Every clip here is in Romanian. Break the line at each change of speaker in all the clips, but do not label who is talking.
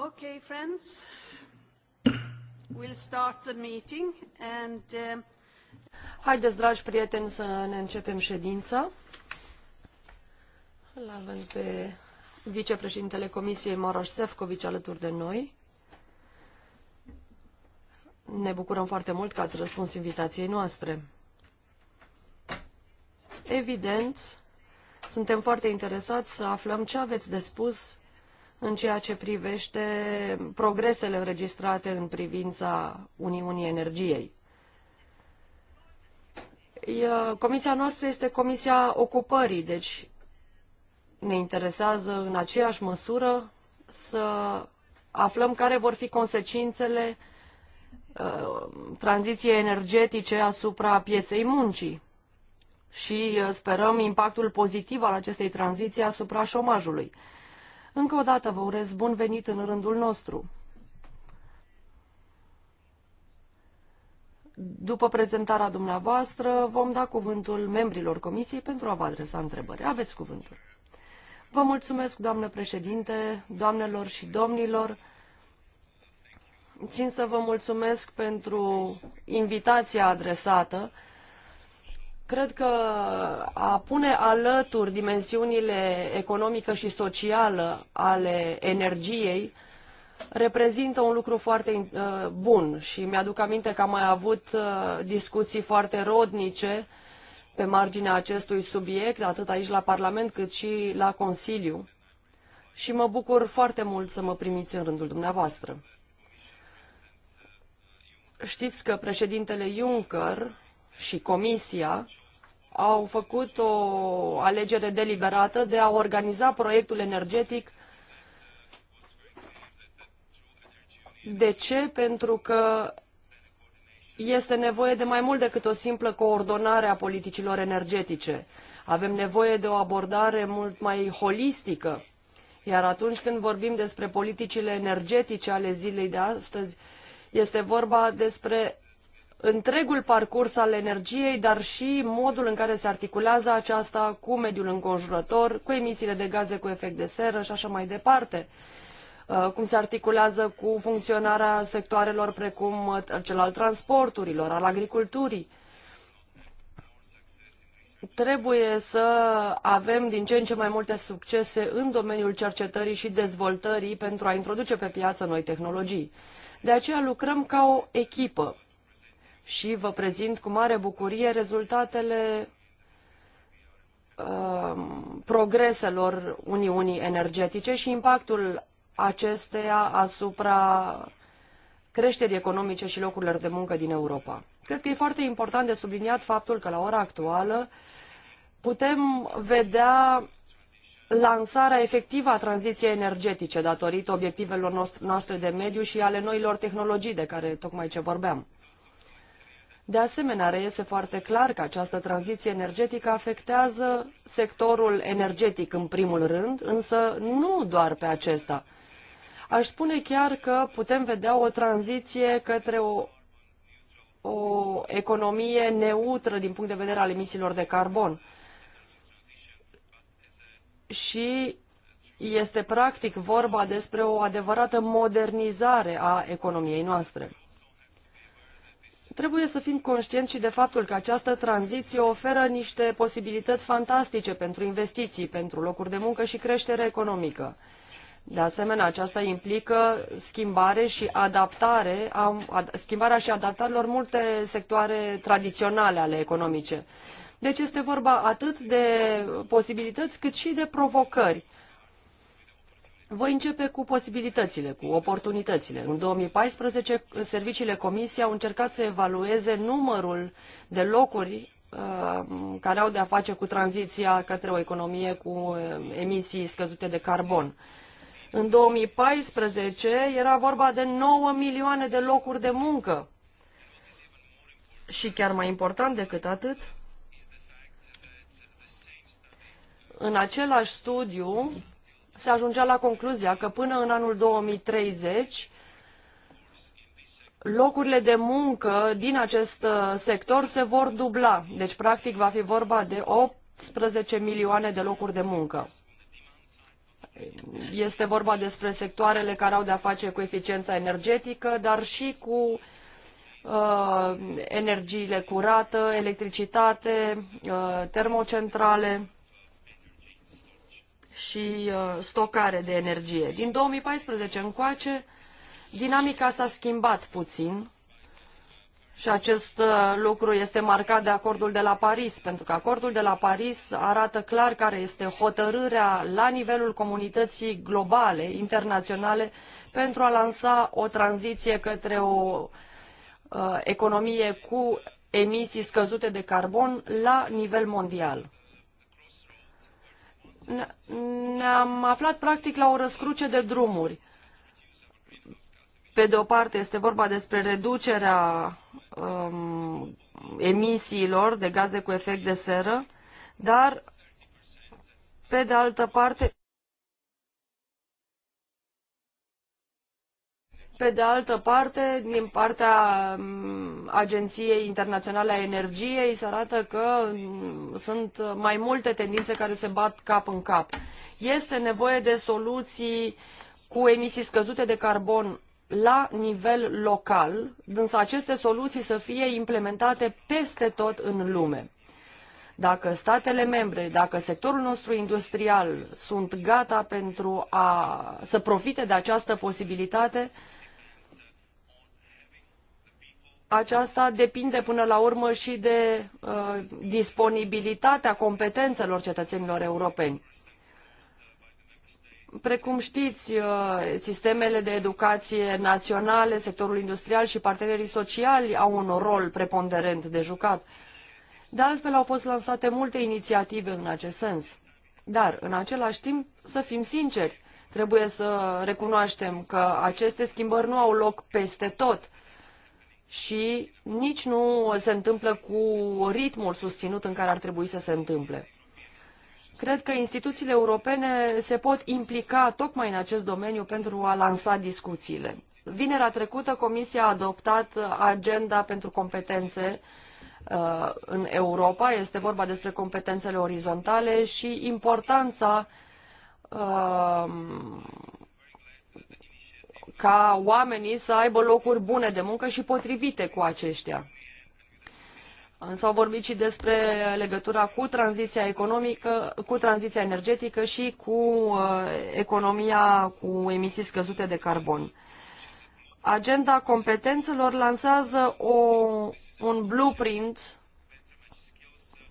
Okay, friends, we'll start the meeting and... Uh... Haideți, dragi prieteni, să ne începem ședința. Îl avem pe vicepreședintele Comisiei Maroș Sefcovici alături de noi. Ne bucurăm foarte mult că ați răspuns invitației noastre. Evident, suntem foarte interesați să aflăm ce aveți de spus în ceea ce privește progresele înregistrate în privința Uniunii Energiei. Comisia noastră este Comisia Ocupării, deci ne interesează în aceeași măsură să aflăm care vor fi consecințele ă, tranziției energetice asupra pieței muncii și ă, sperăm impactul pozitiv al acestei tranziții asupra șomajului. Încă o dată vă urez bun venit în rândul nostru. După prezentarea dumneavoastră, vom da cuvântul membrilor comisiei pentru a vă adresa întrebări. Aveți cuvântul. Vă mulțumesc, doamnă președinte, doamnelor și domnilor. Țin să vă mulțumesc pentru invitația adresată Cred că a pune alături dimensiunile economică și socială ale energiei reprezintă un lucru foarte uh, bun și mi-aduc aminte că am mai avut uh, discuții foarte rodnice pe marginea acestui subiect, atât aici la Parlament cât și la Consiliu. Și mă bucur foarte mult să mă primiți în rândul dumneavoastră. Știți că președintele Juncker și Comisia au făcut o alegere deliberată de a organiza proiectul energetic. De ce? Pentru că este nevoie de mai mult decât o simplă coordonare a politicilor energetice. Avem nevoie de o abordare mult mai holistică. Iar atunci când vorbim despre politicile energetice ale zilei de astăzi, este vorba despre întregul parcurs al energiei, dar și modul în care se articulează aceasta cu mediul înconjurător, cu emisiile de gaze cu efect de seră și așa mai departe uh, cum se articulează cu funcționarea sectoarelor precum uh, cel al transporturilor, al agriculturii. Trebuie să avem din ce în ce mai multe succese în domeniul cercetării și dezvoltării pentru a introduce pe piață noi tehnologii. De aceea lucrăm ca o echipă și vă prezint cu mare bucurie rezultatele um, progreselor Uniunii Energetice și impactul acesteia asupra creșterii economice și locurilor de muncă din Europa. Cred că e foarte important de subliniat faptul că la ora actuală putem vedea lansarea efectivă a tranziției energetice datorită obiectivelor noastre de mediu și ale noilor tehnologii de care tocmai ce vorbeam. De asemenea, reiese foarte clar că această tranziție energetică afectează sectorul energetic în primul rând, însă nu doar pe acesta. Aș spune chiar că putem vedea o tranziție către o, o economie neutră din punct de vedere al emisiilor de carbon. Și este practic vorba despre o adevărată modernizare a economiei noastre. Trebuie să fim conștienți și de faptul că această tranziție oferă niște posibilități fantastice pentru investiții, pentru locuri de muncă și creștere economică. De asemenea, aceasta implică schimbare și adaptare, schimbarea și adaptarea multe sectoare tradiționale ale economice. Deci este vorba atât de posibilități cât și de provocări voi începe cu posibilitățile, cu oportunitățile. În 2014, serviciile Comisiei au încercat să evalueze numărul de locuri uh, care au de-a face cu tranziția către o economie cu uh, emisii scăzute de carbon. În 2014 era vorba de 9 milioane de locuri de muncă. Și chiar mai important decât atât, în același studiu, se ajungea la concluzia că până în anul 2030 locurile de muncă din acest uh, sector se vor dubla. Deci, practic, va fi vorba de 18 milioane de locuri de muncă. Este vorba despre sectoarele care au de-a face cu eficiența energetică, dar și cu uh, energiile curată, electricitate, uh, termocentrale și uh, stocare de energie. Din 2014 încoace, dinamica s-a schimbat puțin și acest uh, lucru este marcat de acordul de la Paris, pentru că acordul de la Paris arată clar care este hotărârea la nivelul comunității globale, internaționale, pentru a lansa o tranziție către o uh, economie cu emisii scăzute de carbon la nivel mondial ne-am aflat practic la o răscruce de drumuri. Pe de o parte este vorba despre reducerea um, emisiilor de gaze cu efect de seră, dar pe de altă parte pe de altă parte, din partea um, Agenției Internaționale a Energiei se arată că mm, sunt mai multe tendințe care se bat cap în cap. Este nevoie de soluții cu emisii scăzute de carbon la nivel local, însă aceste soluții să fie implementate peste tot în lume. Dacă statele membre, dacă sectorul nostru industrial sunt gata pentru a să profite de această posibilitate, aceasta depinde până la urmă și de uh, disponibilitatea competențelor cetățenilor europeni. Precum știți, uh, sistemele de educație naționale, sectorul industrial și partenerii sociali au un rol preponderent de jucat. De altfel, au fost lansate multe inițiative în acest sens. Dar, în același timp, să fim sinceri, trebuie să recunoaștem că aceste schimbări nu au loc peste tot – și nici nu se întâmplă cu ritmul susținut în care ar trebui să se întâmple. Cred că instituțiile europene se pot implica tocmai în acest domeniu pentru a lansa discuțiile. Vinerea trecută, Comisia a adoptat agenda pentru competențe uh, în Europa. Este vorba despre competențele orizontale și importanța uh, ca oamenii să aibă locuri bune de muncă și potrivite cu aceștia. Însă au vorbit și despre legătura cu tranziția economică, cu tranziția energetică și cu uh, economia cu emisii scăzute de carbon. Agenda competențelor lansează o, un blueprint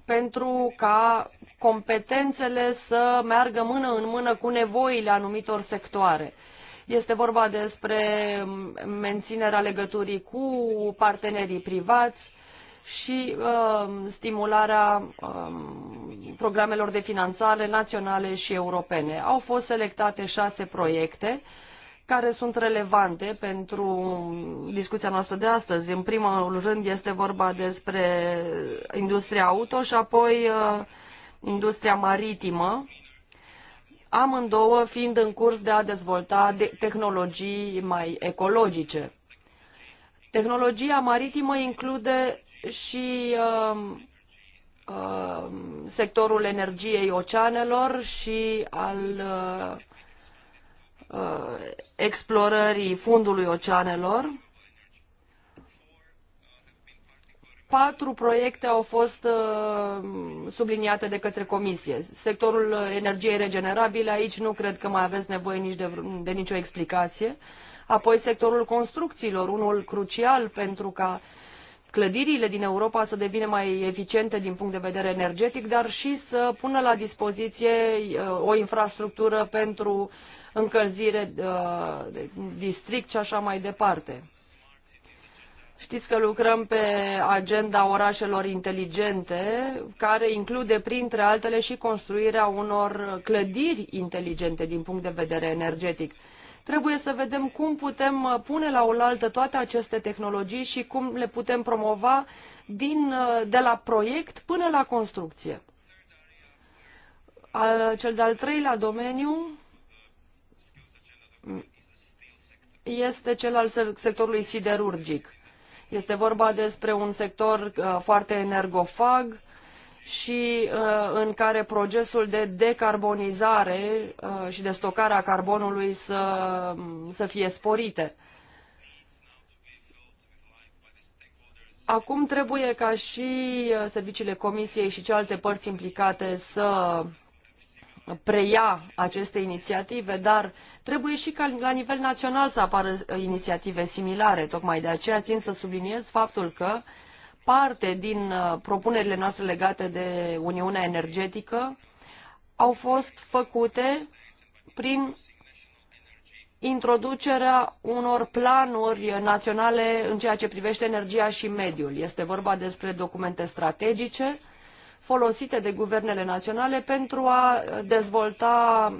pentru ca competențele să meargă mână în mână cu nevoile anumitor sectoare. Uh, este vorba despre menținerea legăturii cu partenerii privați și uh, stimularea uh, programelor de finanțare naționale și europene. Au fost selectate șase proiecte care sunt relevante pentru discuția noastră de astăzi. În primul rând este vorba despre industria auto și apoi uh, industria maritimă amândouă fiind în curs de a dezvolta de tehnologii mai ecologice. Tehnologia maritimă include și uh, uh, sectorul energiei oceanelor și al uh, uh explorării fundului oceanelor patru proiecte au fost uh, subliniate de către Comisie. Sectorul energiei regenerabile, aici nu cred că mai aveți nevoie nici de, de nicio explicație. Apoi sectorul construcțiilor, unul crucial pentru ca clădirile din Europa să devină mai eficiente din punct de vedere energetic, dar și să pună la dispoziție uh, o infrastructură pentru încălzire uh, de district și așa mai departe. Știți că lucrăm pe agenda orașelor inteligente, care include, printre altele, și construirea unor clădiri inteligente din punct de vedere energetic. Trebuie să vedem cum putem uh, pune la oaltă toate aceste tehnologii și cum le putem promova din, uh, de la proiect până la construcție. Al, cel de-al treilea domeniu este cel al sectorului siderurgic. Este vorba despre un sector uh, foarte energofag și uh, în care procesul de decarbonizare uh, și de stocare a carbonului să, să fie sporite. Acum trebuie ca și serviciile Comisiei și celelalte părți implicate să preia aceste inițiative, dar trebuie și ca la nivel național să apară uh, inițiative similare. Tocmai de aceea țin să subliniez faptul că parte din uh, propunerile noastre legate de Uniunea Energetică au fost făcute prin introducerea unor planuri naționale în ceea ce privește energia și mediul. Este vorba despre documente strategice, folosite de guvernele naționale pentru a dezvolta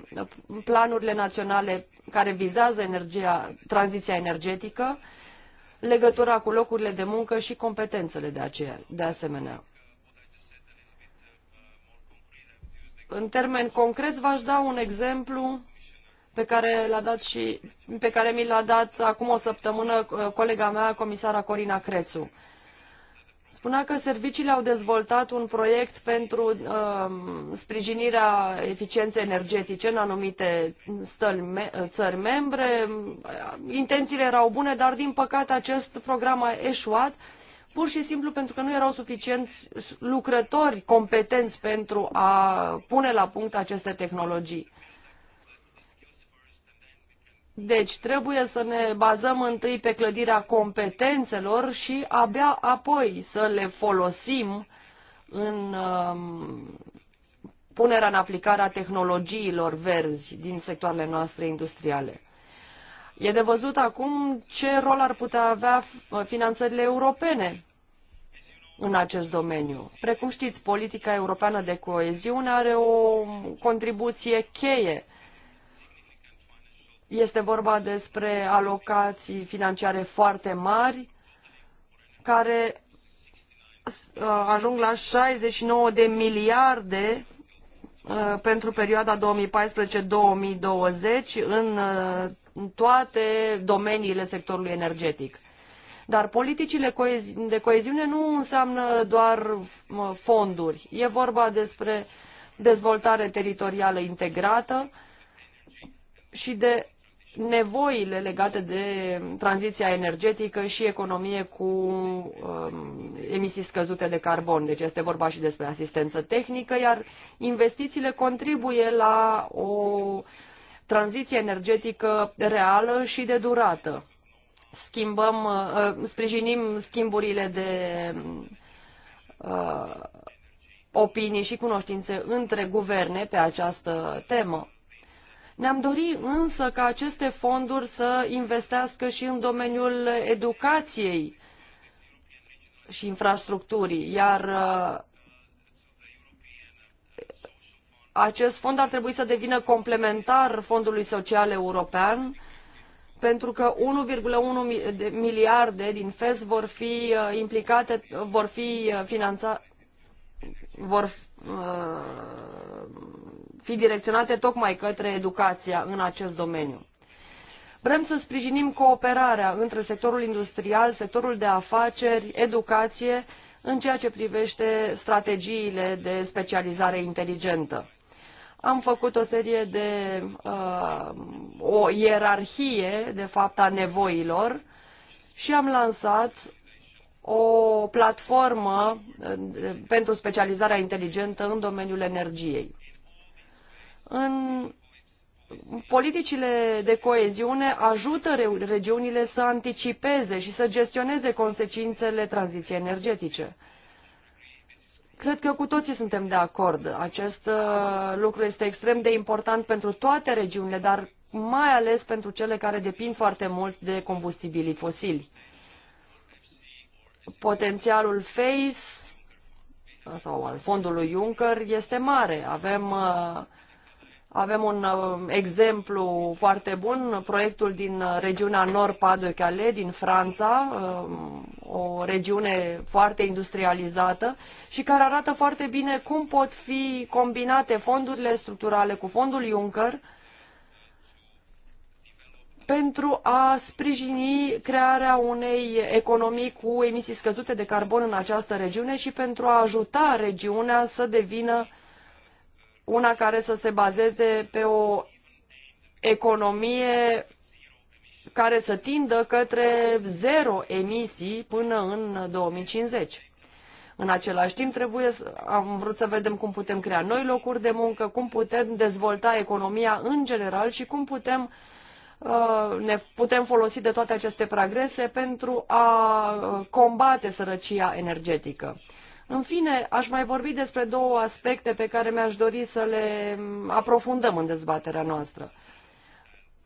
planurile naționale care vizează energia, tranziția energetică, legătura cu locurile de muncă și competențele de, aceea, de asemenea. În termeni concret v-aș da un exemplu pe care, l-a dat și, pe care mi l-a dat acum o săptămână uh, colega mea, comisara Corina Crețu. Spunea că serviciile au dezvoltat un proiect pentru uh, sprijinirea eficienței energetice în anumite stări, me țări membre. Intențiile erau bune, dar din păcate acest program a eșuat pur și simplu pentru că nu erau suficienți lucrători competenți pentru a pune la punct aceste tehnologii. Deci trebuie să ne bazăm întâi pe clădirea competențelor și abia apoi să le folosim în um, punerea în aplicare a tehnologiilor verzi din sectoarele noastre industriale. E de văzut acum ce rol ar putea avea uh, finanțările europene în acest domeniu. Precum știți, politica europeană de coeziune are o contribuție cheie este vorba despre alocații financiare foarte mari care uh, ajung la 69 de miliarde uh, pentru perioada 2014-2020 uh, în toate domeniile sectorului energetic. Dar politicile de coeziune nu înseamnă doar fonduri. E vorba despre dezvoltare teritorială integrată și de nevoile legate de tranziția energetică și economie cu um, emisii scăzute de carbon. Deci este vorba și despre asistență tehnică, iar investițiile contribuie la o tranziție energetică reală și de durată. Schimbăm, uh, sprijinim schimburile de uh, opinii și cunoștințe între guverne pe această temă. Ne-am dorit însă ca aceste fonduri să investească și în domeniul educației și infrastructurii, iar uh, acest fond ar trebui să devină complementar Fondului Social European, pentru că 1,1 miliarde din FES vor fi uh, implicate, vor fi uh, finanțate, vor fi direcționate tocmai către educația în acest domeniu. Vrem să sprijinim cooperarea între sectorul industrial, sectorul de afaceri, educație, în ceea ce privește strategiile de specializare inteligentă. Am făcut o serie de, uh, o ierarhie, de fapt, a nevoilor și am lansat o platformă uh, pentru specializarea inteligentă în domeniul energiei în politicile de coeziune ajută regiunile să anticipeze și să gestioneze consecințele tranziției energetice. Cred că cu toții suntem de acord. Acest uh, lucru este extrem de important pentru toate regiunile, dar mai ales pentru cele care depind foarte mult de combustibilii fosili. Potențialul FACE uh, sau al fondului Juncker este mare. Avem uh, avem un uh, exemplu foarte bun, proiectul din uh, regiunea Nord-Pas-de-Calais, din Franța, um, o regiune foarte industrializată și care arată foarte bine cum pot fi combinate fondurile structurale cu fondul Juncker pentru a sprijini crearea unei economii cu emisii scăzute de carbon în această regiune și pentru a ajuta regiunea să devină una care să se bazeze pe o economie care să tindă către zero emisii până în 2050. În același timp, trebuie să, am vrut să vedem cum putem crea noi locuri de muncă, cum putem dezvolta economia în general și cum putem uh, ne putem folosi de toate aceste progrese pentru a uh, combate sărăcia energetică. În fine, aș mai vorbi despre două aspecte pe care mi-aș dori să le aprofundăm în dezbaterea noastră.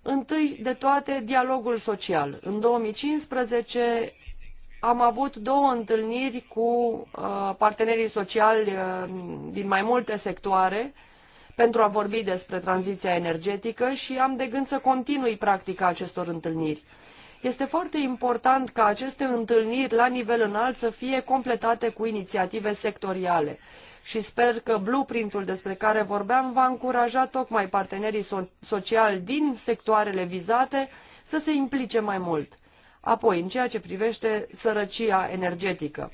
Întâi de toate, dialogul social. În 2015 am avut două întâlniri cu uh, partenerii sociali uh, din mai multe sectoare pentru a vorbi despre tranziția energetică și am de gând să continui practica acestor întâlniri. Este foarte important ca aceste întâlniri la nivel înalt să fie completate cu inițiative sectoriale și sper că blueprintul despre care vorbeam va încuraja tocmai partenerii so- sociali din sectoarele vizate să se implice mai mult. Apoi, în ceea ce privește sărăcia energetică.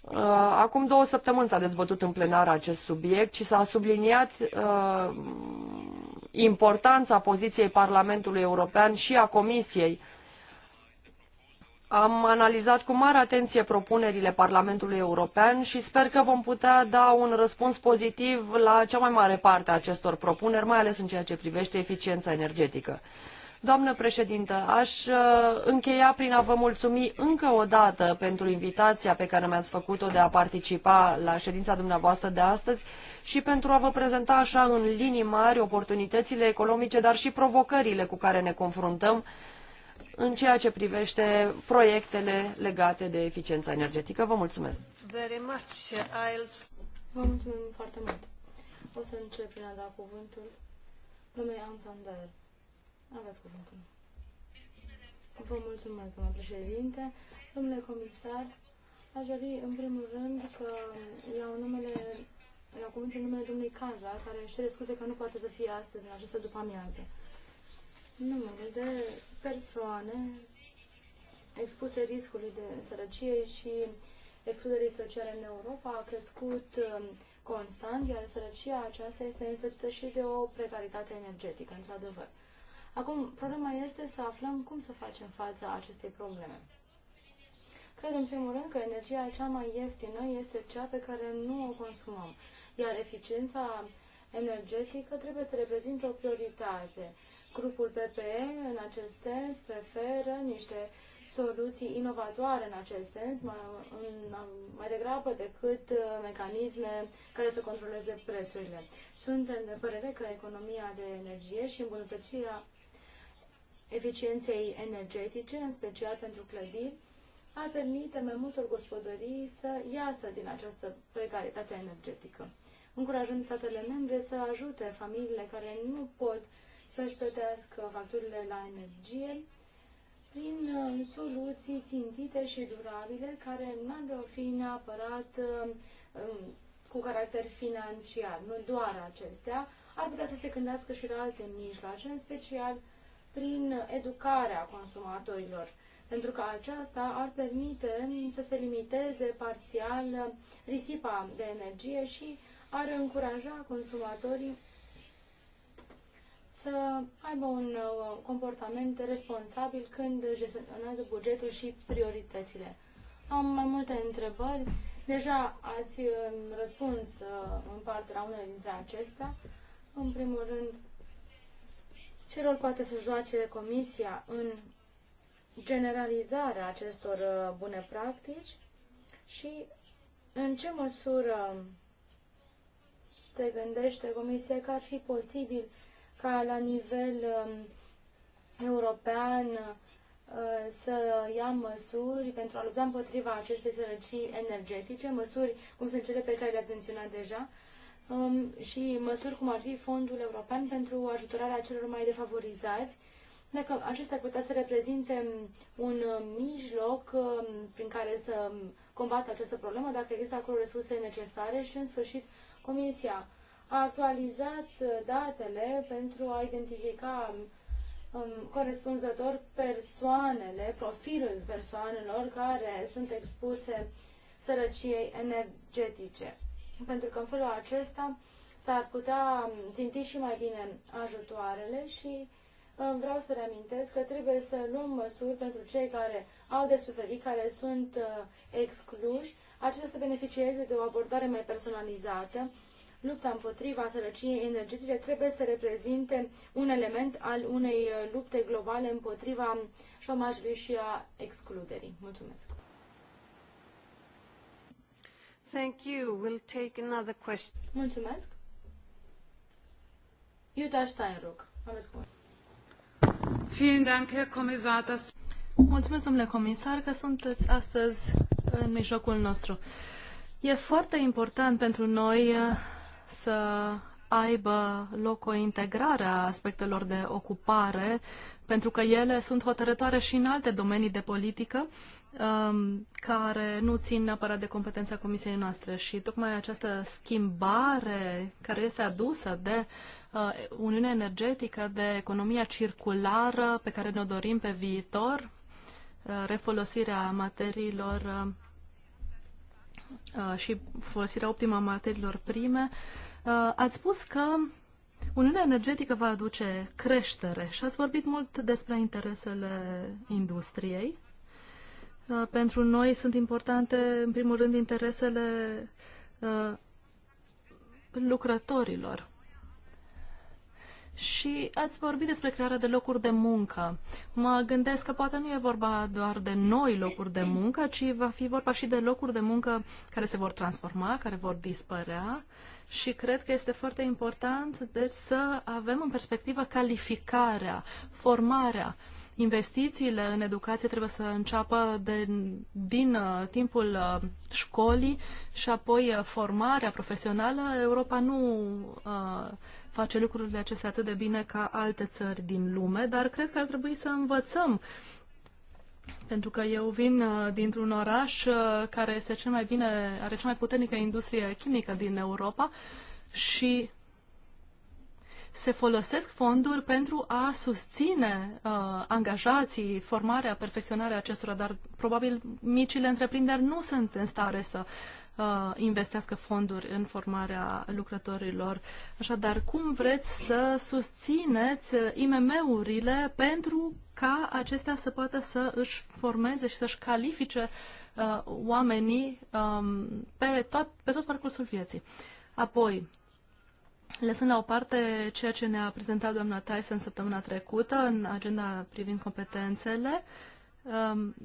Uh, acum două săptămâni s-a dezbătut în plenar acest subiect și s-a subliniat uh, importanța poziției Parlamentului European și a Comisiei am analizat cu mare atenție propunerile Parlamentului European și sper că vom putea da un răspuns pozitiv la cea mai mare parte a acestor propuneri, mai ales în ceea ce privește eficiența energetică. Doamnă președintă, aș uh, încheia prin a vă mulțumi încă o dată pentru invitația pe care mi-ați făcut-o de a participa la ședința dumneavoastră de astăzi și pentru a vă prezenta așa în linii mari oportunitățile economice, dar și provocările cu care ne confruntăm în ceea ce privește proiectele legate de eficiența energetică. Vă mulțumesc! Very much. I'll... Vă mulțumim foarte mult! O să
încep prin a da cuvântul domnului Ansander. Aveți cuvântul. Vă mulțumesc, domnule președinte. Domnule comisar, aș dori în primul rând că iau numele la cuvântul numele domnului Caza, care își cere scuze că nu poate să fie astăzi în această după amiază. Numele de persoane expuse riscului de sărăcie și excluderii sociale în Europa a crescut um, constant, iar sărăcia aceasta este însoțită și de o precaritate energetică, într-adevăr. Acum, problema este să aflăm cum să facem fața acestei probleme. Cred, în primul rând, că energia cea mai ieftină este cea pe care nu o consumăm, iar eficiența energetică trebuie să reprezinte o prioritate. Grupul PPE, în acest sens, preferă niște soluții inovatoare în acest sens, mai, mai degrabă decât uh, mecanisme care să controleze prețurile. Suntem de părere că economia de energie și îmbunătățirea eficienței energetice, în special pentru clădiri, ar permite mai multor gospodării să iasă din această precaritate energetică încurajând statele membre să ajute familiile care nu pot să-și plătească facturile la energie prin uh, soluții țintite și durabile care n-ar fi neapărat uh, um, cu caracter financiar, nu doar acestea, ar putea să se gândească și la alte mijloace, în special prin educarea consumatorilor, pentru că aceasta ar permite să se limiteze parțial risipa de energie și ar încuraja consumatorii să aibă un uh, comportament responsabil când gestionează bugetul și prioritățile. Am mai multe întrebări. Deja ați uh, răspuns uh, în parte la unele dintre acestea. În primul rând, ce rol poate să joace Comisia în generalizarea acestor bune practici și în ce măsură se gândește Comisia că ar fi posibil ca la nivel um, european uh, să ia măsuri pentru a lupta împotriva acestei sărăcii energetice, măsuri cum sunt cele pe care le-ați menționat deja, um, și măsuri cum ar fi Fondul European pentru ajutorarea celor mai defavorizați, că acestea putea să reprezinte um, un uh, mijloc prin care să combată această problemă, dacă există acolo resursele necesare și, în sfârșit, Comisia a actualizat uh, datele pentru a identifica um, um, corespunzător persoanele, profilul persoanelor care sunt expuse sărăciei energetice. Pentru că în felul acesta s-ar putea um, ținti și mai bine ajutoarele și um, vreau să reamintesc că trebuie să luăm măsuri pentru cei care au de suferit, care sunt uh, excluși acestea să beneficieze de o abordare mai personalizată. Lupta împotriva sărăciei energetice trebuie să reprezinte un element al unei uh, lupte globale împotriva șomajului și a excluderii. Mulțumesc! Thank you. We'll take another question. Mulțumesc.
Iuta Steinruck, aveți cuvânt. Vielen Dank, Herr Kommissar. Mulțumesc, domnule comisar, că sunteți astăzi în mijlocul nostru. E foarte important pentru noi uh, să aibă loc o integrare a aspectelor de ocupare, pentru că ele sunt hotărătoare și în alte domenii de politică um, care nu țin neapărat de competența comisiei noastre. Și tocmai această schimbare care este adusă de uh, Uniunea Energetică, de economia circulară pe care ne-o dorim pe viitor, uh, refolosirea materiilor uh, Uh, și folosirea optimă a materiilor prime, uh, ați spus că Uniunea energetică va aduce creștere și ați vorbit mult despre interesele industriei. Uh, pentru noi sunt importante, în primul rând, interesele lucrătorilor și ați vorbit despre crearea de locuri de muncă. Mă gândesc că poate nu e vorba doar de noi locuri de muncă, ci va fi vorba și de locuri de muncă care se vor transforma, care vor dispărea și cred că este foarte important deci, să avem în perspectivă calificarea, formarea. Investițiile în educație trebuie să înceapă de, din uh, timpul uh, școlii și apoi uh, formarea profesională. Europa nu uh, face lucrurile acestea atât de bine ca alte țări din lume, dar cred că ar trebui să învățăm pentru că eu vin uh, dintr-un oraș uh, care este cel mai bine, are cea mai puternică industrie chimică din Europa și se folosesc fonduri pentru a susține uh, angajații, formarea, perfecționarea acestora, dar probabil micile întreprinderi nu sunt în stare să Uh, investească fonduri în formarea lucrătorilor. Așadar, cum vreți să susțineți IMM-urile pentru ca acestea să poată să își formeze și să-și califice uh, oamenii um, pe, tot, pe tot parcursul vieții? Apoi, Lăsând la o parte ceea ce ne-a prezentat doamna Tyson săptămâna trecută în agenda privind competențele, uh,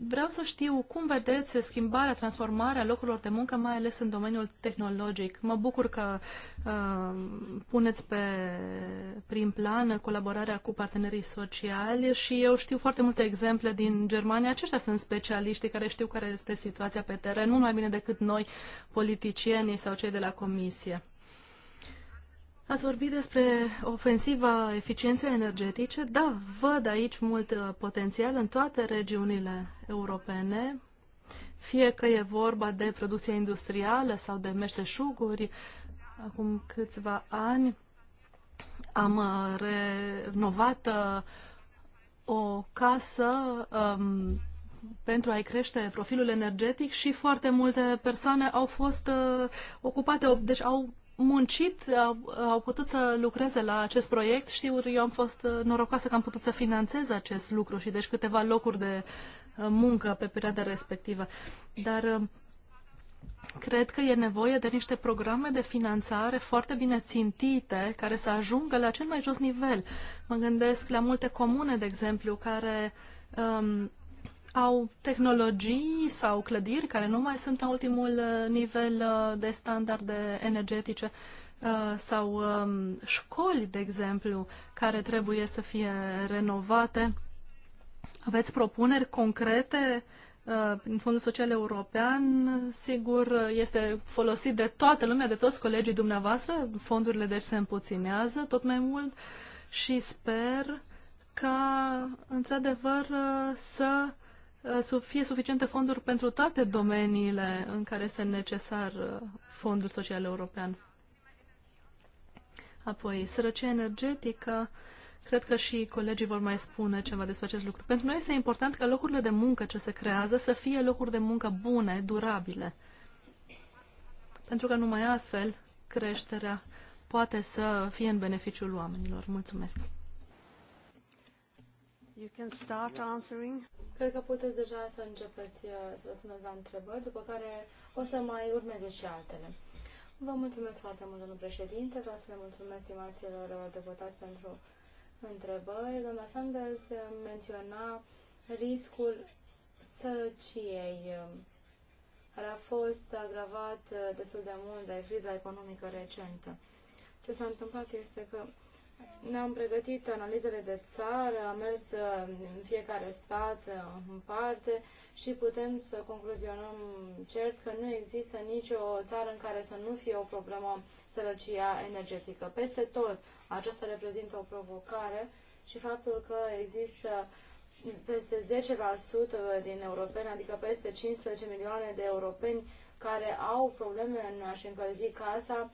Vreau să știu cum vedeți schimbarea, transformarea locurilor de muncă, mai ales în domeniul tehnologic. Mă bucur că uh, puneți pe prim plan colaborarea cu partenerii sociali și eu știu foarte multe exemple din Germania. Aceștia sunt specialiștii care știu care este situația pe teren, mult mai bine decât noi, politicienii sau cei de la comisie. Ați vorbit despre ofensiva eficienței energetice. Da, văd aici mult uh, potențial în toate regiunile europene, fie că e vorba de producție industrială sau de meșteșuguri. Acum câțiva ani am uh, renovat uh, o casă um, pentru a-i crește profilul energetic și foarte multe persoane au fost uh, ocupate, deci au muncit, au, au putut să lucreze la acest proiect. Știu, eu am fost uh, norocoasă că am putut să finanțez acest lucru și deci câteva locuri de uh, muncă pe perioada respectivă. Dar uh, cred că e nevoie de niște programe de finanțare foarte bine țintite, care să ajungă la cel mai jos nivel. Mă gândesc la multe comune, de exemplu, care um, au tehnologii sau clădiri care nu mai sunt la ultimul uh, nivel uh, de standarde energetice uh, sau um, școli, de exemplu, care trebuie să fie renovate. Aveți propuneri concrete prin Fondul Social European, sigur, este folosit de toată lumea, de toți colegii dumneavoastră, fondurile deci se împuținează tot mai mult și sper ca, într-adevăr, să Uh, fie suficiente fonduri pentru toate domeniile în care este necesar uh, fondul social european. Apoi, sărăcia energetică, cred că și colegii vor mai spune ceva despre acest lucru. Pentru noi este important ca locurile de muncă ce se creează să fie locuri de muncă bune, durabile. Pentru că numai astfel creșterea poate să fie în beneficiul oamenilor. Mulțumesc!
You can start
answering. Cred că puteți deja să începeți uh, să răspundeți la întrebări, după care o să mai urmeze și altele. Vă mulțumesc foarte mult, domnul președinte. Vreau să le mulțumesc stimaților uh, deputați pentru întrebări. Doamna Sanders uh, menționa riscul sărăciei care a fost agravat destul de mult de criza economică recentă. Ce s-a întâmplat este că ne-am pregătit analizele de țară, am mers uh, în fiecare stat uh, în parte și putem să concluzionăm cert că nu există nicio țară în care să nu fie o problemă sărăcia energetică. Peste tot, aceasta reprezintă o provocare și faptul că există peste 10% din europeni, adică peste 15 milioane de europeni care au probleme în a-și încălzi casa,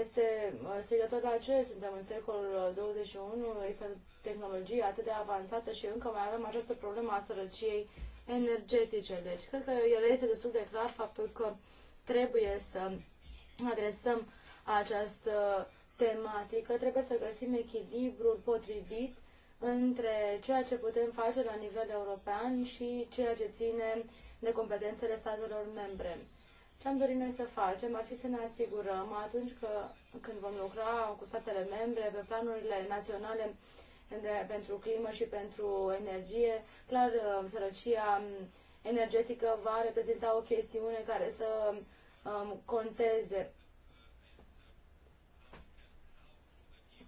este uh, strigător la ce suntem în secolul 21, uh, există tehnologie atât de avansată și încă mai avem această problemă a sărăciei energetice. Deci, cred că el este destul de clar faptul că trebuie să adresăm această tematică, trebuie să găsim echilibrul potrivit între ceea ce putem face la nivel european și ceea ce ține de competențele statelor membre. Ce am dorit noi să facem ar fi să ne asigurăm atunci că, când vom lucra cu statele membre pe planurile naționale de, pentru climă și pentru energie, clar uh, sărăcia um, energetică va reprezenta o chestiune care să um, conteze.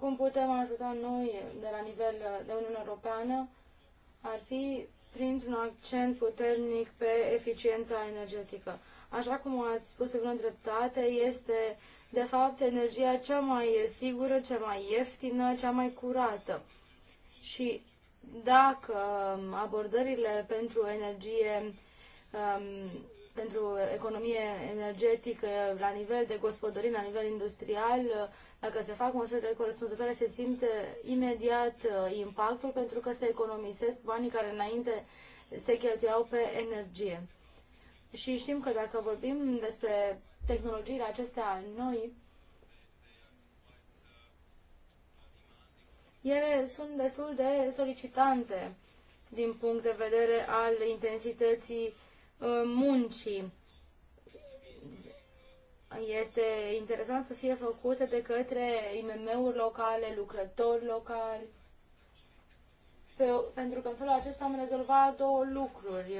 Cum putem ajuta noi de la nivel de Uniunea Europeană ar fi printr-un accent puternic pe eficiența energetică așa cum ați spus pe dreptate, este de fapt energia cea mai sigură, cea mai ieftină, cea mai curată. Și dacă um, abordările pentru energie, um, pentru economie energetică la nivel de gospodării, la nivel industrial, dacă se fac măsurile corespunzătoare, se simte imediat uh, impactul pentru că se economisesc banii care înainte se cheltuiau pe energie. Și știm că dacă vorbim despre tehnologiile acestea noi, ele sunt destul de solicitante din punct de vedere al intensității uh, muncii. Este interesant să fie făcute de către IMM-uri locale, lucrători locali, pe, pentru că în felul acesta am rezolvat două lucruri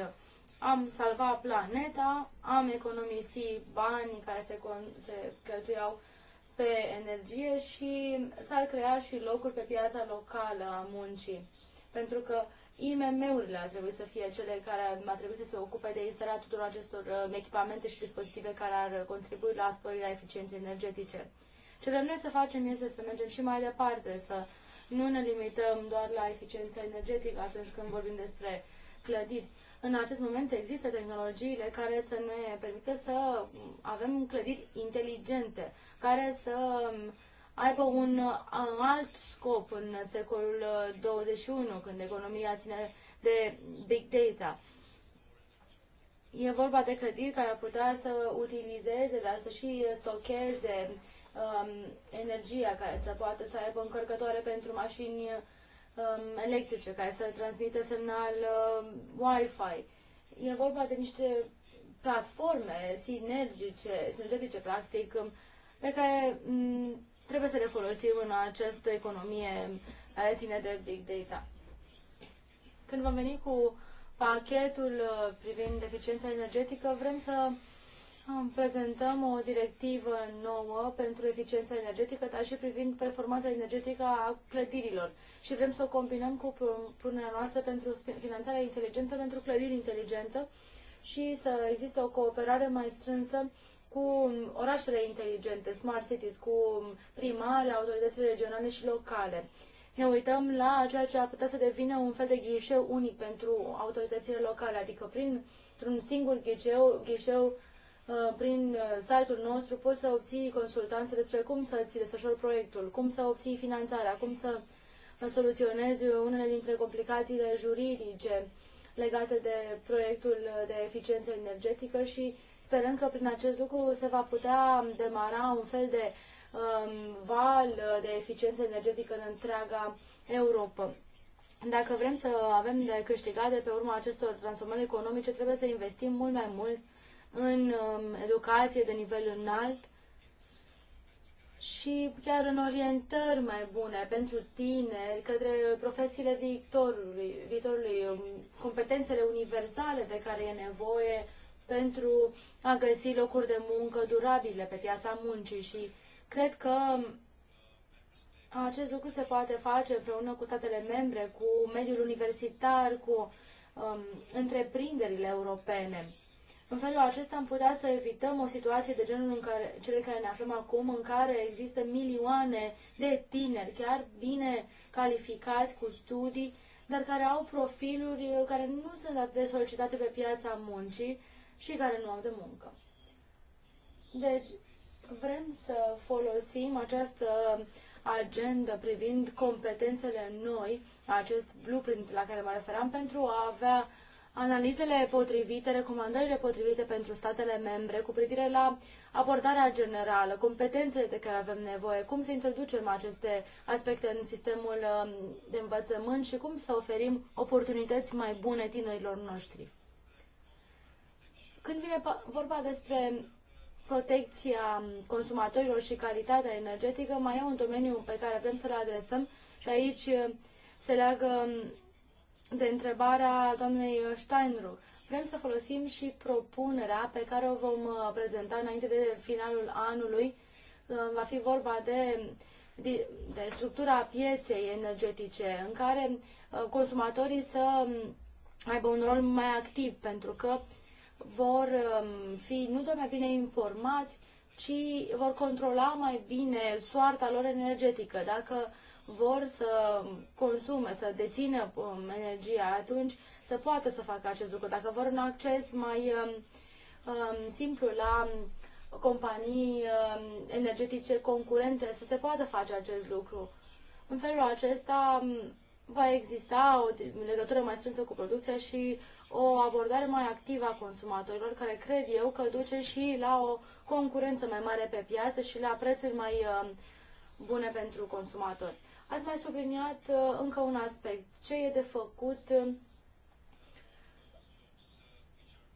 am salvat planeta, am economisit banii care se, se cheltuiau pe energie și s-ar crea și locuri pe piața locală a muncii. Pentru că IMM-urile ar trebui să fie cele care ar trebui să se ocupe de instalarea tuturor acestor uh, echipamente și dispozitive care ar contribui la sporirea eficienței energetice. Ce vrem noi să facem este să mergem și mai departe, să nu ne limităm doar la eficiența energetică atunci când vorbim despre clădiri, în acest moment există tehnologiile care să ne permită să avem clădiri inteligente, care să aibă un alt scop în secolul 21, uh, când economia ține de big data. E vorba de clădiri care ar putea să utilizeze, dar să și stocheze um, energia, care să poată să aibă încărcătoare pentru mașini Um, electrice care să transmită semnal um, Wi-Fi. E vorba de niște platforme sinergice, sinergetice, practic, um, pe care mm, trebuie să le folosim în această economie care ține de big data. Când vom veni cu pachetul uh, privind eficiența energetică, vrem să prezentăm o directivă nouă pentru eficiența energetică, dar și privind performanța energetică a clădirilor. Și vrem să o combinăm cu punerea noastră pentru finanțarea inteligentă, pentru clădiri inteligentă și să existe o cooperare mai strânsă cu orașele inteligente, smart cities, cu primare, autoritățile regionale și locale. Ne uităm la ceea ce ar putea să devină un fel de ghișeu unic pentru autoritățile locale, adică prin un singur ghișeu, ghișeu Uh, prin uh, site-ul nostru poți să obții consultanțe despre cum să ți desfășori proiectul, cum să obții finanțarea, cum să uh, soluționezi unele dintre complicațiile juridice legate de proiectul de eficiență energetică și sperăm că prin acest lucru se va putea demara un fel de um, val de eficiență energetică în întreaga Europa. Dacă vrem să avem de câștigat de pe urma acestor transformări economice, trebuie să investim mult mai mult în um, educație de nivel înalt și chiar în orientări mai bune pentru tineri către profesiile viitorului, viitorului um, competențele universale de care e nevoie pentru a găsi locuri de muncă durabile pe piața muncii și cred că um, acest lucru se poate face împreună cu statele membre, cu mediul universitar, cu um, întreprinderile europene. În felul acesta am putea să evităm o situație de genul în care, cele care ne aflăm acum, în care există milioane de tineri, chiar bine calificați cu studii, dar care au profiluri care nu sunt atât de solicitate pe piața muncii și care nu au de muncă. Deci, vrem să folosim această agendă privind competențele noi, acest blueprint la care mă referam, pentru a avea uh, analizele potrivite, recomandările potrivite pentru statele membre cu privire la abordarea generală, competențele de care avem nevoie, cum să introducem aceste aspecte în sistemul um, de învățământ și cum să oferim oportunități mai bune tinerilor noștri. Când vine vorba despre protecția consumatorilor și calitatea energetică, mai e un domeniu pe care vrem să-l adresăm și aici uh, se leagă um, de întrebarea doamnei Steinruck. Vrem să folosim și propunerea pe care o vom uh, prezenta înainte de finalul anului. Uh, va fi vorba de, de, de structura pieței energetice, în care uh, consumatorii să um, aibă un rol mai activ, pentru că vor um, fi nu doar mai bine informați, ci vor controla mai bine soarta lor energetică. Dacă vor să consume, să dețină um, energia, atunci să poată să facă acest lucru. Dacă vor un acces mai um, um, simplu la companii um, energetice concurente, să se poată face acest lucru. În felul acesta um, va exista o legătură mai strânsă cu producția și o abordare mai activă a consumatorilor, care cred eu că duce și la o concurență mai mare pe piață și la prețuri mai bune pentru consumatori. Ați mai subliniat uh, încă un aspect. Ce e de făcut uh,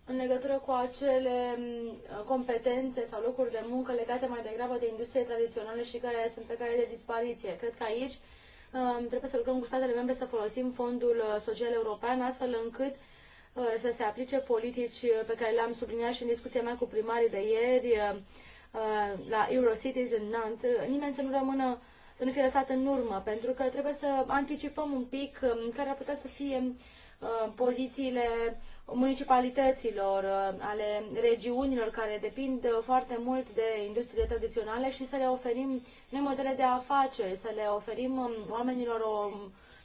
în legătură cu acele mm, competențe sau locuri de muncă legate mai degrabă de industrie tradiționale și care sunt pe cale de dispariție. Cred că aici um, trebuie să lucrăm cu statele membre să folosim fondul uh, social european astfel încât să se aplice politici pe care le-am subliniat și în discuția mea cu primarii de ieri la Eurocities în Nantes. Nimeni să nu rămână să nu fie lăsat în urmă, pentru că trebuie să anticipăm un pic um, care ar putea să fie uh, pozițiile municipalităților, uh, ale regiunilor care depind uh, foarte mult de industriile tradiționale și să le oferim noi modele de afaceri, să le oferim um, oamenilor o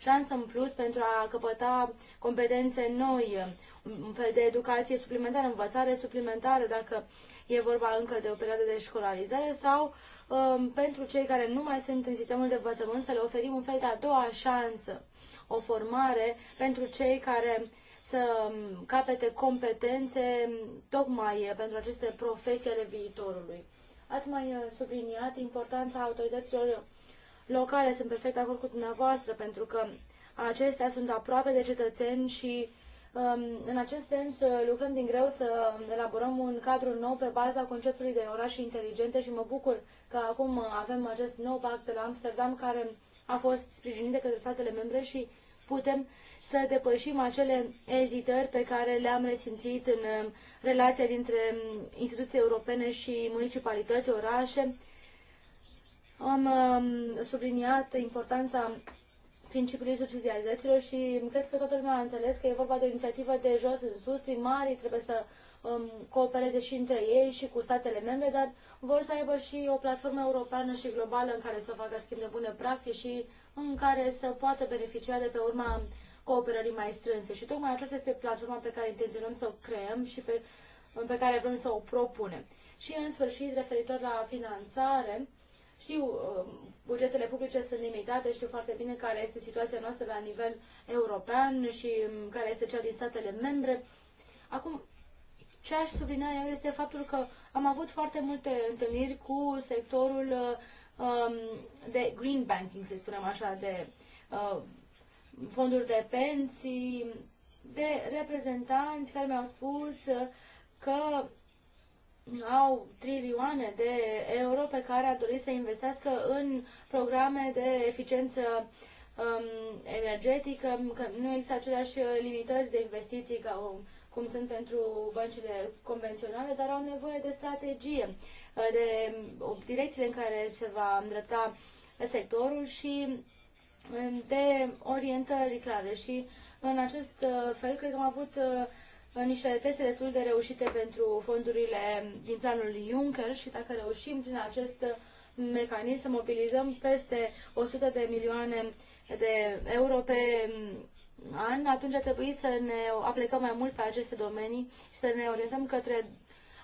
șansă în plus pentru a căpăta competențe noi, um, un fel de educație suplimentară, învățare suplimentară, dacă e vorba încă de o perioadă de școlarizare sau um, pentru cei care nu mai sunt în sistemul de învățământ să le oferim un fel de a doua șansă, o formare pentru cei care să um, capete competențe tocmai pentru aceste profesii ale viitorului. Ați mai uh, subliniat importanța autorităților locale, sunt perfect de acord cu dumneavoastră, pentru că acestea sunt aproape de cetățeni și Um, în acest sens, uh, lucrăm din greu să elaborăm un cadru nou pe baza conceptului de orașe inteligente și mă bucur că acum avem acest nou pact de la Amsterdam care a fost sprijinit de către statele membre și putem să depășim acele ezitări pe care le-am resimțit în um, relația dintre um, instituții europene și municipalități, orașe. Am subliniat importanța principiului subsidiarităților și cred că toată lumea a înțeles că e vorba de o inițiativă de jos în sus, primarii trebuie să um, coopereze și între ei și cu statele membre, dar vor să aibă și o platformă europeană și globală în care să facă schimb de bune practici și în care să poată beneficia de pe urma cooperării mai strânse. Și tocmai aceasta este platforma pe care intenționăm să o creăm și pe, pe care vrem să o propunem. Și în sfârșit, referitor la finanțare, știu, uh, bugetele publice sunt limitate, știu foarte bine care este situația noastră la nivel european și um, care este cea din statele membre. Acum, ce aș sublinea eu este faptul că am avut foarte multe întâlniri cu sectorul uh, um, de green banking, să spunem așa, de uh, fonduri de pensii, de reprezentanți care mi-au spus că au trilioane de euro pe care ar dori să investească în programe de eficiență um, energetică, că nu există aceleași limitări de investiții ca um, cum sunt pentru băncile convenționale, dar au nevoie de strategie, uh, de um, direcțiile în care se va îndrepta sectorul și um, de orientări clare. Și în acest uh, fel cred că am avut uh, niște teste destul de reușite pentru fondurile din planul Juncker și dacă reușim prin acest mecanism să mobilizăm peste 100 de milioane de euro pe an, atunci ar trebui să ne aplicăm mai mult pe aceste domenii și să ne orientăm către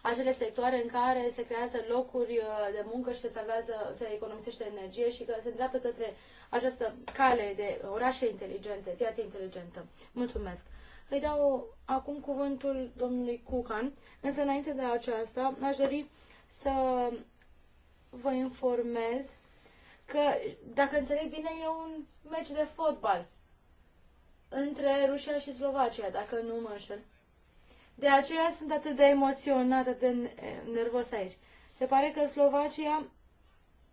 acele sectoare în care se creează locuri uh, de muncă și se salvează, se economisește energie și că se îndreaptă către această cale de orașe inteligente, piață inteligentă. Mulțumesc! Îi dau acum cuvântul domnului Cucan, însă înainte de aceasta aș dori să vă informez că, dacă înțeleg bine, e un meci de fotbal între Rusia și Slovacia, dacă nu mă înșel. De aceea sunt atât de emoționată, de nervos aici. Se pare că Slovacia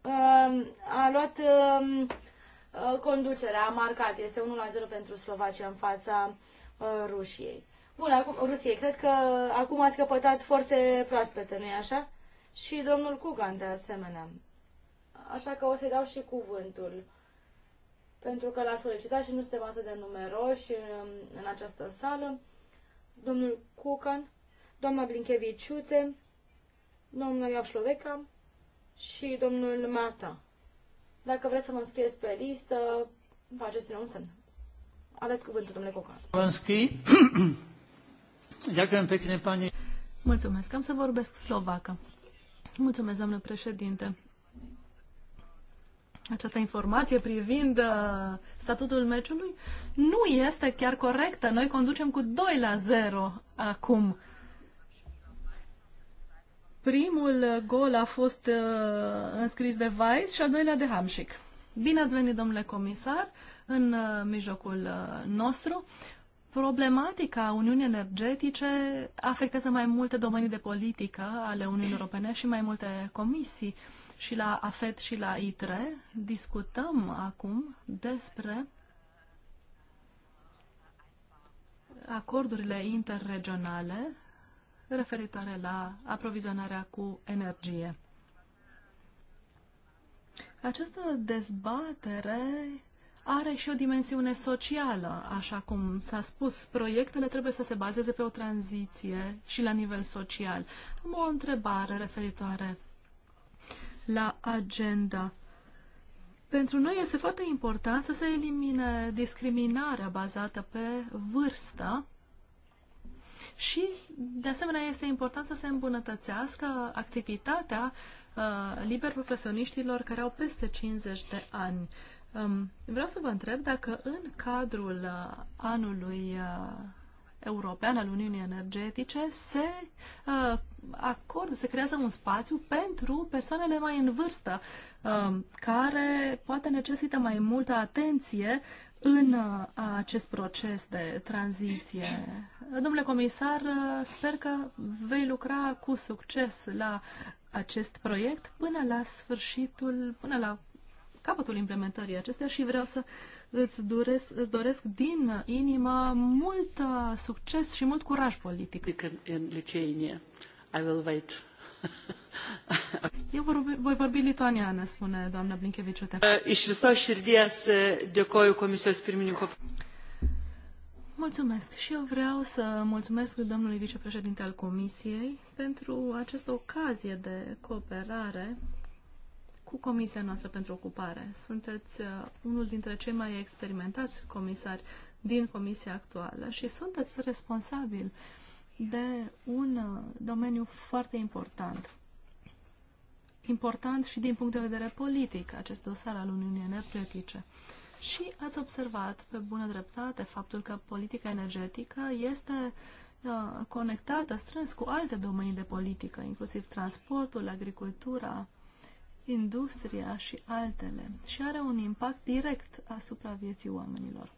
uh, a luat um, uh, conducerea, a marcat. Este 1 0 pentru Slovacia în fața Uh, Rusiei. Bun, acum, Rusiei, cred că acum ați căpătat forțe proaspete, nu-i așa? Și domnul Cugan, de asemenea. Așa că o să-i dau și cuvântul. Pentru că l-a solicitat și nu suntem atât de numeroși um, în această sală. Domnul Cucan, doamna Blinkeviciuțe, domnul Iașloveca și domnul Marta. Dacă vreți să mă înscrieți pe listă, faceți un semn. Aveți cuvântul, domnule
Cocan. Mulțumesc. Am să vorbesc slovacă. Mulțumesc, doamnă președinte. Această informație privind uh, statutul meciului nu este chiar corectă. Noi conducem cu 2 la 0 acum. Primul uh, gol a fost uh, înscris de Weiss și al doilea de Hamșic. Bine ați venit, domnule comisar. Uh, în uh, mijlocul uh, nostru. Problematica Uniunii Energetice afectează mai multe domenii de politică ale Uniunii Europene și mai multe comisii. Și la AFET și la ITRE discutăm acum despre acordurile interregionale referitoare la aprovizionarea cu energie. Această dezbatere are și o dimensiune socială, așa cum s-a spus. Proiectele trebuie să se bazeze pe o tranziție și la nivel social. Am o întrebare referitoare la agenda. Pentru noi este foarte important să se elimine discriminarea bazată pe vârstă și, de asemenea, este important să se îmbunătățească activitatea uh, liber profesioniștilor care au peste 50 de ani. Uh, Vreau să vă întreb dacă în cadrul uh, anului uh, european al Uniunii Energetice se uh, acordă, se creează un spațiu pentru persoanele mai în vârstă, uh, care poate necesită mai multă atenție în uh, acest proces de tranziție. Domnule comisar, uh, sper că vei lucra cu succes la acest proiect până la sfârșitul, până la capătul implementării acestea și vreau să îți, doresc, îți doresc din inimă mult uh, succes și mult curaj politic. În I will wait. Eu vorbi, voi vorbi lituaniană, spune doamna Blinkevičiūtė. Iš visos širdies dėkoju komisijos pirmininko. Mulțumesc și eu vreau să mulțumesc domnului vicepreședinte al Comisiei pentru această ocazie de cooperare cu Comisia noastră pentru ocupare. Sunteți uh, unul dintre cei mai experimentați comisari din Comisia actuală și sunteți responsabil de un uh, domeniu foarte important. Important și din punct de vedere politic, acest dosar al Uniunii Energetice. Și ați observat, pe bună dreptate, faptul că politica energetică este uh, conectată strâns cu alte domenii de politică, inclusiv transportul, agricultura, industria și altele și are un impact direct asupra vieții oamenilor.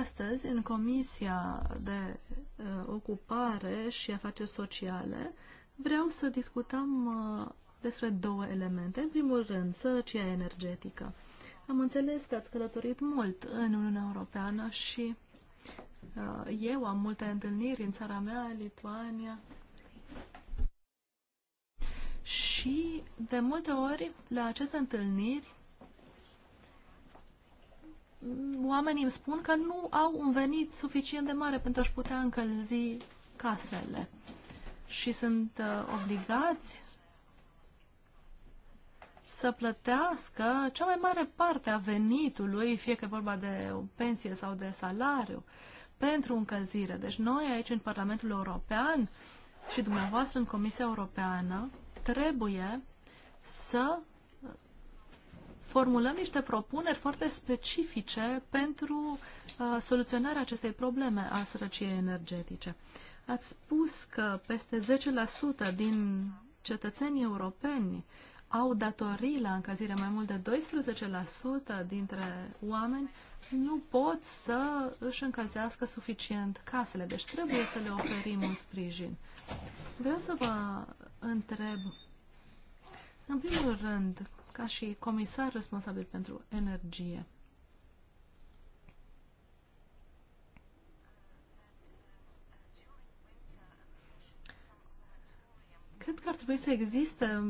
Astăzi, în Comisia de uh, Ocupare și Afaceri Sociale, vreau să discutăm uh, despre două elemente. În primul rând, sărăcia energetică. Am înțeles că ați călătorit mult în Uniunea Europeană și uh, eu am multe întâlniri în țara mea, Lituania, și de multe ori, la aceste întâlniri, oamenii îmi spun că nu au un venit suficient de mare pentru a-și putea încălzi casele și sunt uh, obligați să plătească cea mai mare parte a venitului, fie că e vorba de o pensie sau de salariu, pentru încălzire. Deci noi aici în Parlamentul European și dumneavoastră în Comisia Europeană trebuie să formulăm niște propuneri foarte specifice pentru uh, soluționarea acestei probleme a sărăciei energetice. Ați spus că peste 10% din cetățenii europeni uh, au datorii la încălzire. Mai mult de 12% dintre oameni nu pot să își încălzească suficient casele, deci trebuie să le oferim un sprijin. Vreau să vă întreb, în primul rând, ca și comisar responsabil pentru energie, Cred că ar trebui să existe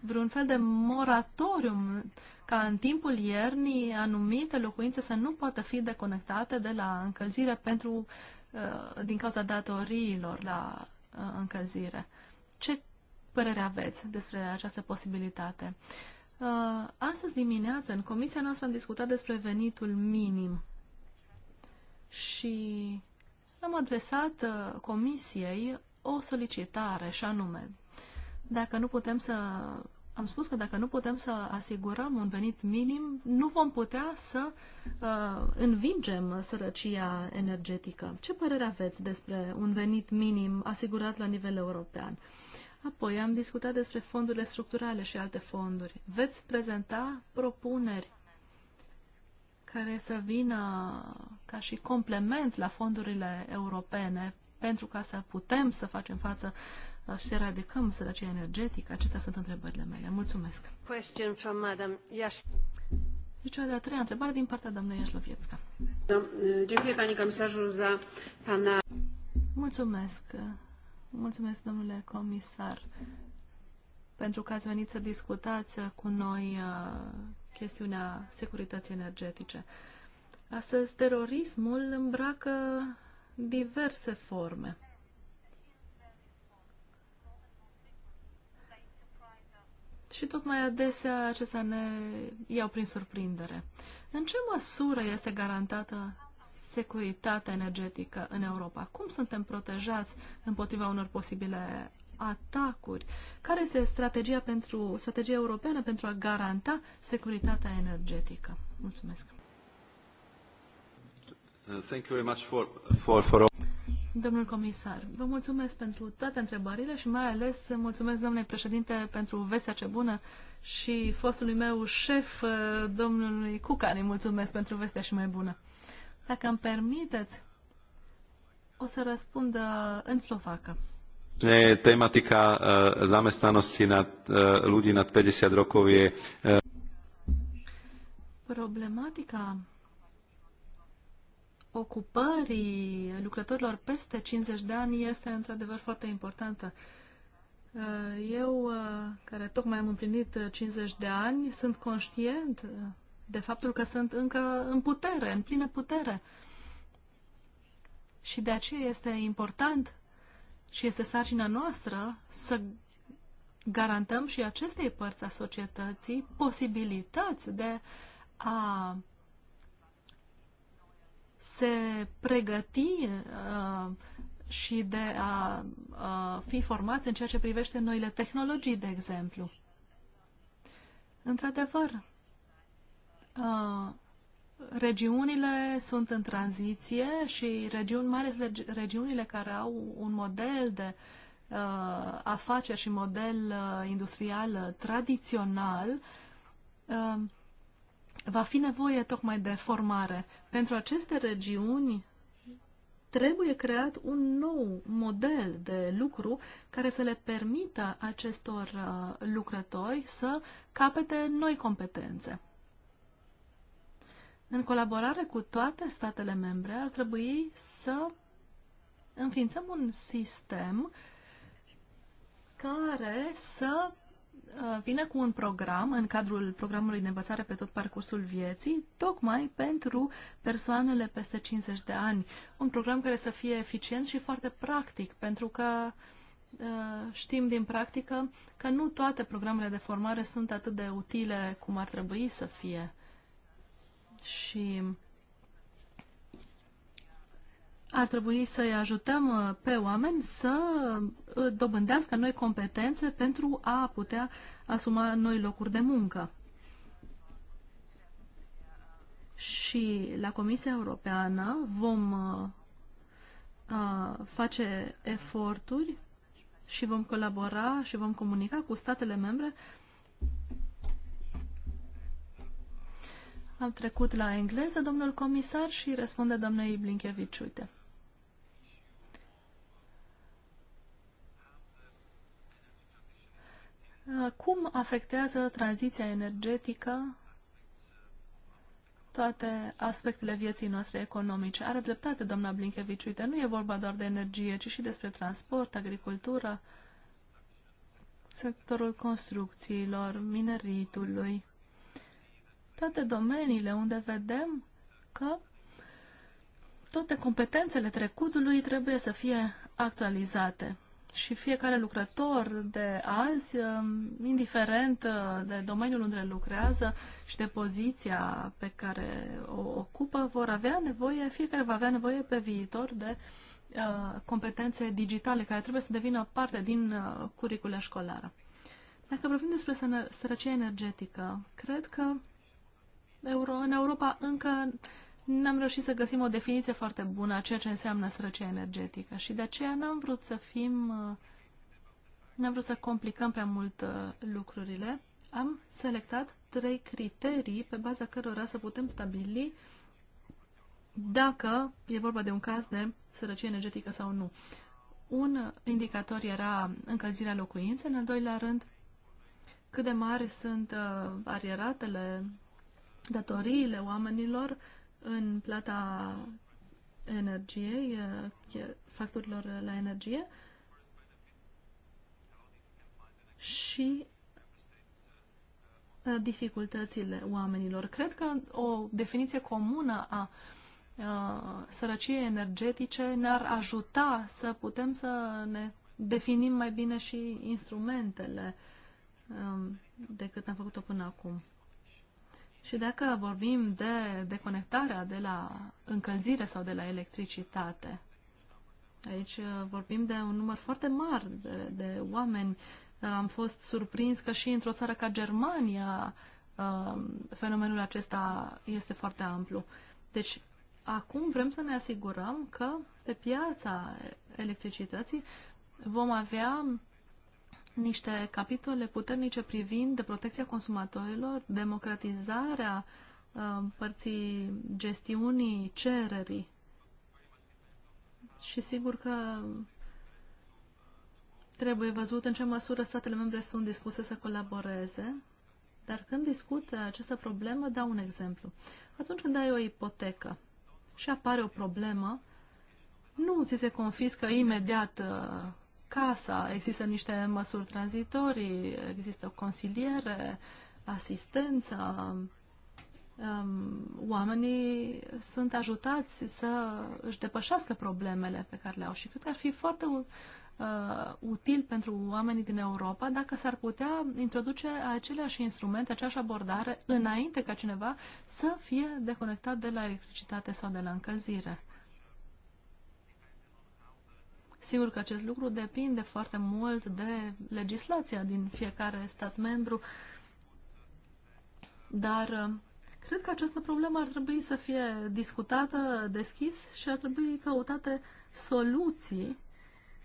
vreun fel de moratorium ca în timpul iernii anumite locuințe să nu poată fi deconectate de la încălzire pentru, uh, din cauza datoriilor la uh, încălzire. Ce părere aveți despre această posibilitate? Uh, astăzi dimineață, în comisia noastră, am discutat despre venitul minim și am adresat comisiei o solicitare, și anume, dacă nu putem să... Am spus că dacă nu putem să asigurăm un venit minim, nu vom putea să uh, învingem sărăcia energetică. Ce părere aveți despre un venit minim asigurat la nivel european? Apoi am discutat despre fondurile structurale și alte fonduri. Veți prezenta propuneri care să vină ca și complement la fondurile europene pentru ca să putem să facem față la se radicăm sărăcia energetică? Acestea sunt întrebările mele.
Mulțumesc. Question from Madam Iaș.
Și cea de-a treia întrebare din partea doamnei Iașlovietska. Da, Mulțumesc. Mulțumesc, domnule comisar, pentru că ați venit să discutați cu noi uh, chestiunea securității energetice. Astăzi, terorismul îmbracă diverse forme. și tot mai adesea acestea ne iau prin surprindere. În ce măsură este garantată securitatea energetică în Europa? Cum suntem protejați împotriva unor posibile atacuri? Care este strategia, pentru, strategia europeană pentru a garanta securitatea energetică? Mulțumesc!
Thank you very much for, for, for...
Domnul comisar, vă mulțumesc pentru toate întrebările și mai ales mulțumesc domnule președinte pentru vestea ce bună și fostului meu șef, uh, domnului Cucan, îi mulțumesc pentru vestea și mai bună. Dacă îmi permiteți, o să răspund uh, în slovacă.
Tematika uh, zamestnanosti nad, ľudí nad 50
rokov je...
Problematica ocupării lucrătorilor peste 50 de ani este într-adevăr foarte importantă. Uh, eu, uh, care tocmai am împlinit 50 de ani, sunt conștient uh, de faptul că sunt încă în putere, în plină putere. Și de aceea este important și este sarcina noastră să garantăm și acestei părți a societății posibilități de a se pregăti uh, și de a uh, fi formați în ceea ce privește noile tehnologii, de exemplu. Într-adevăr, uh, regiunile sunt în tranziție și regiuni, mai ales regiunile care au un model de uh, afaceri și model uh, industrial uh, tradițional, uh, va fi nevoie tocmai de formare. Pentru aceste regiuni trebuie creat un nou model de lucru care să le permită acestor uh, lucrători să capete noi competențe. În colaborare cu toate statele membre ar trebui să înființăm un sistem care să Uh, vine cu un program în cadrul programului de învățare pe tot parcursul vieții, tocmai pentru persoanele peste 50 de ani. Un program care să fie eficient și foarte practic, pentru că uh, știm din practică că nu toate programele de formare sunt atât de utile cum ar trebui să fie. Și ar trebui să-i ajutăm uh, pe oameni să uh, dobândească noi competențe pentru a putea asuma noi locuri de muncă. Și la Comisia Europeană vom uh, face eforturi și vom colabora și vom comunica cu statele membre. Am trecut la engleză, domnul comisar, și răspunde doamnei Blinkevich, uite. Uh, cum afectează tranziția energetică toate aspectele vieții noastre economice? Are dreptate, doamna Blinkevici, uite, nu e vorba doar de energie, ci și despre transport, agricultură, sectorul construcțiilor, mineritului, toate domeniile unde vedem că toate competențele trecutului trebuie să fie actualizate și fiecare lucrător de azi, um, indiferent uh, de domeniul unde lucrează și de poziția pe care o ocupă, vor avea nevoie, fiecare va avea nevoie pe viitor de uh, competențe digitale care trebuie să devină parte din uh, curicula școlară. Dacă vorbim despre sărăcie energetică, cred că în Europa încă n-am reușit să găsim o definiție foarte bună a ceea ce înseamnă sărăcia energetică și de aceea n-am vrut să fim, uh, n-am vrut să complicăm prea mult uh, lucrurile. Am selectat trei criterii pe baza cărora să putem stabili dacă e vorba de un caz de sărăcie energetică sau nu. Un indicator era încălzirea locuinței, în al doilea rând cât de mari sunt uh, arieratele, datoriile oamenilor, în plata energiei, eh, facturilor la energie și eh, dificultățile oamenilor. Cred că o definiție comună a eh, sărăciei energetice ne-ar ajuta să putem să ne definim mai bine și instrumentele decât am făcut-o până acum. Și dacă vorbim de deconectarea de la încălzire sau de la electricitate, aici uh, vorbim de un număr foarte mare de, de oameni. Uh, am fost surprins că și într-o țară ca Germania uh, fenomenul acesta este foarte amplu. Deci, acum vrem să ne asigurăm că pe piața electricității vom avea niște capitole puternice privind de protecția consumatorilor, democratizarea uh, părții gestiunii cererii. Și sigur că trebuie văzut în ce măsură statele membre sunt dispuse să colaboreze, dar când discută această problemă, dau un exemplu. Atunci când ai o ipotecă și apare o problemă, nu ți se confiscă imediat uh, casa, există niște măsuri tranzitorii, există o consiliere, asistență, oamenii sunt ajutați să își depășească problemele pe care le au și că ar fi foarte uh, util pentru oamenii din Europa dacă s-ar putea introduce aceleași instrumente, aceeași abordare înainte ca cineva să fie deconectat de la electricitate sau de la încălzire. Sigur că acest lucru depinde foarte mult de legislația din fiecare stat membru, dar uh, cred că această problemă ar trebui să fie discutată deschis și ar trebui căutate soluții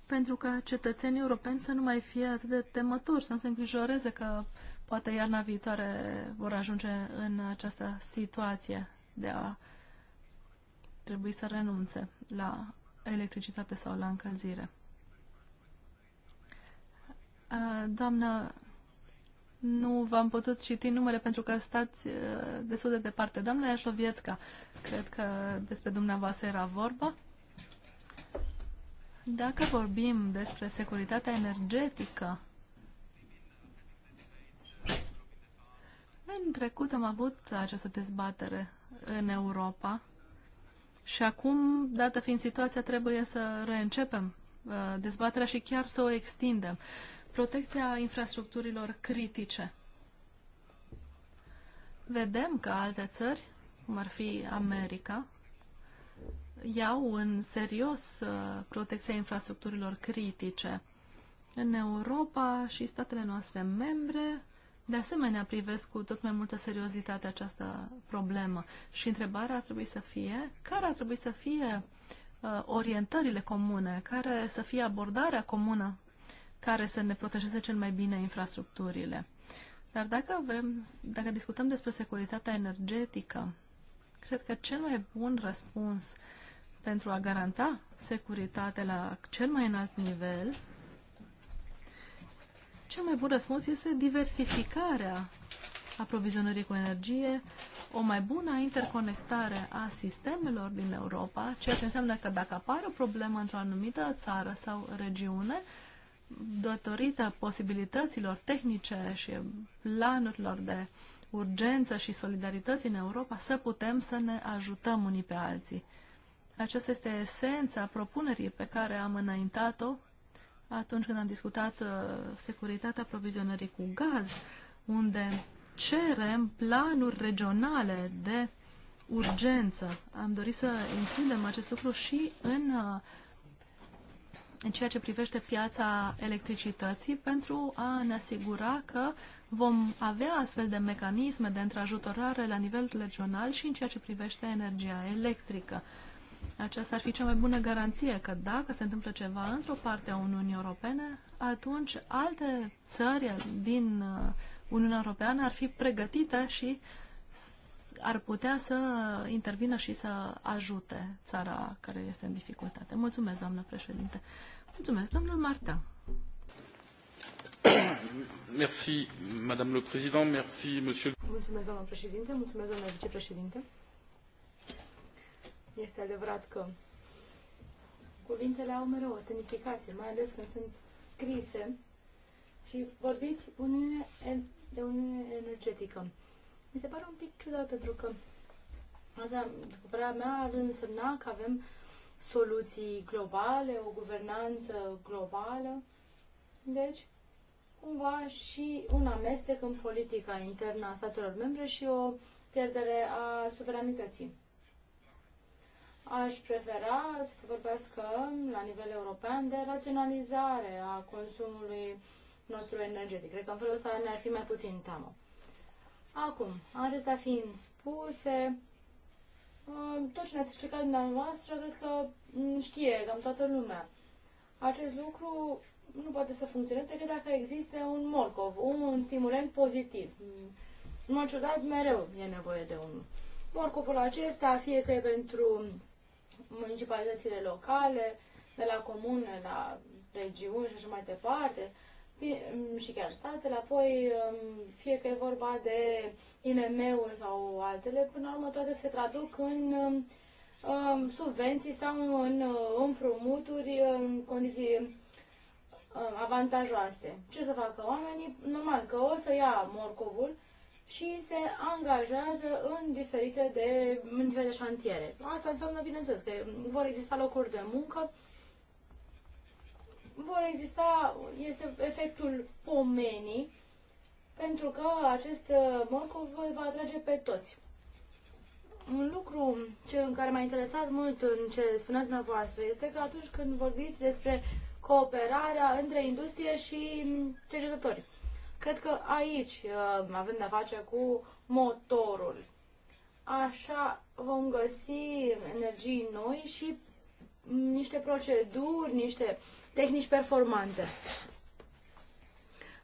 pentru ca cetățenii europeni să nu mai fie atât de temători, să nu se îngrijoreze că poate iarna viitoare vor ajunge în această situație de a trebui să renunțe la electricitate sau la încălzire. Doamnă, nu v-am putut citi numele pentru că stați destul de departe. Doamna Iașlovietska, cred că despre dumneavoastră era vorba. Dacă vorbim despre securitatea energetică, în trecut am avut această dezbatere în Europa și acum, dată fiind situația, trebuie să reîncepem uh, dezbaterea și chiar să o extindem. Protecția infrastructurilor critice. Vedem că alte țări, cum ar fi America, iau în serios uh, protecția infrastructurilor critice. În Europa și statele noastre membre de asemenea, privesc cu tot mai multă seriozitate această problemă și întrebarea ar trebui să fie care ar trebui să fie uh, orientările comune, care să fie abordarea comună care să ne protejeze cel mai bine infrastructurile. Dar dacă, vrem, dacă discutăm despre securitatea energetică, cred că cel mai bun răspuns pentru a garanta securitatea la cel mai înalt nivel cel mai bun răspuns este diversificarea aprovizionării cu energie, o mai bună interconectare a sistemelor din Europa, ceea ce înseamnă că dacă apare o problemă într-o anumită țară sau regiune, datorită posibilităților tehnice și planurilor de urgență și solidarități în Europa, să putem să ne ajutăm unii pe alții. Aceasta este esența propunerii pe care am înaintat-o atunci când am discutat uh, securitatea aprovizionării cu gaz, unde cerem planuri regionale de urgență. Am dorit să includem acest lucru și în, uh, în ceea ce privește piața electricității pentru a ne asigura că vom avea astfel de mecanisme de întrajutorare la nivel regional și în ceea ce privește energia electrică. Aceasta ar fi cea mai bună garanție că dacă se întâmplă ceva într-o parte a Uniunii Europene, atunci alte țări din uh, Uniunea Europeană ar fi pregătite și ar putea să intervină și să ajute țara care este în dificultate. Mulțumesc, doamnă președinte. Mulțumesc, domnul Marta.
Merci, Madame le Président, merci, Monsieur.
Mulțumesc, doamnă președinte, mulțumesc, doamnă vicepreședinte. Este adevărat că cuvintele au mereu o semnificație, mai ales când sunt scrise și vorbiți uniune, de uniune energetică. Mi se pare un pic ciudat pentru că asta, după părerea mea, ar însemna că avem soluții globale, o guvernanță globală. Deci, cumva și un amestec în politica internă a statelor membre și o pierdere a suveranității. Aș prefera să se vorbească la nivel european de raționalizare a consumului nostru energetic. Cred că în felul ăsta ne-ar fi mai puțin teamă. Acum, acestea fiind spuse, uh, tot ce ne-ați explicat dumneavoastră, cred că mm, știe cam toată lumea. Acest lucru nu poate să funcționeze decât dacă există un morcov, un stimulant pozitiv. Mm, în mod ciudat, mereu e nevoie de unul. Morcovul acesta, fie că e pentru municipalitățile locale, de la comune la regiuni și așa mai departe, mm, și chiar statele, apoi mm, fie că e vorba de IMM-uri sau altele, până la urmă toate se traduc în mm, subvenții sau în împrumuturi în condiții avantajoase. Ce să facă oamenii? Normal că o să ia morcovul și se angajează în diferite, de, în diferite șantiere. Asta înseamnă, bineînțeles, că vor exista locuri de muncă, vor exista, este efectul pomenii, pentru că acest uh, morcov va atrage pe toți. Un lucru ce, în care m-a interesat mult în ce spuneați dumneavoastră este că atunci când vorbiți despre cooperarea între industrie și cercetători, Cred că aici uh, avem de-a face cu motorul. Așa vom găsi energii noi și niște proceduri, niște tehnici performante.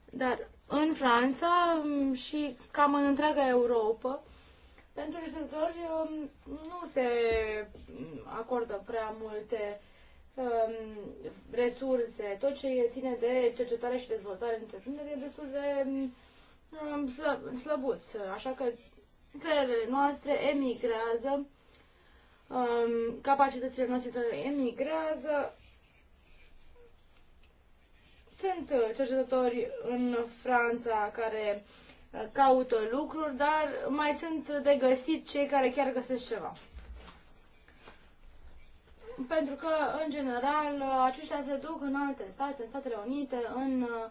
Dar în Franța um, și cam în întreaga Europa, pentru jucători um, nu se acordă prea multe Um, resurse, tot ce ține de cercetare și dezvoltare în întreprindere e destul de um, um, slă, slăbuț. Așa că creierele noastre emigrează, capacitățile noastre emigrează. Sunt cercetători în Franța care uh, caută lucruri, dar mai sunt de găsit cei care chiar găsesc ceva pentru că, în general, aceștia se duc în alte state, în Statele Unite, în uh,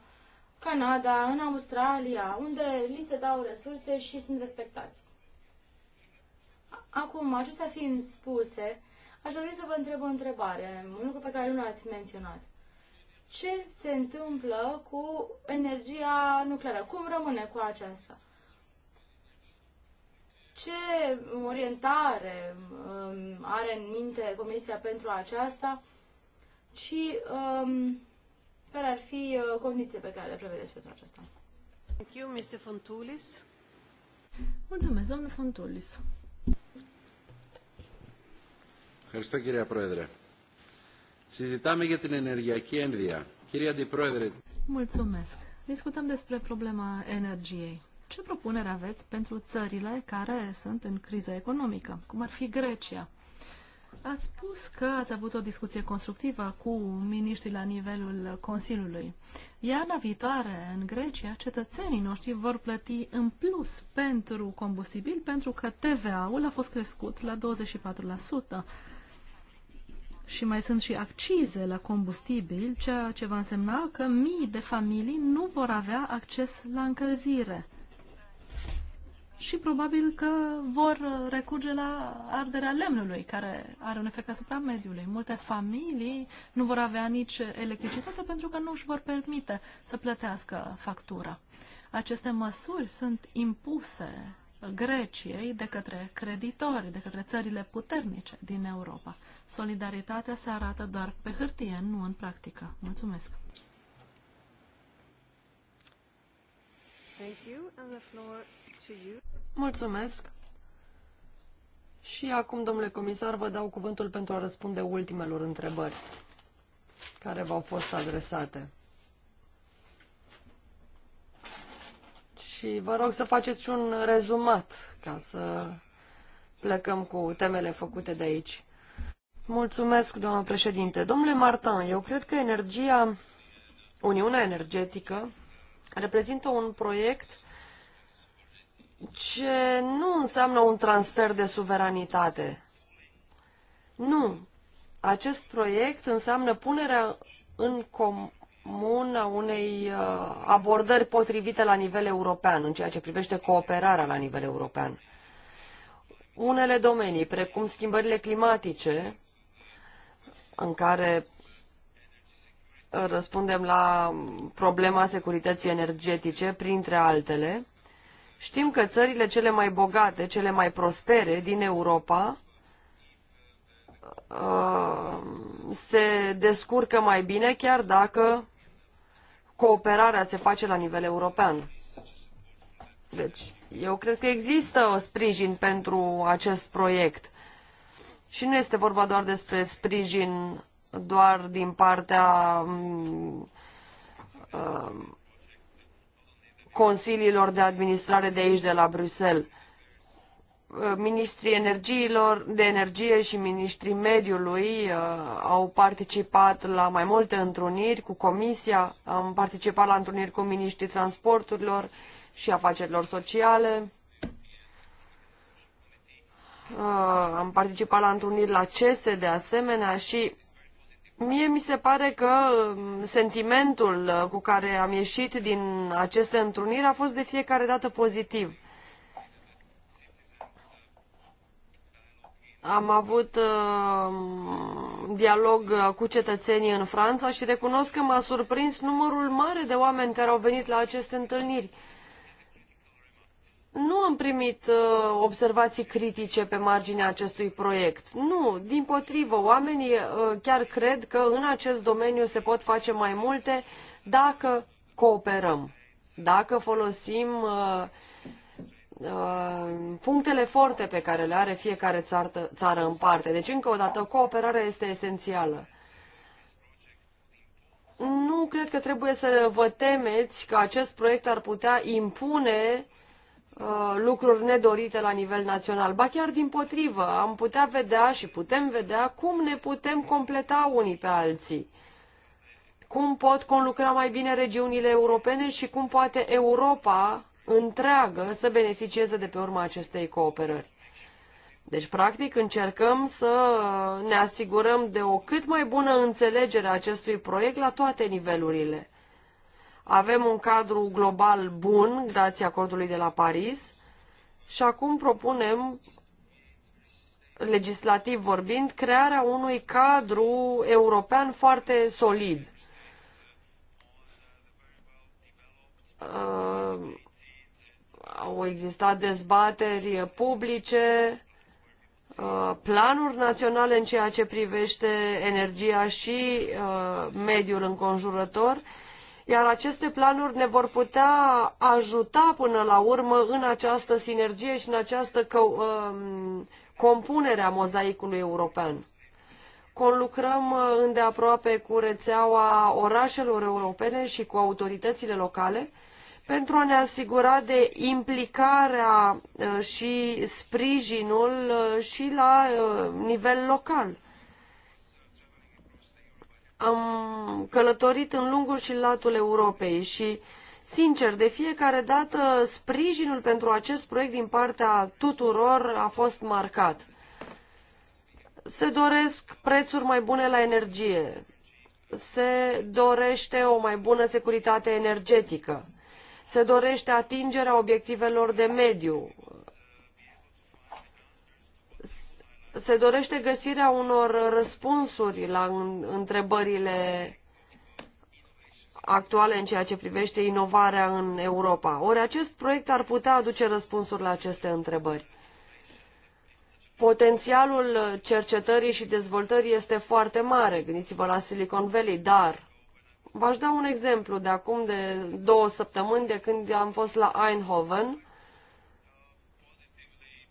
Canada, în Australia, unde li se dau resurse și sunt respectați. Acum, acestea fiind spuse, aș dori să vă întreb o întrebare, un lucru pe care nu l-ați menționat. Ce se întâmplă cu energia nucleară? Cum rămâne cu aceasta? Ce orientare um, are în minte Comisia pentru aceasta și um, care ar fi uh, condiții pe care le prevedeți pentru aceasta?
Thank you, Mr. Fontulis.
Mulțumesc, domnul Fontulis.
Ευχαριστώ κυρία Πρόεδρε. Συζητάμε για την ενεργειακή ένδυα. Κυρία Αντιπρόεδρε.
Mulțumesc. Discutăm despre problema energiei. Ce propunere aveți pentru țările care sunt în criză economică, cum ar fi Grecia? Ați spus că ați avut o discuție constructivă cu miniștrii la nivelul Consiliului. Iarna viitoare, în Grecia, cetățenii noștri vor plăti în plus pentru combustibil pentru că TVA-ul a fost crescut la 24%. Și mai sunt și accize la combustibil, ceea ce va însemna că mii de familii nu vor avea acces la încălzire și probabil că vor recurge la arderea lemnului, care are un efect asupra mediului. Multe familii nu vor avea nici electricitate pentru că nu își vor permite să plătească factura. Aceste măsuri sunt impuse Greciei de către creditori, de către țările puternice din Europa. Solidaritatea se arată doar pe hârtie, nu în practică. Mulțumesc!
Thank you. And the floor Mulțumesc. Și acum, domnule comisar, vă dau cuvântul pentru a răspunde ultimelor întrebări care v-au fost adresate. Și vă rog să faceți un rezumat ca să plecăm cu temele făcute de aici. Mulțumesc, doamnă președinte. Domnule Martin, eu cred că energia, Uniunea Energetică, reprezintă un proiect ce nu înseamnă un transfer de suveranitate. Nu. Acest proiect înseamnă punerea în comun a unei uh, abordări potrivite la nivel european, în ceea ce privește cooperarea la nivel european. Unele domenii, precum schimbările climatice, în care uh, răspundem la problema securității energetice, printre altele, Știm că țările cele mai bogate, cele mai prospere din Europa uh, se descurcă mai bine chiar dacă cooperarea se face la nivel european. Deci, eu cred că există o sprijin pentru acest proiect. Și nu este vorba doar despre sprijin doar din partea mm, uh, consiliilor de administrare de aici, de la Bruxelles. Uh, ministrii energiilor, de energie și ministrii mediului uh, au participat la mai multe întruniri cu Comisia, am participat la întruniri cu ministrii transporturilor și afacerilor sociale. Uh, am participat la întruniri la CESE de asemenea și Mie mi se pare că um, sentimentul uh, cu care am ieșit din aceste întruniri a fost de fiecare dată pozitiv. Am avut um, uh, dialog cu cetățenii în Franța și recunosc că m-a surprins numărul mare de oameni care au venit la aceste întâlniri nu am primit uh, observații critice pe marginea acestui proiect. Nu, din potrivă, oamenii uh, chiar cred că în acest domeniu se pot face mai multe dacă cooperăm, dacă folosim uh, uh, punctele forte pe care le are fiecare țartă, țară în parte. Deci, încă o dată, cooperarea este esențială. Nu cred că trebuie să vă temeți că acest proiect ar putea impune Uh, lucruri nedorite la nivel național. Ba chiar din potrivă, am putea vedea și putem vedea cum ne putem completa unii pe alții. Cum pot conlucra mai bine regiunile europene și cum poate Europa întreagă să beneficieze de pe urma acestei cooperări. Deci, practic, încercăm să ne asigurăm de o cât mai bună înțelegere a acestui proiect la toate nivelurile. Avem un cadru global bun, grație acordului de la Paris, și acum propunem, legislativ vorbind, crearea unui cadru european foarte solid. Uh, au existat dezbateri publice, uh, planuri naționale în ceea ce privește energia și uh, mediul înconjurător iar aceste planuri ne vor putea ajuta până la urmă în această sinergie și în această că, uh, um, compunere a mozaicului european. Conlucrăm uh, îndeaproape cu rețeaua orașelor europene și cu autoritățile locale pentru a ne asigura de implicarea uh, și sprijinul uh, și la nivel local am călătorit în lungul și latul Europei și, sincer, de fiecare dată sprijinul pentru acest proiect din partea tuturor a fost marcat. Se doresc prețuri mai bune la energie, se dorește o mai bună securitate energetică, se dorește atingerea obiectivelor de mediu, se dorește găsirea unor răspunsuri la întrebările actuale în ceea ce privește inovarea în Europa. Ori acest proiect ar putea aduce răspunsuri la aceste întrebări. Potențialul cercetării și dezvoltării este foarte mare, gândiți-vă la Silicon Valley, dar v-aș da un exemplu de acum de două săptămâni de când am fost la Eindhoven,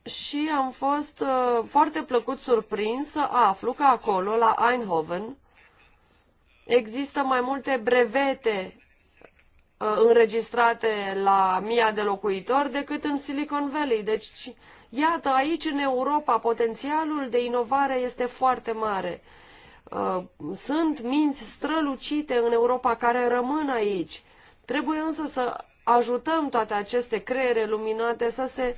și am fost uh, foarte plăcut surprins să aflu că acolo, la Eindhoven, există mai multe brevete uh, înregistrate la mia de locuitori decât în Silicon Valley. Deci, iată, aici în Europa potențialul de inovare este foarte mare. Uh, sunt minți strălucite în Europa care rămân aici. Trebuie însă să ajutăm toate aceste creiere luminate să se uh,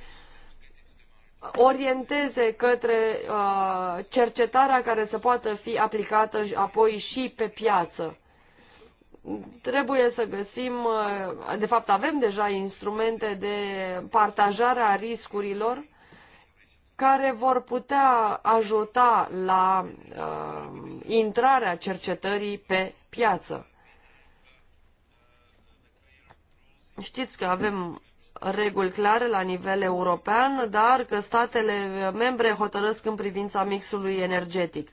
orienteze către uh, cercetarea care să poată fi aplicată apoi și pe piață. Trebuie să găsim, uh, de fapt avem deja instrumente de partajare a riscurilor care vor putea ajuta la uh, intrarea cercetării pe piață. Știți că avem reguli clare la nivel european, dar că statele membre hotărăsc în privința mixului energetic.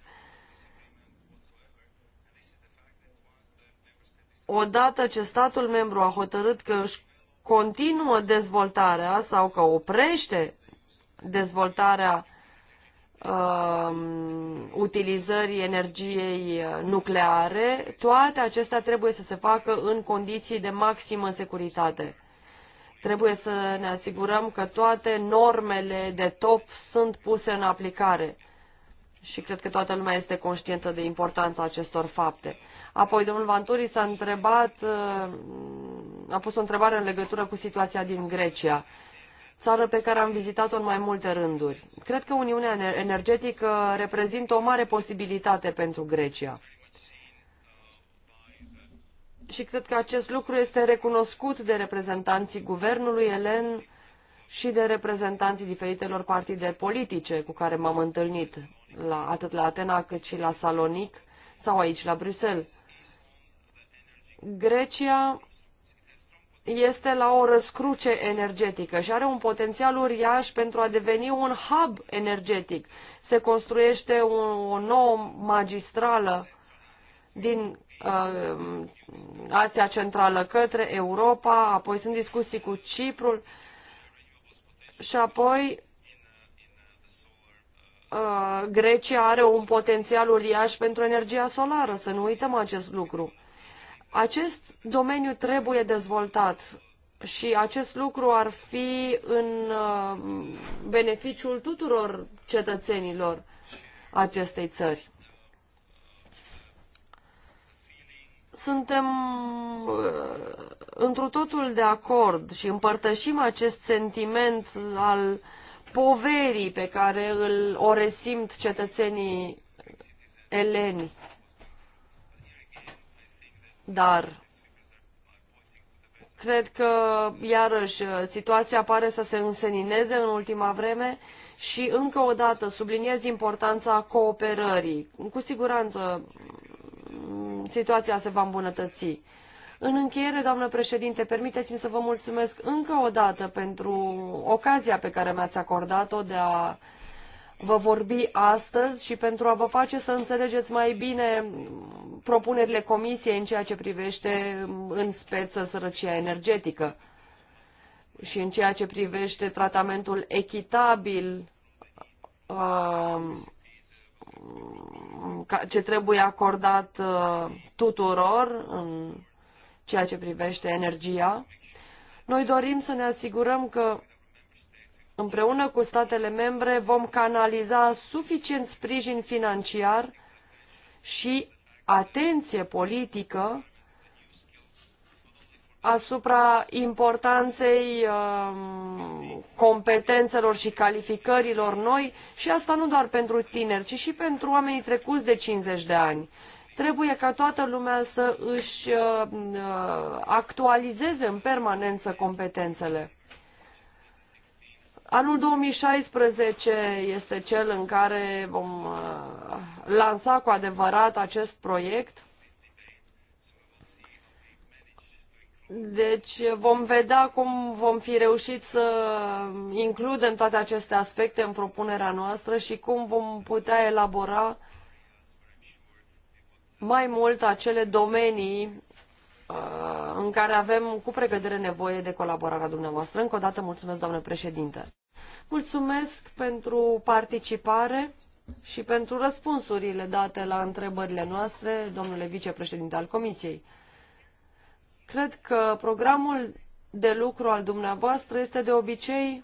Odată ce statul membru a hotărât că își continuă dezvoltarea sau că oprește dezvoltarea uh, utilizării energiei nucleare, toate acestea trebuie să se facă în condiții de maximă securitate. Trebuie să ne asigurăm că toate normele de top sunt puse în aplicare. Și cred că toată lumea este conștientă de importanța acestor fapte. Apoi, domnul Vanturi s-a întrebat, uh, a pus o întrebare în legătură cu situația din Grecia țară pe care am vizitat-o în mai multe rânduri. Cred că Uniunea Energetică reprezintă o mare posibilitate pentru Grecia și cred că acest lucru este recunoscut de reprezentanții guvernului elen și de reprezentanții diferitelor partide politice cu care m-am întâlnit, la, atât la Atena cât și la Salonic sau aici la Bruxelles. Grecia este la o răscruce energetică și are un potențial uriaș pentru a deveni un hub energetic. Se construiește o, o nouă magistrală din Uh, Asia Centrală către Europa, apoi sunt discuții cu Ciprul și apoi uh, Grecia are un potențial uriaș pentru energia solară, să nu uităm acest lucru. Acest domeniu trebuie dezvoltat și acest lucru ar fi în uh, beneficiul tuturor cetățenilor acestei țări. suntem uh, întru totul de acord și împărtășim acest sentiment al poverii pe care îl o resimt cetățenii eleni. Dar cred că, iarăși, situația pare să se însenineze în ultima vreme și, încă o dată, subliniez importanța cooperării. Cu siguranță situația se va îmbunătăți. În încheiere, doamnă președinte, permiteți-mi să vă mulțumesc încă o dată pentru ocazia pe care mi-ați acordat-o de a vă vorbi astăzi și pentru a vă face să înțelegeți mai bine propunerile Comisiei în ceea ce privește în speță sărăcia energetică și în ceea ce privește tratamentul echitabil um, ce trebuie acordat uh, tuturor în ceea ce privește energia. Noi dorim să ne asigurăm că împreună cu statele membre vom canaliza suficient sprijin financiar și atenție politică asupra importanței um, competențelor și calificărilor noi și asta nu doar pentru tineri, ci și pentru oamenii trecuți de 50 de ani. Trebuie ca toată lumea să își uh, uh, actualizeze în permanență competențele. Anul 2016 este cel în care vom uh, lansa cu adevărat acest proiect Deci vom vedea cum vom fi reușit să includem toate aceste aspecte în propunerea noastră și cum vom putea elabora mai mult acele domenii uh, în care avem cu pregădere nevoie de colaborarea dumneavoastră. Încă o dată mulțumesc, doamnă președinte. Mulțumesc pentru participare și pentru răspunsurile date la întrebările noastre, domnule vicepreședinte al Comisiei. Cred că programul de lucru al dumneavoastră este de obicei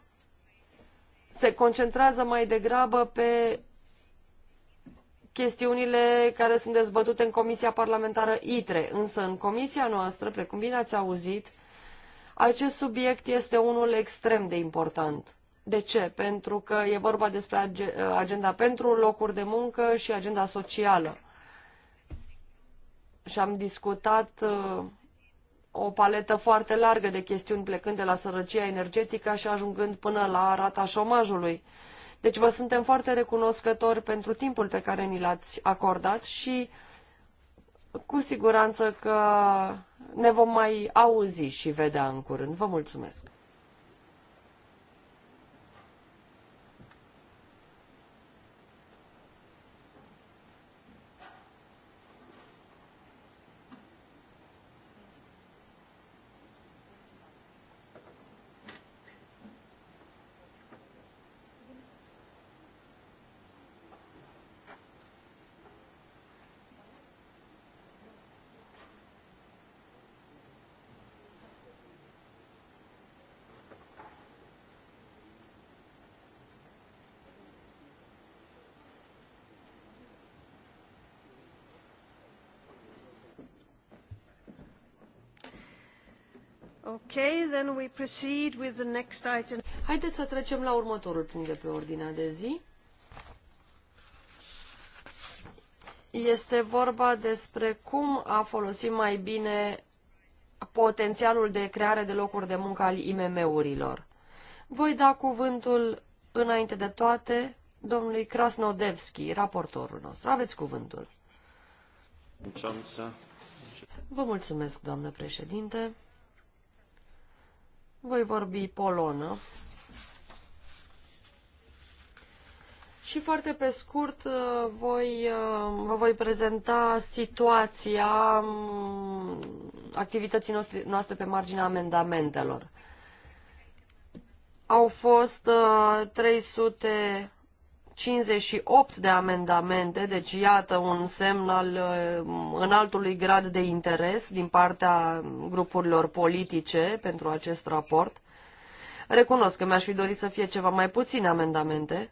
se concentrează mai degrabă pe chestiunile care sunt dezbătute în Comisia Parlamentară ITRE, însă în Comisia noastră, precum bine ați auzit, acest subiect este unul extrem de important. De ce? Pentru că e vorba despre agenda pentru locuri de muncă și agenda socială. Și am discutat uh, o paletă foarte largă de chestiuni plecând de la sărăcia energetică și ajungând până la rata șomajului. Deci vă suntem foarte recunoscători pentru timpul pe care ni l-ați acordat și cu siguranță că ne vom mai auzi și vedea în curând. Vă mulțumesc! Ok, then we proceed with the next item. Haideți să trecem la următorul punct de pe ordinea de zi. Este vorba despre cum a folosit mai bine potențialul de creare de locuri de muncă al IMM-urilor. Voi da cuvântul, înainte de toate, domnului Krasnodevski, raportorul nostru. Aveți cuvântul. Vă mulțumesc, doamnă președinte. Voi vorbi polonă. Și foarte pe scurt uh, voi, uh, vă voi prezenta situația um, activității noastre pe marginea amendamentelor. Au fost 300 uh, 58 de amendamente, deci iată un semn al uh, înaltului grad de interes din partea grupurilor politice pentru acest raport. Recunosc că mi-aș fi dorit să fie ceva mai puține amendamente.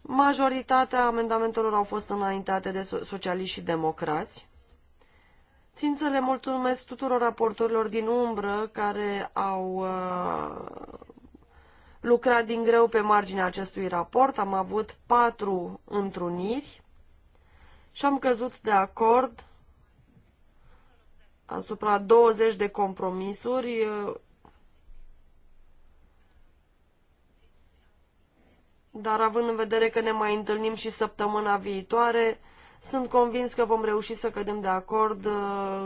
Majoritatea amendamentelor au fost înaintate de socialiști și democrați. Țin să le mulțumesc tuturor raportorilor din umbră care au uh, lucrat din greu pe marginea acestui raport, am avut patru întruniri și am căzut de acord asupra 20 de compromisuri dar având în vedere că ne mai întâlnim și săptămâna viitoare, sunt convins că vom reuși să cădem de acord uh,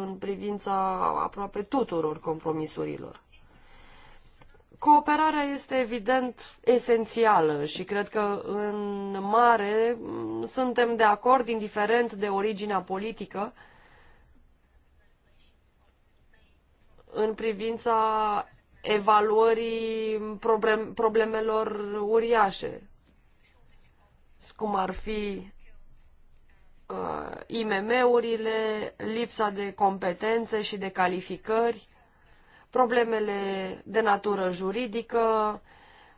în privința aproape tuturor compromisurilor. Cooperarea este evident esențială și cred că în mare suntem de acord, indiferent de originea politică, în privința evaluării problemelor uriașe, cum ar fi uh, IMM-urile, lipsa de competențe și de calificări, problemele de natură juridică,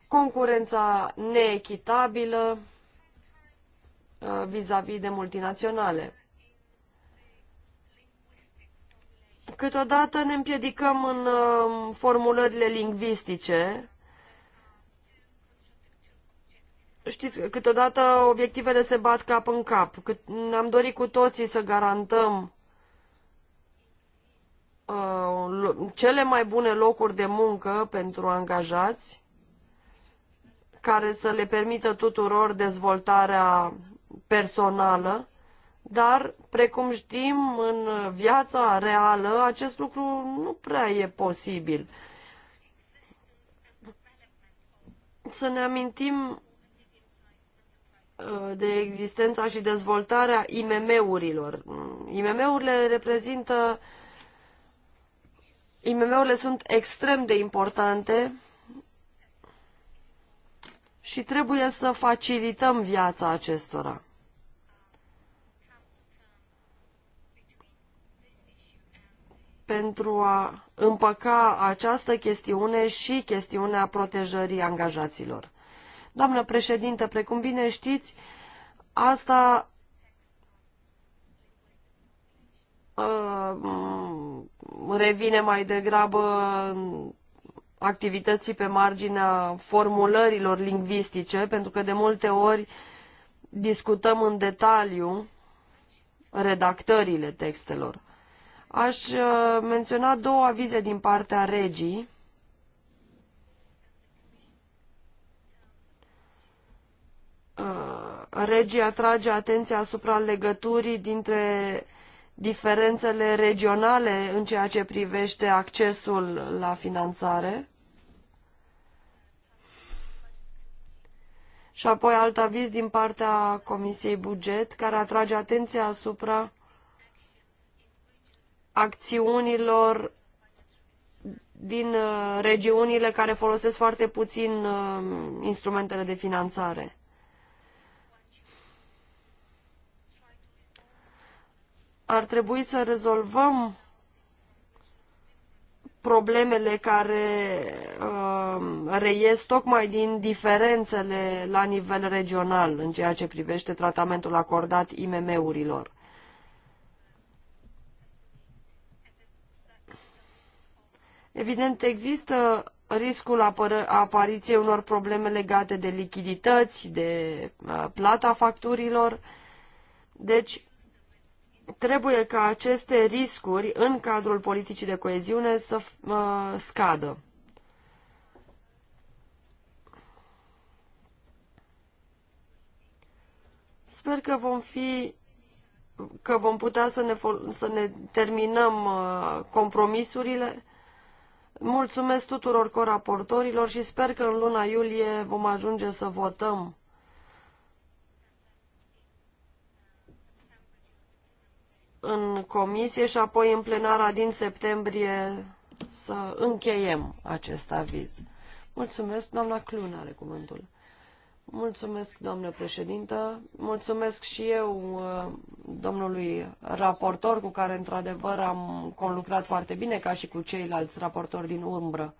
concurența neechitabilă uh, vis-a-vis -vis de multinaționale. Câteodată ne împiedicăm în uh, formulările lingvistice. Știți, câteodată obiectivele se bat cap în cap. ne-am dorit cu toții să garantăm Uh, cele mai bune locuri de muncă pentru angajați, care să le permită tuturor dezvoltarea personală, dar, precum știm, în viața reală acest lucru nu prea e posibil. Să ne amintim uh, de existența și dezvoltarea IMM-urilor. IMM-urile reprezintă uh, IMM-urile sunt extrem de importante și trebuie să facilităm viața acestora. pentru a împăca această chestiune și chestiunea protejării angajaților. Doamnă președintă, precum bine știți, asta uh, revine mai degrabă activității pe marginea formulărilor lingvistice, pentru că de multe ori discutăm în detaliu redactările textelor. Aș uh, menționa două avize din partea regii. Uh, Regia atrage atenția asupra legăturii dintre diferențele regionale în ceea ce privește accesul la finanțare. Și apoi alt aviz din partea Comisiei Buget, care atrage atenția asupra acțiunilor din uh, regiunile care folosesc foarte puțin uh, instrumentele de finanțare. ar trebui să rezolvăm problemele care uh, reies tocmai din diferențele la nivel regional în ceea ce privește tratamentul acordat IMM-urilor. Evident, există riscul apariției unor probleme legate de lichidități, de uh, plata facturilor, deci trebuie ca aceste riscuri în cadrul politicii de coeziune să uh, scadă. Sper că vom fi că vom putea să ne, să ne terminăm compromisurile. Mulțumesc tuturor coraportorilor și sper că în luna iulie vom ajunge să votăm în comisie și apoi în plenara din septembrie să încheiem acest aviz. Mulțumesc, doamna Clun are cuvântul. Mulțumesc, doamnă președintă. Mulțumesc și eu uh, domnului raportor cu care, într-adevăr, am conlucrat foarte bine, ca și cu ceilalți raportori din umbră.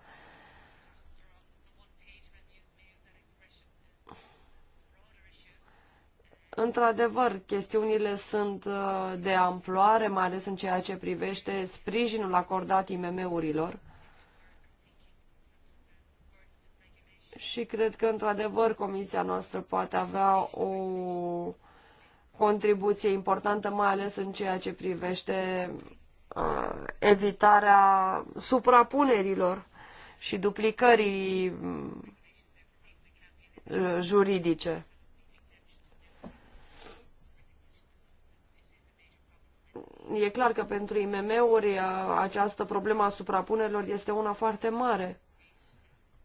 Într-adevăr, chestiunile sunt uh, de amploare, mai ales în ceea ce privește sprijinul acordat IMM-urilor. Și cred că, într-adevăr, comisia noastră poate avea o contribuție importantă, mai ales în ceea ce privește uh, evitarea suprapunerilor și duplicării mm, juridice. e clar că pentru IMM-uri uh, această problemă a suprapunerilor este una foarte mare.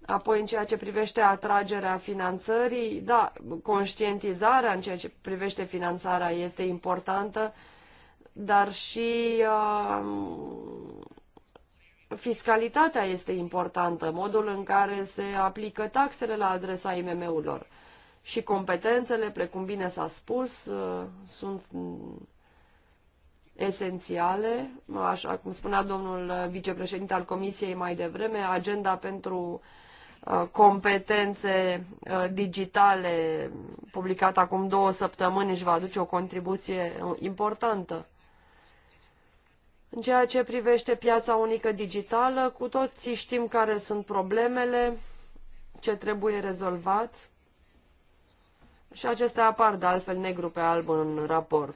Apoi, în ceea ce privește atragerea finanțării, da, conștientizarea în ceea ce privește finanțarea este importantă, dar și uh, fiscalitatea este importantă, modul în care se aplică taxele la adresa IMM-urilor. Și competențele, precum bine s-a spus, uh, sunt esențiale, așa cum spunea domnul vicepreședinte al Comisiei mai devreme, agenda pentru uh, competențe uh, digitale publicată acum două săptămâni își va aduce o contribuție importantă. În ceea ce privește piața unică digitală, cu toții știm care sunt problemele, ce trebuie rezolvat și acestea apar de altfel negru pe alb în raport.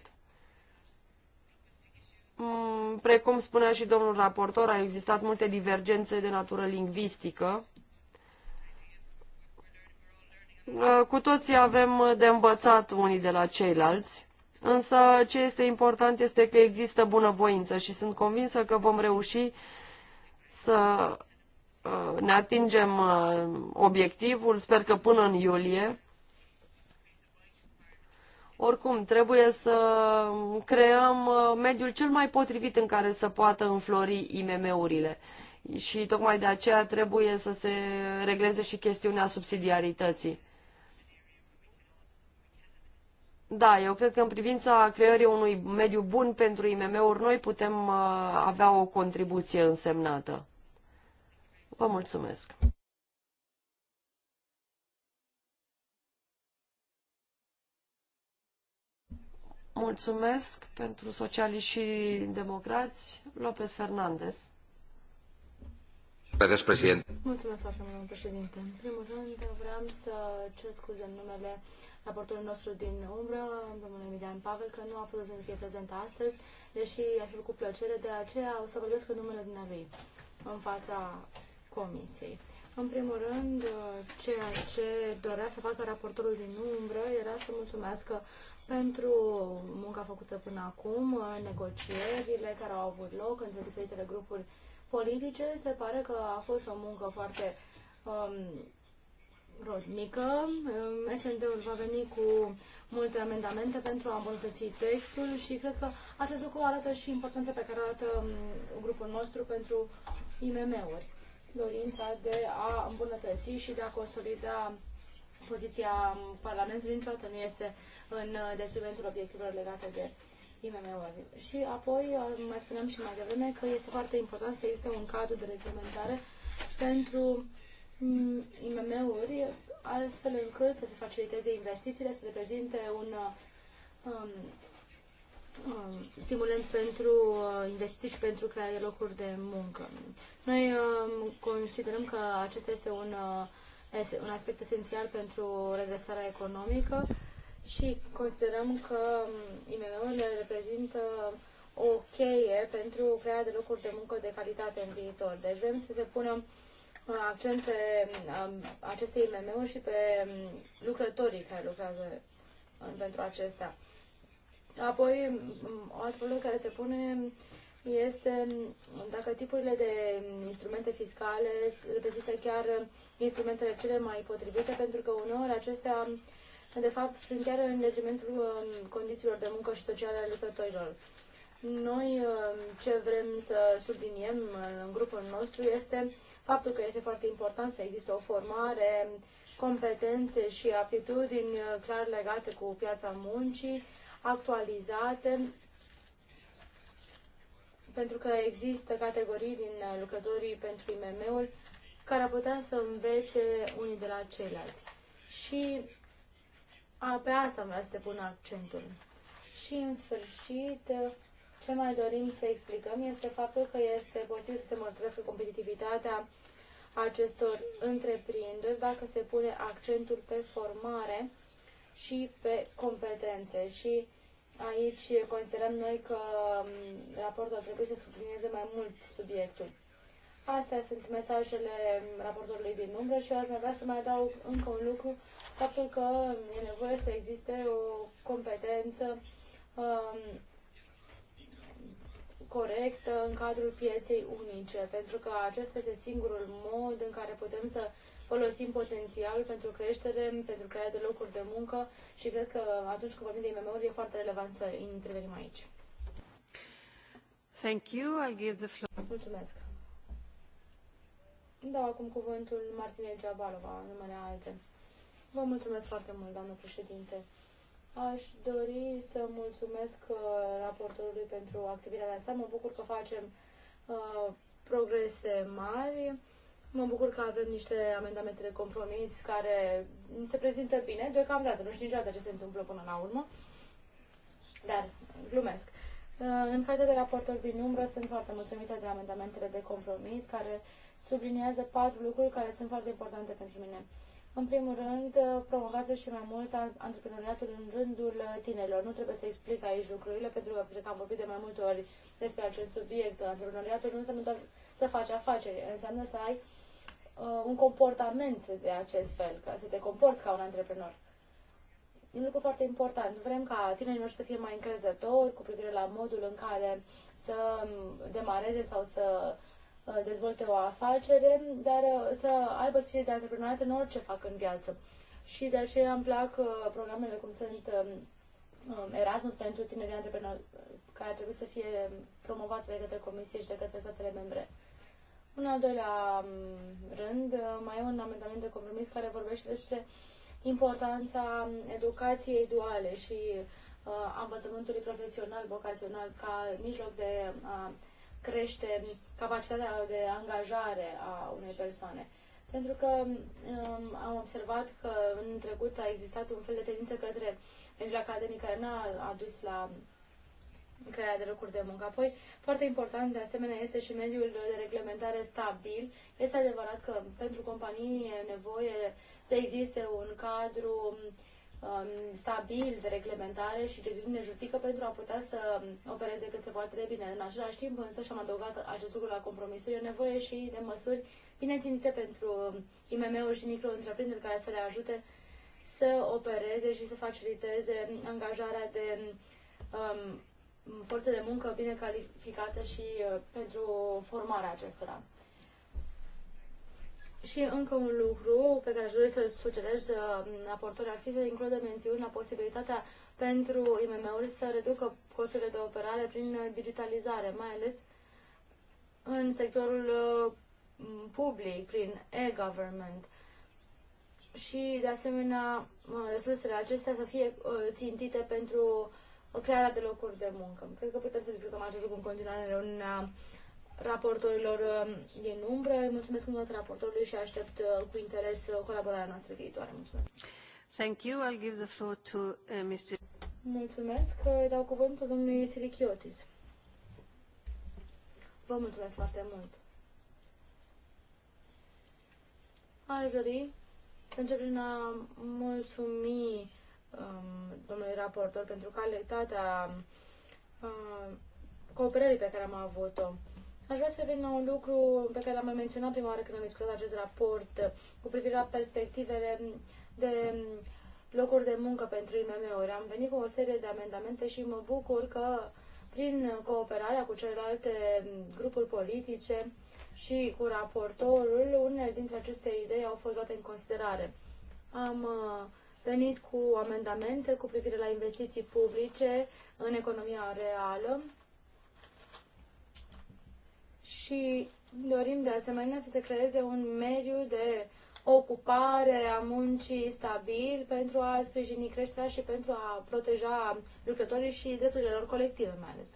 Mm, precum spunea și domnul raportor, au existat multe divergențe de natură lingvistică. Uh, cu toții avem de învățat unii de la ceilalți, însă ce este important este că există bunăvoință și sunt convinsă că vom reuși să uh, ne atingem uh, obiectivul, sper că până în iulie, oricum, trebuie să creăm uh, mediul cel mai potrivit în care să poată înflori IMM-urile. Și tocmai de aceea trebuie să se regleze și chestiunea subsidiarității. Da, eu cred că în privința creării unui mediu bun pentru IMM-uri, noi putem uh, avea o contribuție însemnată. Vă mulțumesc! Mulțumesc pentru sociali și democrați, López Fernandez. Mulțumesc, președinte.
Mulțumesc foarte președinte. În primul rând, vreau să cer scuze în numele raportorului nostru din umbră, domnul Emilian Pavel, că nu a putut să fie prezent astăzi, deși a fi cu plăcere, de aceea o să vorbesc în numele dumnealui în fața comisiei. În primul rând, uh, ceea ce dorea să facă raportorul din umbră era să mulțumească pentru munca făcută până acum, uh, negocierile care au avut loc între diferitele grupuri politice. Se pare că a fost o muncă foarte um, rodnică. Um, SND-ul va veni cu multe amendamente pentru a îmbunătăți textul și cred că acest lucru arată și importanța pe care o arată um, grupul nostru pentru IMM-uri dorința de a îmbunătăți și de a consolida poziția Parlamentului niciodată nu este în detrimentul obiectivelor legate de IMM-uri. Și apoi, uh, mai spuneam și mai devreme, că este foarte important să existe un cadru de reglementare pentru mm, IMM-uri, astfel încât să se faciliteze investițiile, să reprezinte un um, um, stimulant pentru uh, investiții și pentru crearea locuri de muncă. Noi um, considerăm că acesta este un, uh, un aspect esențial pentru redresarea economică și considerăm că um, IMM-urile reprezintă o cheie pentru crearea de locuri de muncă de calitate în viitor. Deci vrem să se pună uh, accent pe um, aceste IMM-uri și pe lucrătorii care lucrează uh, pentru acestea. Apoi, o altă problemă care se pune este dacă tipurile de instrumente fiscale reprezintă chiar instrumentele cele mai potrivite, pentru că uneori acestea, de fapt, sunt chiar în detrimentul um, condițiilor de muncă și sociale ale lucrătorilor. Noi um, ce vrem să subliniem uh, în grupul nostru este faptul că este foarte important să există o formare, competențe și aptitudini uh, clar legate cu piața muncii, actualizate, pentru că există categorii din uh, lucrătorii pentru imm ul care ar putea să învețe unii de la ceilalți. Și a, pe asta am vrea să te pun accentul. Și, în sfârșit, ce mai dorim să explicăm este faptul că este posibil să se mărturească competitivitatea acestor întreprinderi dacă se pune accentul pe formare și pe competențe. Și Aici considerăm noi că um, raportul trebuie să sublinieze mai mult subiectul. Astea sunt mesajele um, raportorului din umbră și eu ar vrea să mai adaug încă un lucru, faptul că um, e nevoie să existe o competență um, corectă în cadrul pieței unice, pentru că acesta este singurul mod în care putem să folosim potențial pentru creștere, pentru crearea de locuri de muncă și cred că atunci când vorbim de IMM-uri e foarte relevant să intervenim aici.
Thank you. I'll give the floor. Mulțumesc.
Dau acum cuvântul Martinei Giabalova, numele alte. Vă mulțumesc foarte mult, doamnă președinte. Aș dori să mulțumesc uh, raportorului pentru activitatea asta. Mă bucur că facem uh, progrese mari. Mă bucur că avem niște amendamente de compromis care se prezintă bine deocamdată. Nu știu niciodată ce se întâmplă până la urmă, dar glumesc. Uh, în calitate de raportor din umbră sunt foarte mulțumită de amendamentele de compromis care subliniază patru lucruri care sunt foarte importante pentru mine. În primul rând, uh, promovează și mai mult antreprenoriatul în rândul uh, tinerilor. Nu trebuie să explic aici lucrurile, pentru că cred că am vorbit de mai multe ori despre acest subiect. Antreprenoriatul nu înseamnă doar să faci afaceri, înseamnă să ai uh, un comportament de acest fel, ca să te comporți ca un antreprenor. E un lucru foarte important. Vrem ca tinerii noștri să fie mai încrezători cu privire la modul în care să um, demareze sau să uh, dezvolte o afacere, dar uh, să aibă spirit de antreprenoriat în orice fac în viață. Și de aceea îmi plac uh, programele cum sunt um, um, Erasmus pentru tinerii antreprenori, care trebuie să fie promovat de către Comisie și de către statele membre. În al doilea mm, rând, mai e un amendament de compromis care vorbește despre importanța mm, educației duale și a uh, învățământului profesional, vocațional, ca mijloc de a uh, crește capacitatea de angajare a unei persoane. Pentru că um, am observat că în trecut a existat un fel de tendință către mediul academic care n-a adus la crearea de locuri de muncă. Apoi, foarte important, de asemenea, este și mediul de reglementare stabil. Este adevărat că pentru companii e nevoie să existe un cadru um, stabil de reglementare și de certitudine juridică pentru a putea să opereze cât se poate de bine. În același timp, însă, și-am adăugat acest lucru la compromisuri, e nevoie și de măsuri bine ținite pentru IMM-uri și micro-întreprinderi care să le ajute să opereze și să faciliteze angajarea de um, forțe de muncă bine calificată și uh, pentru formarea acestora. Și încă un lucru pe care aș dori să-l sugerez uh, raportorii ar fi să includă mențiunea posibilitatea pentru IMM-uri să reducă costurile de operare prin digitalizare, mai ales în sectorul uh, public, prin e-government. Și, de asemenea, resursele acestea să fie țintite pentru uh, crearea de locuri de muncă. Cred că putem să discutăm acest lucru în continuare în reuniunea raportorilor um, din umbră. Mulțumesc încă raportorului și aștept uh, cu interes uh, colaborarea noastră viitoare.
Mulțumesc. Thank you. I'll give the floor to uh, Mr.
Mulțumesc. Îi
dau cuvântul domnului Silichiotis. Vă
mulțumesc foarte
mult. Aș dori să încep prin a mulțumi Um, domnului raportor pentru calitatea uh, cooperării pe care am avut-o. Aș vrea să revin la un lucru pe care l-am mai menționat prima oară când am discutat acest raport cu privire la perspectivele de locuri de muncă pentru IMM-uri. Am venit cu o serie de amendamente și mă bucur că prin cooperarea cu celelalte grupuri politice și cu raportorul, unele dintre aceste idei au fost luate în considerare. Am uh, venit cu amendamente cu privire la investiții publice în economia reală și dorim de asemenea să se creeze un mediu de ocupare a muncii stabil pentru a sprijini creșterea și pentru a proteja lucrătorii și drepturile lor colective mai ales.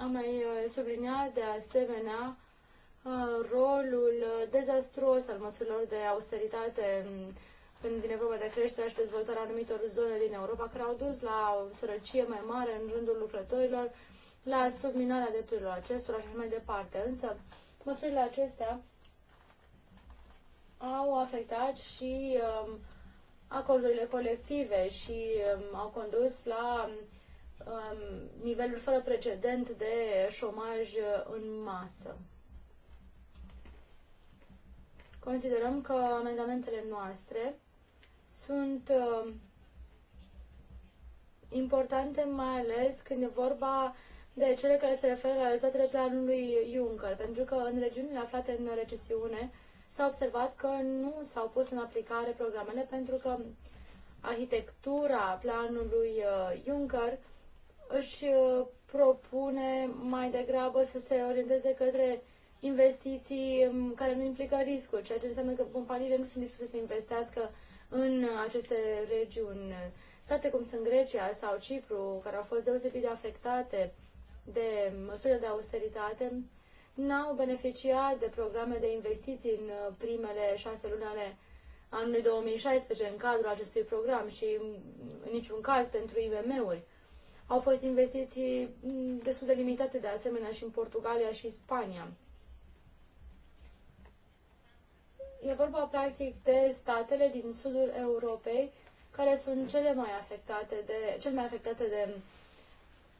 Am mai uh, subliniat de asemenea Uh, rolul uh, dezastruos al măsurilor de austeritate când vine vorba de creșterea și dezvoltarea anumitor zone din Europa, care au dus la o sărăcie mai mare în rândul lucrătorilor, la subminarea drepturilor acestora și așa mai departe. Însă, măsurile acestea au afectat și um, acordurile colective și um, au condus la um, niveluri fără precedent de șomaj în masă. Considerăm că amendamentele noastre sunt uh, importante, mai ales când e vorba de cele care se referă la rezultatele planului Juncker, pentru că în regiunile aflate în recesiune s-a observat că nu s-au pus în aplicare programele pentru că arhitectura planului uh, Juncker își uh, propune mai degrabă să se orienteze către investiții mm, care nu implică riscuri, ceea ce înseamnă că companiile nu sunt dispuse să investească în aceste regiuni. State cum sunt Grecia sau Cipru, care au fost deosebit de afectate de măsurile de austeritate, n-au beneficiat de programe de investiții în uh, primele șase luni ale anului 2016 în cadrul acestui program și mm, în niciun caz pentru IMM-uri. Au fost investiții mm, destul de limitate de asemenea și în Portugalia și Spania. E vorba practic de statele din sudul Europei care sunt cele mai afectate de, cel mai afectate de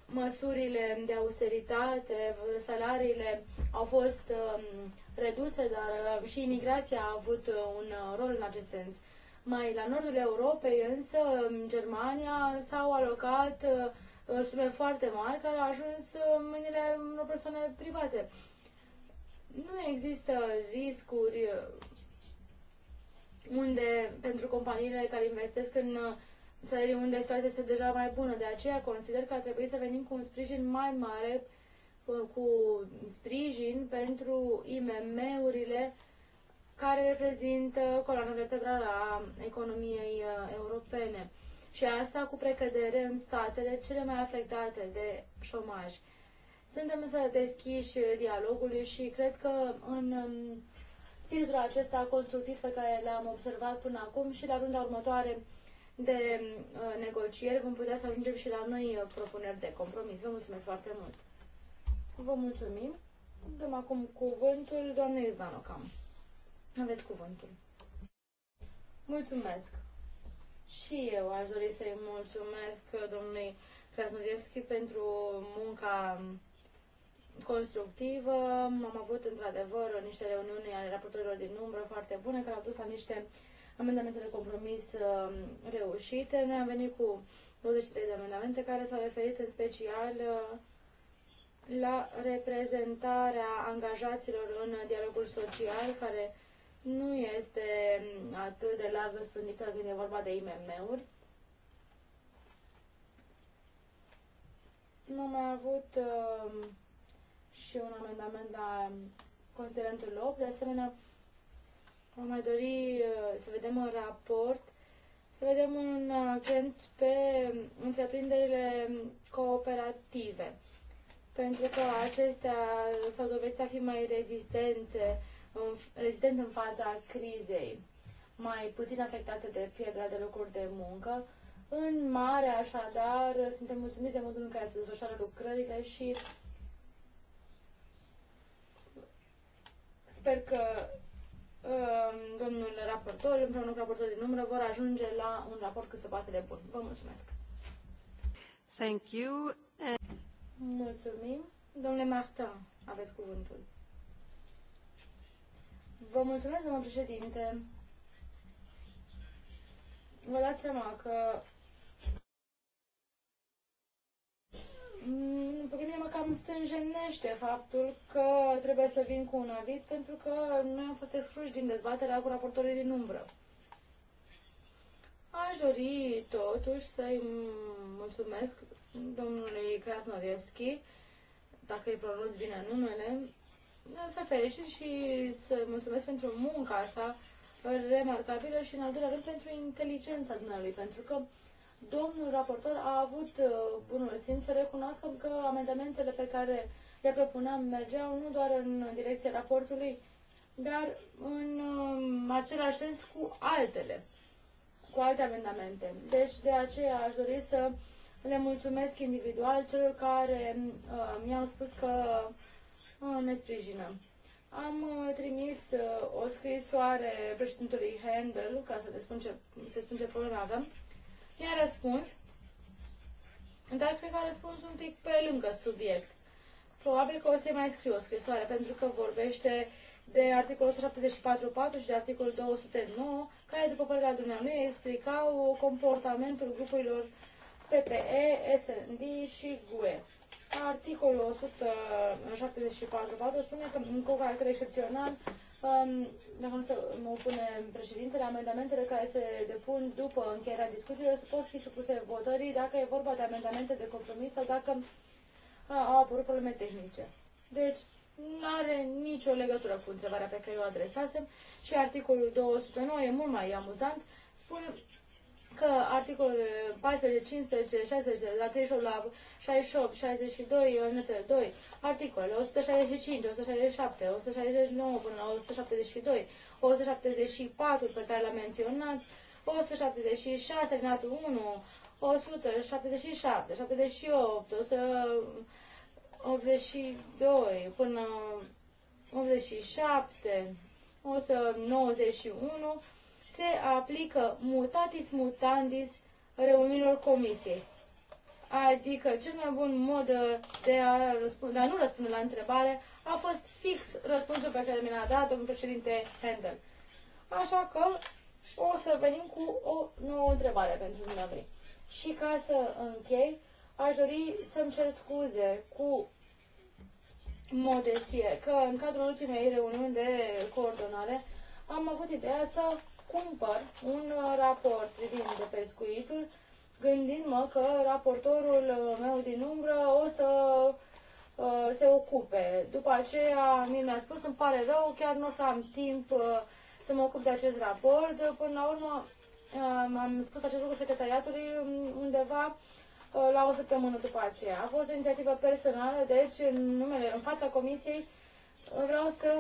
măsurile de austeritate, salariile au fost um, reduse, dar um, și imigrația a avut un uh, rol în acest sens. Mai la nordul Europei, însă, în um, Germania s-au alocat uh, sume foarte mari care au ajuns uh, în mâinile unor persoane private. Nu există riscuri unde, pentru companiile care investesc în uh, țări unde situația este deja mai bună. De aceea consider că ar trebui să venim cu un sprijin mai mare, uh, cu sprijin pentru IMM-urile care reprezintă coloana vertebrală a economiei uh, europene. Și asta cu precădere în statele cele mai afectate de șomaj. Suntem să deschiși dialogului și cred că în um, spiritul acesta constructiv pe care l-am observat până acum și la runda următoare de uh, negocieri vom putea să ajungem și la noi uh, propuneri de compromis. Vă mulțumesc foarte mult! Vă mulțumim! Dăm acum cuvântul doamnei Zdanocam. Aveți cuvântul. Mulțumesc! Și eu aș dori să-i mulțumesc uh, domnului Krasnodevski pentru munca constructivă. Am avut într-adevăr niște reuniuni ale raportorilor din umbră foarte bune care au dus la niște amendamente de compromis um, reușite. Noi am venit cu 23 de amendamente care s-au referit în special uh, la reprezentarea angajaților în dialogul social, care nu este atât de larg răspândită când e vorba de IMM-uri. Nu am mai avut uh, și un amendament la um, Consilentul 8. De asemenea, am mai dori uh, să vedem un raport, să vedem un accent uh, pe um, întreprinderile um, cooperative, pentru că acestea s-au dovedit a fi mai rezistențe, rezistent în fața crizei, mai puțin afectate de pierderea de locuri de muncă. În mare, așadar, suntem mulțumiți de modul în care se desfășoară lucrările și Sper că um, domnul raportor, împreună cu raportorul din umbră, vor ajunge la un raport cât se poate de bun. Vă mulțumesc!
Thank you. And... Mulțumim.
Domnule Martin, aveți cuvântul. Vă mulțumesc, domnul președinte. Vă dați seama că Mm, pe mine mă cam stânjenește faptul că trebuie să vin cu un aviz pentru că noi am fost excluși din dezbaterea cu raportorii din umbră. Aș dori totuși să-i mulțumesc domnului Krasnodevski, dacă îi pronunț bine numele, să fericit și să mulțumesc pentru munca sa remarcabilă și, în al doilea rând, pentru inteligența dumneavoastră, pentru că Domnul raportor a avut bunul uh, simț să recunoască că amendamentele pe care le propuneam mergeau nu doar în direcția raportului, dar în um, același sens cu altele, cu alte amendamente. Deci de aceea aș dori să le mulțumesc individual celor care uh, mi-au spus că uh, ne sprijină. Am uh, trimis uh, o scrisoare președintelui Handel ca să le spun ce, să spun ce probleme avem I-a răspuns, dar cred că a răspuns un pic pe lângă subiect. Probabil că o să-i mai scriu o scrisoare, pentru că vorbește de articolul 174.4 și de articolul 209, care, după părerea dumneavoastră explicau comportamentul grupurilor PPE, SND și GUE. Articolul 174.4 spune că, în cu excepțional, dacă să mă opune președintele, amendamentele care se depun după încheierea discuțiilor pot fi supuse votării dacă e vorba de amendamente de compromis sau dacă au apărut probleme tehnice. Deci, nu are nicio legătură cu întrebarea pe care o adresasem și articolul 209 e mult mai amuzant. Spune că articolele 14, 15, 16, la 38, la 68, 62, notele 2, articolele 165, 167, 169 până la 172, 174 pe care l-am menționat, 176, renatul 1, 177, 78, 182 până 87, 191, se aplică mutatis mutandis reuniunilor comisiei. Adică cel mai bun mod uh, de a, răspund, de a nu răspunde la întrebare a fost fix răspunsul pe care mi l-a dat domnul președinte Handel. Așa că o să venim cu o nouă întrebare pentru dumneavoastră. Și ca să închei, aș dori să-mi cer scuze cu modestie că în cadrul ultimei reuniuni de coordonare am avut ideea să cumpăr un uh, raport privind de pescuitul, gândindu-mă că raportorul uh, meu din umbră o să uh, se ocupe. După aceea mi mi-a spus, îmi pare rău, chiar nu o să am timp uh, să mă ocup de acest raport. Până la urmă uh, am spus acest lucru secretariatului um, undeva uh, la o săptămână după aceea. A fost o inițiativă personală, deci în, numele, în fața comisiei vreau să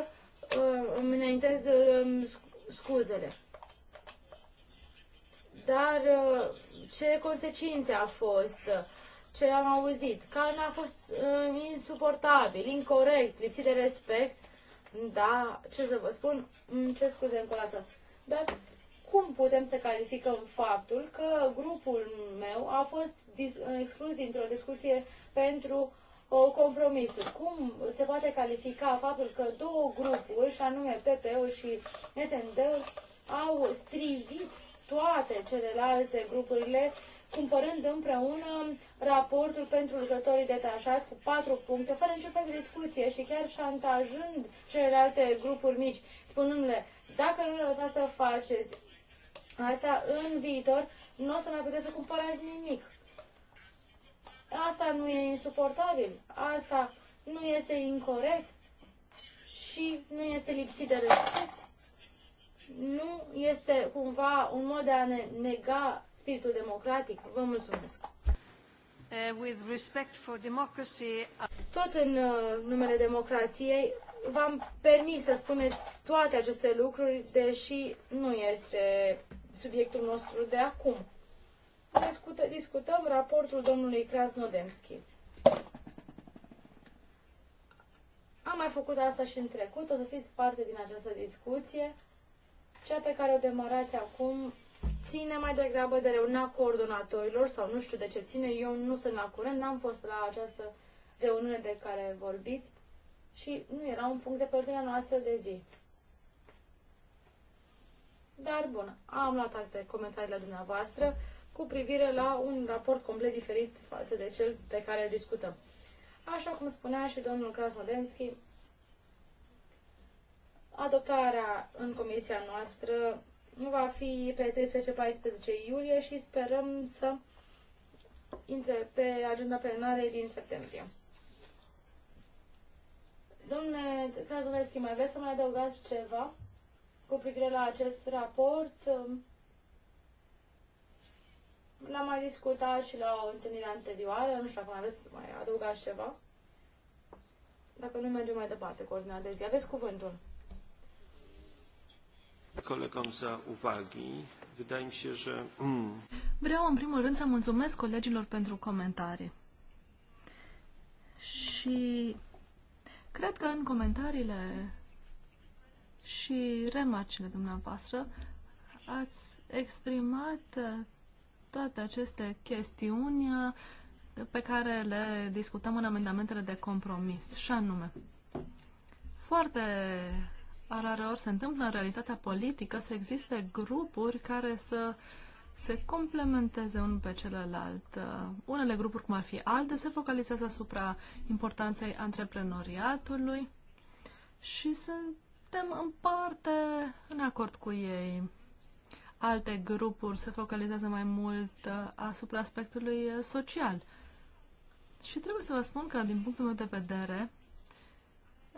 îmi înaintez um, scuzele. Dar uh, ce consecințe a fost? Ce am auzit? Calmea a fost uh, insuportabil, incorrect, lipsit de respect. Da, ce să vă spun, mm, ce scuze încă o dată. Dar cum putem să calificăm faptul că grupul meu a fost uh, exclus dintr-o discuție pentru o uh, compromisul. Cum se poate califica faptul că două grupuri, și anume PPO și snd au strivit toate celelalte grupurile, cumpărând împreună raportul pentru lucrătorii detașați cu patru puncte, fără niciun fel de discuție și chiar șantajând celelalte grupuri mici, spunându-le, dacă nu le să faceți asta în viitor, nu o să mai puteți să cumpărați nimic. Asta nu e insuportabil, asta nu este incorrect și nu este lipsit de respect nu este cumva un mod de a ne nega spiritul democratic?
Vă mulțumesc. Uh, with respect for democracy... Uh,
Tot în
uh, numele democrației v-am permis să spuneți toate aceste lucruri, deși nu este subiectul nostru de acum. Discută, discutăm raportul domnului Krasnodemski. Am mai făcut asta și în trecut, o să fiți parte din această discuție. Ceea pe care o demarați acum ține mai degrabă de reuniunea coordonatorilor sau nu știu de ce ține, eu nu sunt la curent, n-am fost la această reuniune de care vorbiți și nu era un punct de părere noastră de zi. Dar bun, am luat toate comentariile dumneavoastră cu privire la un raport complet diferit față de cel pe care îl discutăm. Așa cum spunea și domnul Krasnodemski, Adoptarea în comisia noastră va fi pe 13-14 iulie și sperăm să intre pe agenda plenară din septembrie. Domnule Crazumeschi, mai vreți să mai adăugați ceva cu privire la acest raport? L-am mai discutat și la o întâlnire anterioară, nu știu dacă mai vreți să mai adăugați ceva. Dacă nu mergem mai departe cu ordinea de zi, aveți cuvântul.
Colegom za uwagi. Wydaje mi się, że...
Vreau în primul rând să mulțumesc colegilor pentru comentarii. Și cred că în comentariile și remarcile dumneavoastră ați exprimat toate aceste chestiuni pe care le discutăm în amendamentele de compromis, și anume. Foarte ori se întâmplă în realitatea politică să existe grupuri care să se complementeze unul pe celălalt. Uh, unele grupuri, cum ar fi alte, se focalizează asupra importanței antreprenoriatului și suntem în parte în acord cu ei. Alte grupuri se focalizează mai mult uh, asupra aspectului uh, social. Și trebuie să vă spun că, din punctul meu de vedere,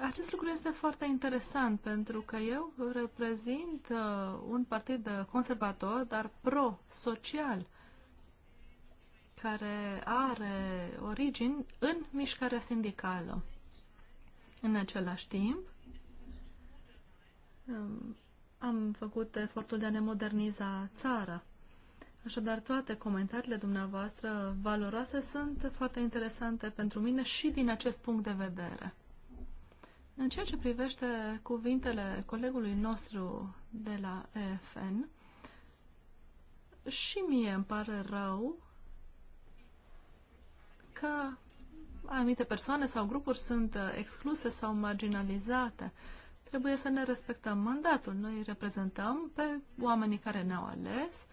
acest lucru este foarte interesant pentru că eu reprezint uh, un partid conservator, dar pro-social, care are origini în mișcarea sindicală. În același timp, um, am făcut efortul de a ne moderniza țara. Așadar, toate comentariile dumneavoastră valoroase sunt foarte interesante pentru mine și din acest punct de vedere. În ceea ce privește cuvintele colegului nostru de la EFN, și mie îmi pare rău că anumite persoane sau grupuri sunt excluse sau marginalizate. Trebuie să ne respectăm mandatul. Noi reprezentăm pe oamenii care ne-au ales,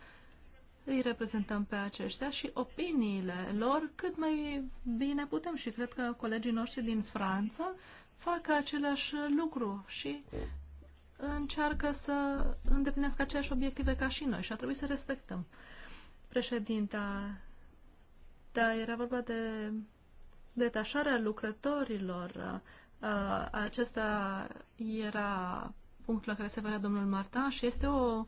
îi reprezentăm pe aceștia și opiniile lor cât mai bine putem. Și cred că colegii noștri din Franța facă același lucru și încearcă să îndeplinească aceleași obiective ca și noi și a trebuit să respectăm. Președinta, da, era vorba de detașarea lucrătorilor. Acesta era punctul la care se vrea domnul Marta și este o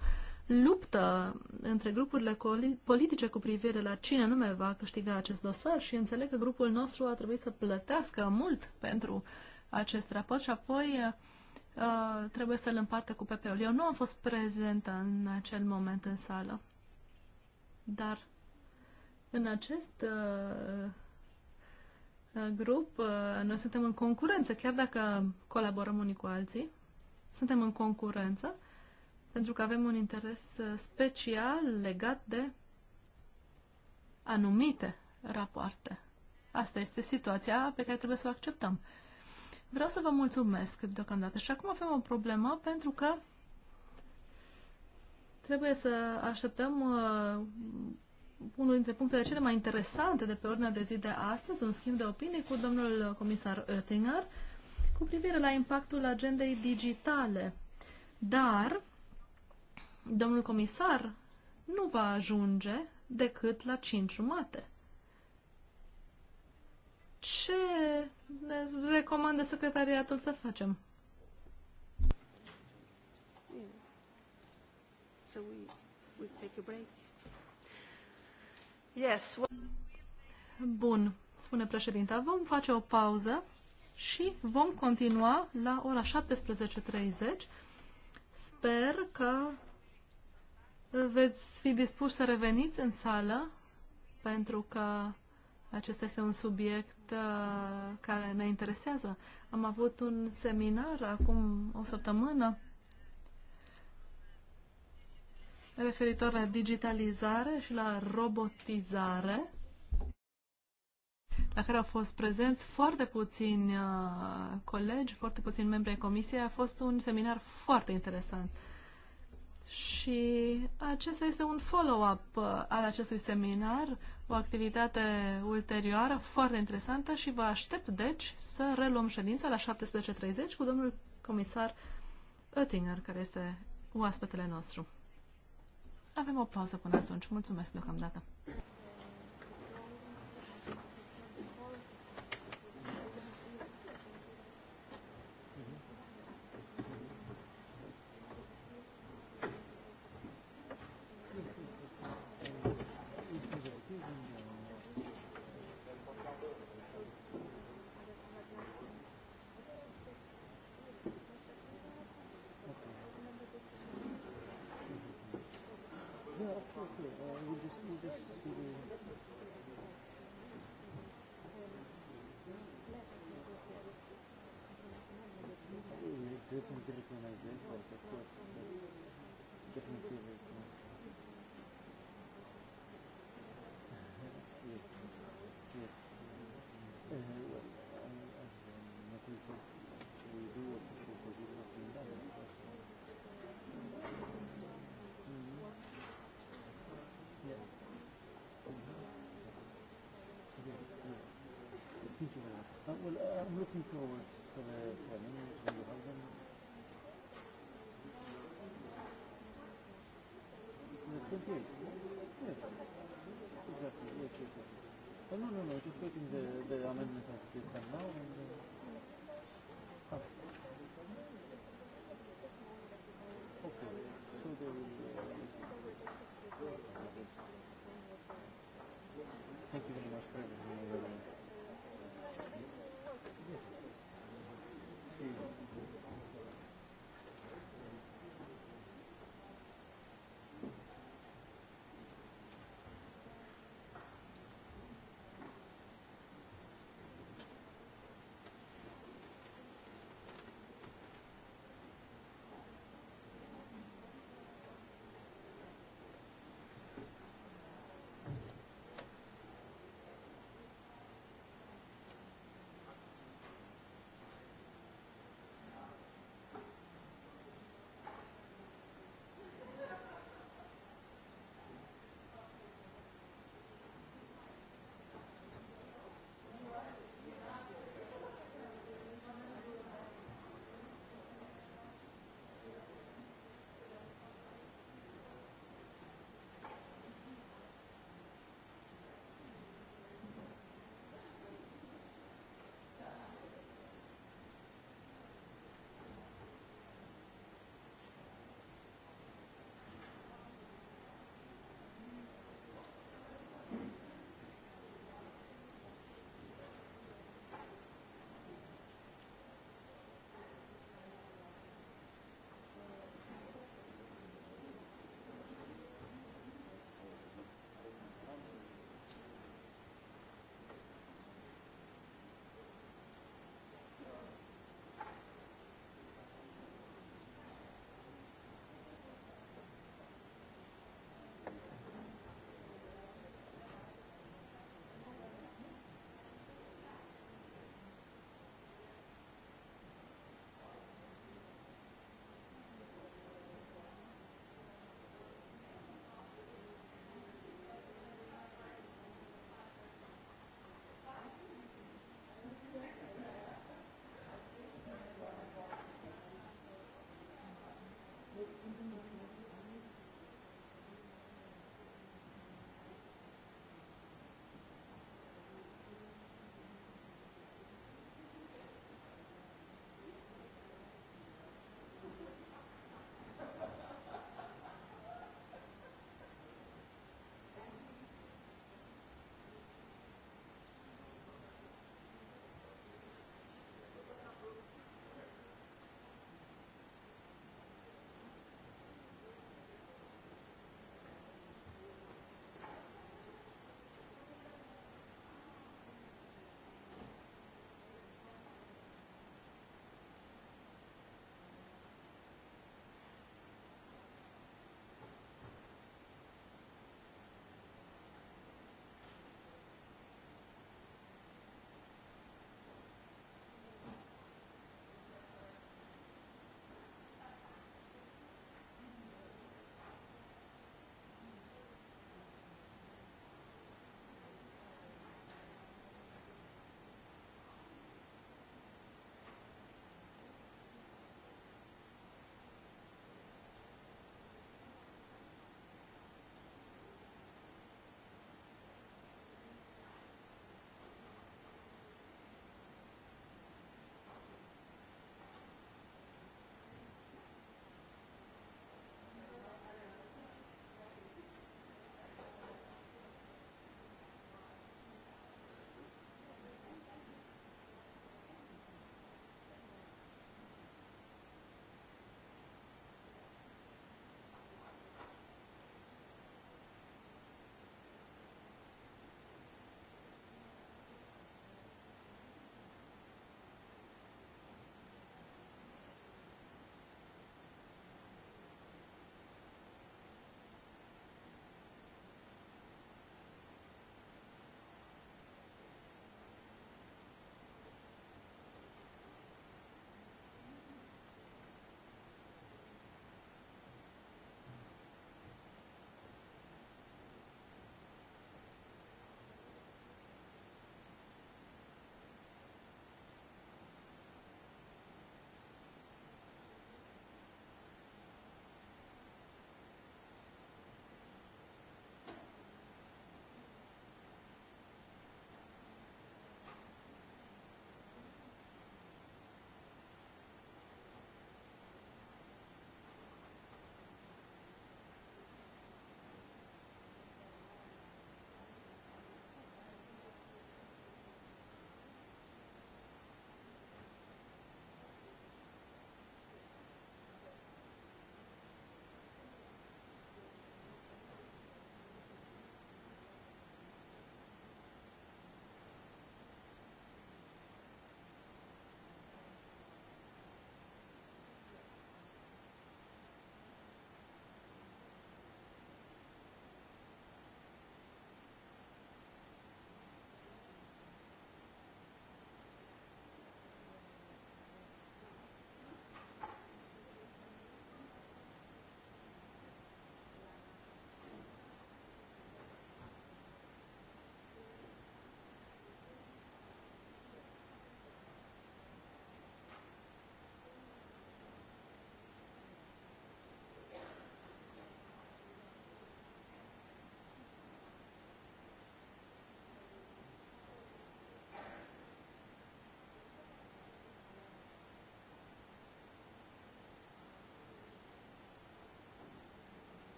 luptă între grupurile politice cu privire la cine nume va câștiga acest dosar și înțeleg că grupul nostru a trebuit să plătească mult pentru uh, acest raport și apoi uh, uh, trebuie să-l împartă cu PP-ul. Eu nu am fost prezentă în acel moment în sală, dar în acest uh, grup noi suntem în concurență, chiar dacă colaborăm unii cu alții, suntem în concurență pentru că avem un interes special legat de anumite rapoarte. Asta este situația pe care trebuie să o acceptăm. Vreau să vă mulțumesc deocamdată. Și acum avem o problemă pentru că trebuie să așteptăm uh, unul dintre punctele cele mai interesante de pe ordinea de zi de astăzi, un schimb de opinii cu domnul comisar Oettinger cu privire la impactul agendei digitale. Dar domnul comisar nu va ajunge decât la 5 jumate ce ne recomandă secretariatul să facem?
So we, we take a break.
Yes. Bun, spune președinta, vom face o pauză și vom continua la ora 17.30. Sper că veți fi dispuși să reveniți în sală, pentru că acesta este un subiect subiect uh, care ne interesează. Am avut un seminar acum o săptămână referitor la digitalizare și la robotizare, la care au fost prezenți foarte puțini uh, colegi, foarte puțini membri ai comisiei. A fost un seminar foarte interesant. Și acesta este un follow-up uh, al acestui seminar, o activitate ulterioară foarte interesantă și vă aștept, deci, să reluăm ședința la 17.30 cu domnul comisar Oettinger, care este oaspetele nostru. Avem o pauză până atunci. Mulțumesc deocamdată.
well, uh, I'm looking forward for the for an English and the London. The 28th, yes. Exactly, yes, yes, yes. Oh, no, no, no, just waiting the, the amendment as it is done now. And, uh,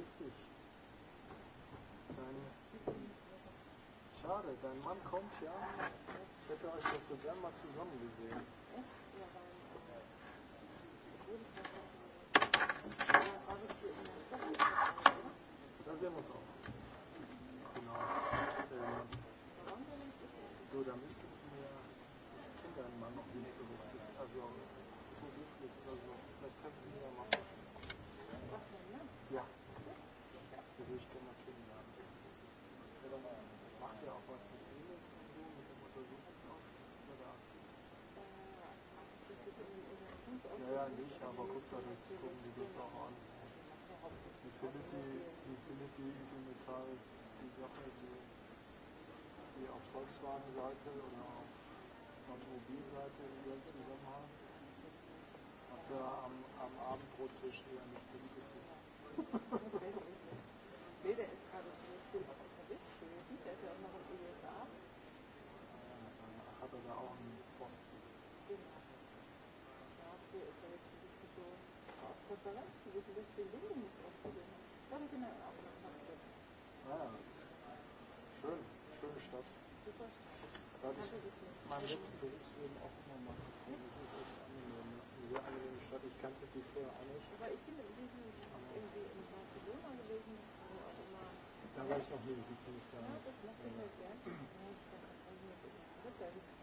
egoistisch. Deine Schade, dein Mann kommt ja. Ich hätte euch das so gern mal zusammen gesehen. studies from legal Sachen an. Wie findet die, wie findet die IG Metall die Sache, die, ist die auf Volkswagen-Seite oder auf Automobilseite in ihrem Zusammenhang? Habt ihr am, am Abendbrottisch äh, eher nicht
diskutiert? nee, der ist gerade zum Beispiel auch unterwegs gewesen, der ist ja auch noch in den USA. Ja,
dann hat er da auch mesela size Schön, schöne Stadt.
Super Stadt. Dadurch,
mein letzten Berufsleben auch immer mal zu tun. Das ist echt angenehm. Eine sehr angenehme Stadt. Ich kannte die vorher auch nicht. Aber
ich bin irgendwie in Barcelona gewesen, Da war ich noch nie, die kenne ich gar nicht. Ja, das macht ich halt gern.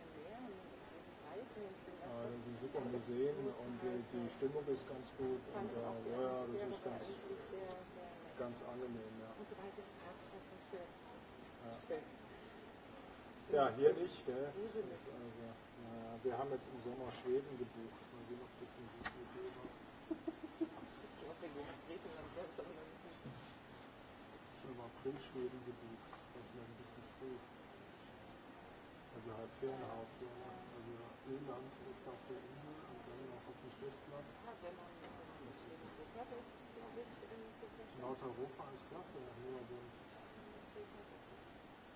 Ja, da sind super Museen und die,
die Stimmung ist ganz gut. Und, äh, ja, ja, das ist ganz, ganz angenehm. Ja. Ja. Ja, hier nicht. Gell? ist also, naja, äh, wir haben jetzt im Sommer Schweden gebucht. Mal sehen, ob das eine gute Idee war.
Schon
im April Schweden gebucht. Das war ein bisschen früh. Also halb Ferienhaus. So. Ja. Irland ist auf der Insel und dann noch auf dem Festland. Ja, wenn man Mitteleuropa,
das ist, glaube ich, super Nordeuropa
ist klasse, nur das.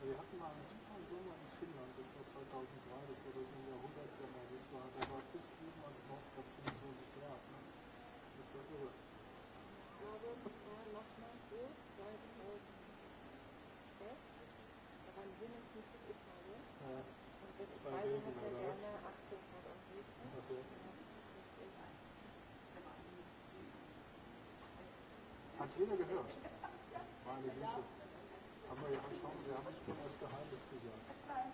Wir hatten mal einen super Sommer in Finnland, das war 2003, das war das im Jahrhundertsommer, das war, da war bis eben als Nordkap 25 Grad. Ne? Das war irre. Ich
glaube, das war nochmal so 2006, da waren wir noch nicht so gut, ne? Ja. Und wenn ich hätte gerne
Hat jeder gehört. Meine Güte. Haben wir ja schon, wir haben schon was Geheimnis gesagt.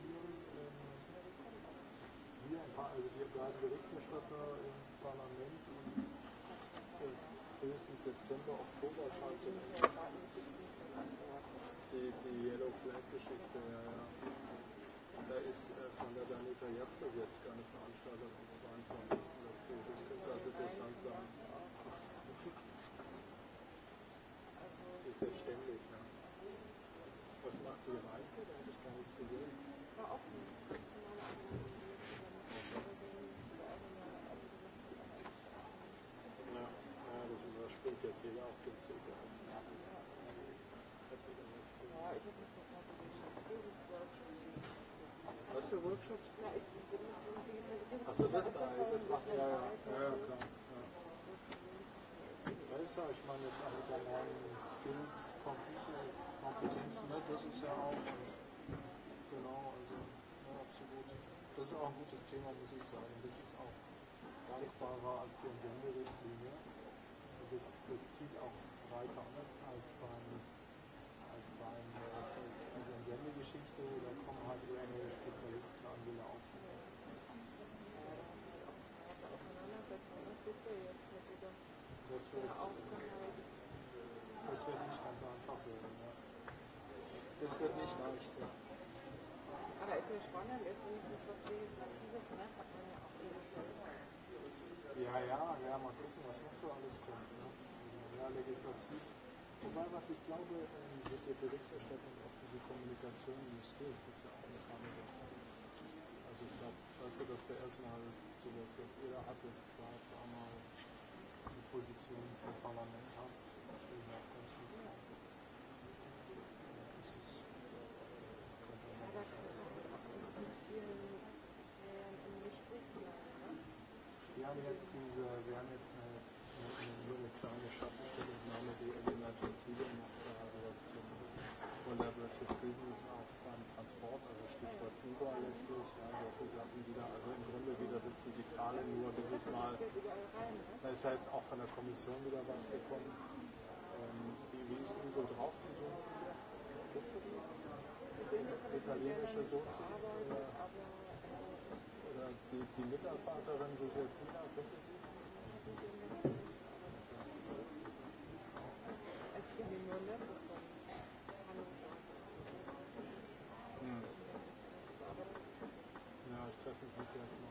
hier ein paar, also wir bleiben Berichterstatter im Parlament und bis höchstens September, Oktober schaltet die, die Yellow Flag Geschichte, ja, ja. da ist äh, von der Danica Jatzlow jetzt gar eine Veranstaltung am 22. dazu. Das könnte also interessant sein. Das ist ja ständig, ne? Was macht ihr im Eintritt? Da habe ich gar nichts gesehen. Was für
Workshops? Also das da, das macht ja, ja,
ja klar. Ja. Das ist ich meine jetzt auch der Skills, Kompetenzen, ne? das ist ja auch, genau, also ja, absolut. Das ist auch ein gutes Thema, muss ich sagen. Das ist auch dankbarer als die Senderichtlinie das, das zieht auch weiter ne? als beim, als äh, Sendegeschichte. Da kommen halt Spezialisten da äh, Das wird, das wird nicht ganz einfach werden. Ne? Das wird nicht leicht. Ja.
Aber es ist spannend, ist nicht was Legislatives, ne? hat man ja auch eh Ja, ja,
ja, mal gucken, was noch so alles kommt legislativ. Wobei, was ich glaube, mit der Berichterstattung auch diese Kommunikation des Skills ist ja auch eine feine Sache. Also ich glaube, weißt du, dass da erstmal sowas, was ihr da hattet, da die Position vom Parlament hast, ist ja jetzt auch von der Kommission wieder was gekommen. Ähm, wie, wie ist denn so drauf, die Sohnschule? italienische Sozi? Oder, oder die, die Mitarbeiterin Giuseppina,
kennst du die? Es gibt hm. Ja, ich treffe mich jetzt mal.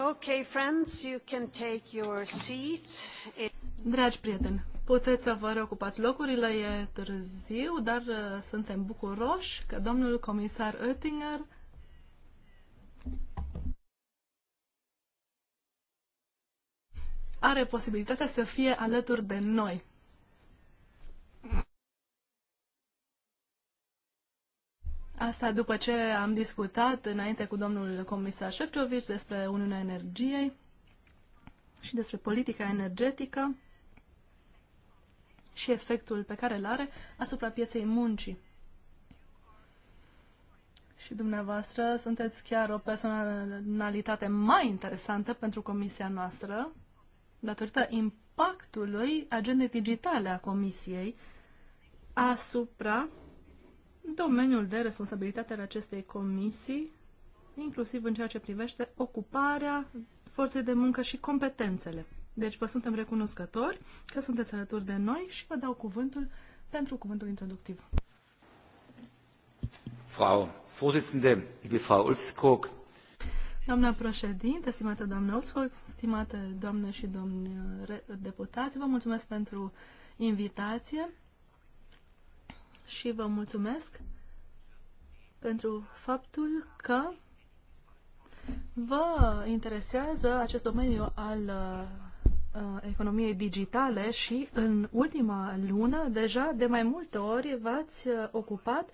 Okay, friends, you can take your seats.
Dragi prieteni, puteți să vă reocupați locurile, e târziu, dar uh, suntem bucuroși că domnul comisar Oettinger are posibilitatea să fie alături de noi. Asta după ce am discutat înainte cu domnul comisar Șefcioviș despre Uniunea Energiei și despre politica energetică și efectul pe care îl are asupra pieței muncii. Și dumneavoastră sunteți chiar o personalitate mai interesantă pentru comisia noastră, datorită impactului agendei digitale a comisiei asupra domeniul de responsabilitate al acestei comisii, inclusiv în ceea ce privește ocuparea forței de muncă și competențele. Deci vă suntem recunoscători că sunteți alături de noi și vă dau cuvântul pentru cuvântul introductiv. Frau Vorsitzende, liebe Frau Ulfskog. Doamna președinte, stimată doamnă Ulfskog, stimate doamne și domni deputați, vă mulțumesc pentru invitație și vă mulțumesc pentru faptul că vă interesează acest domeniu al uh, uh, economiei digitale și în ultima lună deja de mai multe ori v-ați uh, ocupat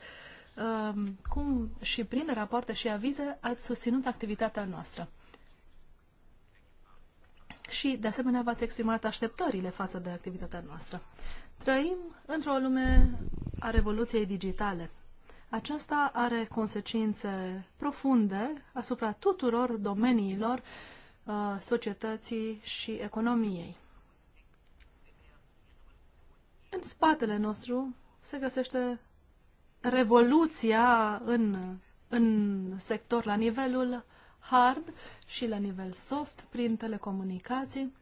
cum și prin rapoarte și avize ați susținut activitatea noastră. Și, de asemenea, v-ați exprimat așteptările față de activitatea noastră. Trăim într-o lume a revoluției digitale. Aceasta are consecințe profunde asupra tuturor domeniilor uh, societății și economiei. În spatele nostru se găsește revoluția în, în sector la nivelul hard și la nivel soft prin telecomunicații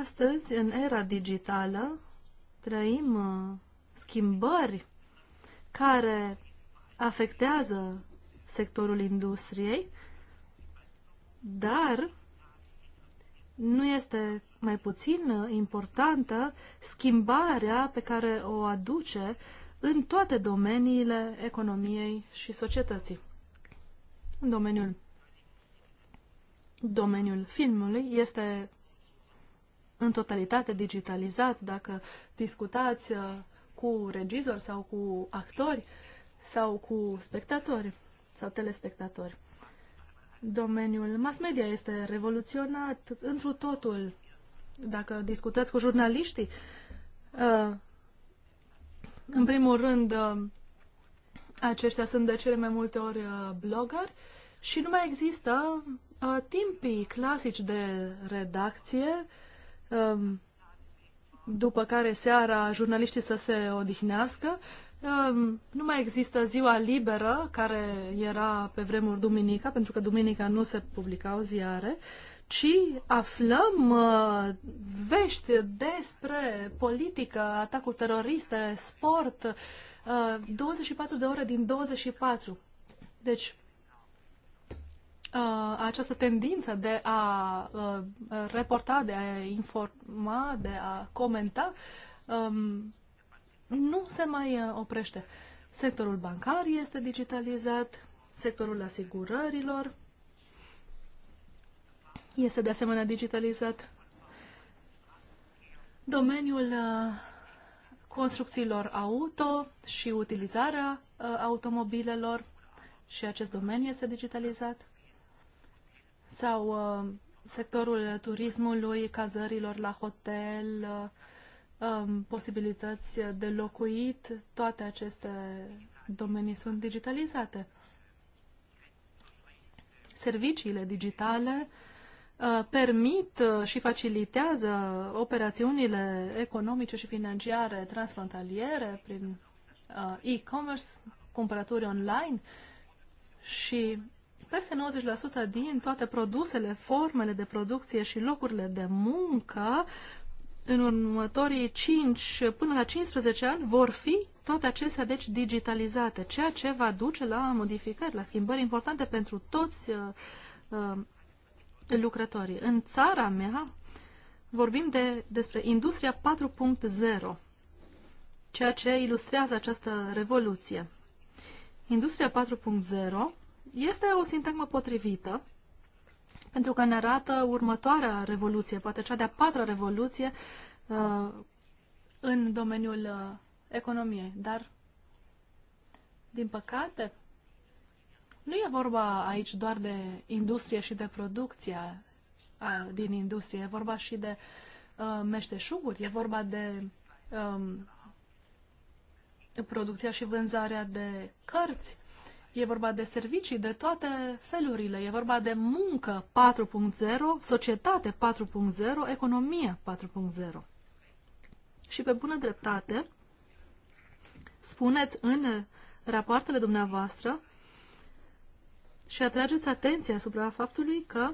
Astăzi, în era digitală, trăim uh, schimbări care afectează sectorul industriei, dar nu este mai puțin importantă schimbarea pe care o aduce în toate domeniile economiei și societății. În domeniul, domeniul filmului este în totalitate digitalizat, dacă discutați uh, cu regizori sau cu actori sau cu spectatori sau telespectatori. Domeniul mass media este revoluționat întru totul. Dacă discutați cu jurnaliștii, uh, în primul rând, uh, aceștia sunt de cele mai multe ori blogger și nu mai există timpii clasici de redacție Um, după care seara jurnaliștii să se odihnească. Um, nu mai există ziua liberă, care era pe vremuri duminica, pentru că duminica nu se publicau ziare, ci aflăm uh, vești despre politică, atacuri teroriste, sport, uh, 24 de ore din 24. Deci Uh, această tendință de a uh, reporta, de a informa, de a comenta, um, nu se mai uh, oprește. Sectorul bancar este digitalizat, sectorul asigurărilor este de asemenea digitalizat, domeniul construcțiilor auto și utilizarea automobilelor și acest domeniu este digitalizat sau uh, sectorul turismului, cazărilor la hotel, uh, um, posibilități de locuit, toate aceste domenii sunt digitalizate. Serviciile digitale uh, permit uh, și facilitează operațiunile economice și financiare transfrontaliere prin uh, e-commerce, cumpărături online și peste 90% din toate produsele, formele de producție și locurile de muncă în următorii 5 până la 15 ani vor fi toate acestea deci digitalizate, ceea ce va duce la modificări, la schimbări importante pentru toți uh, uh, lucrătorii. În țara mea vorbim de, despre industria 4.0, ceea ce ilustrează această revoluție. Industria 4.0 este o sintagmă potrivită pentru că ne arată următoarea revoluție, poate cea de-a patra revoluție uh, în domeniul uh, economiei. Dar, din păcate, nu e vorba aici doar de industrie și de producția din industrie, e vorba și de uh, meșteșuguri, e vorba de um, producția și vânzarea de cărți, E vorba de servicii de toate felurile. E vorba de muncă 4.0, societate 4.0, economie 4.0. Și pe bună dreptate, spuneți în rapoartele dumneavoastră și atrageți atenția asupra faptului că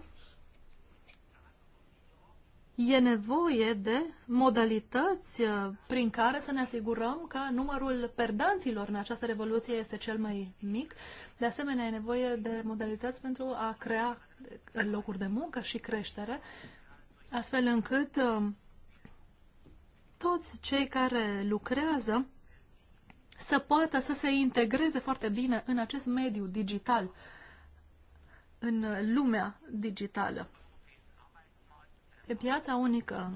e nevoie de modalități uh, prin care să ne asigurăm că numărul perdanților în această revoluție este cel mai mic. De asemenea, e nevoie de modalități pentru a crea locuri de muncă și creștere, astfel încât uh, toți cei care lucrează să poată să se integreze foarte bine în acest mediu digital, în lumea digitală piața unică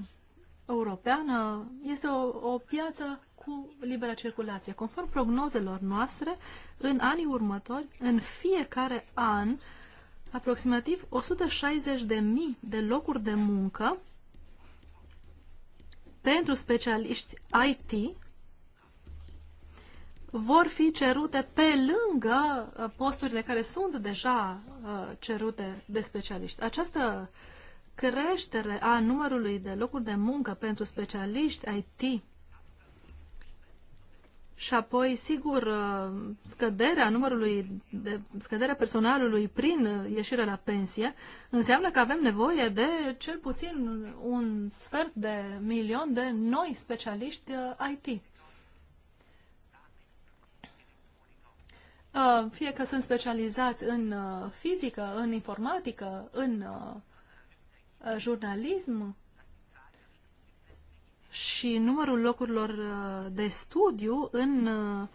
europeană este o, o piață cu liberă circulație. Conform prognozelor noastre, în anii următori, în fiecare an, aproximativ 160.000 de locuri de muncă pentru specialiști IT vor fi cerute pe lângă uh, posturile care sunt deja uh, cerute de specialiști. Această uh, creștere a numărului de locuri de muncă pentru specialiști IT și apoi, sigur, scăderea numărului, de, scăderea personalului prin ieșirea la pensie, înseamnă că avem nevoie de cel puțin un sfert de milion de noi specialiști uh, IT. Uh, fie că sunt specializați în uh, fizică, în informatică, în Uh, jurnalism și numărul locurilor uh, de studiu în uh,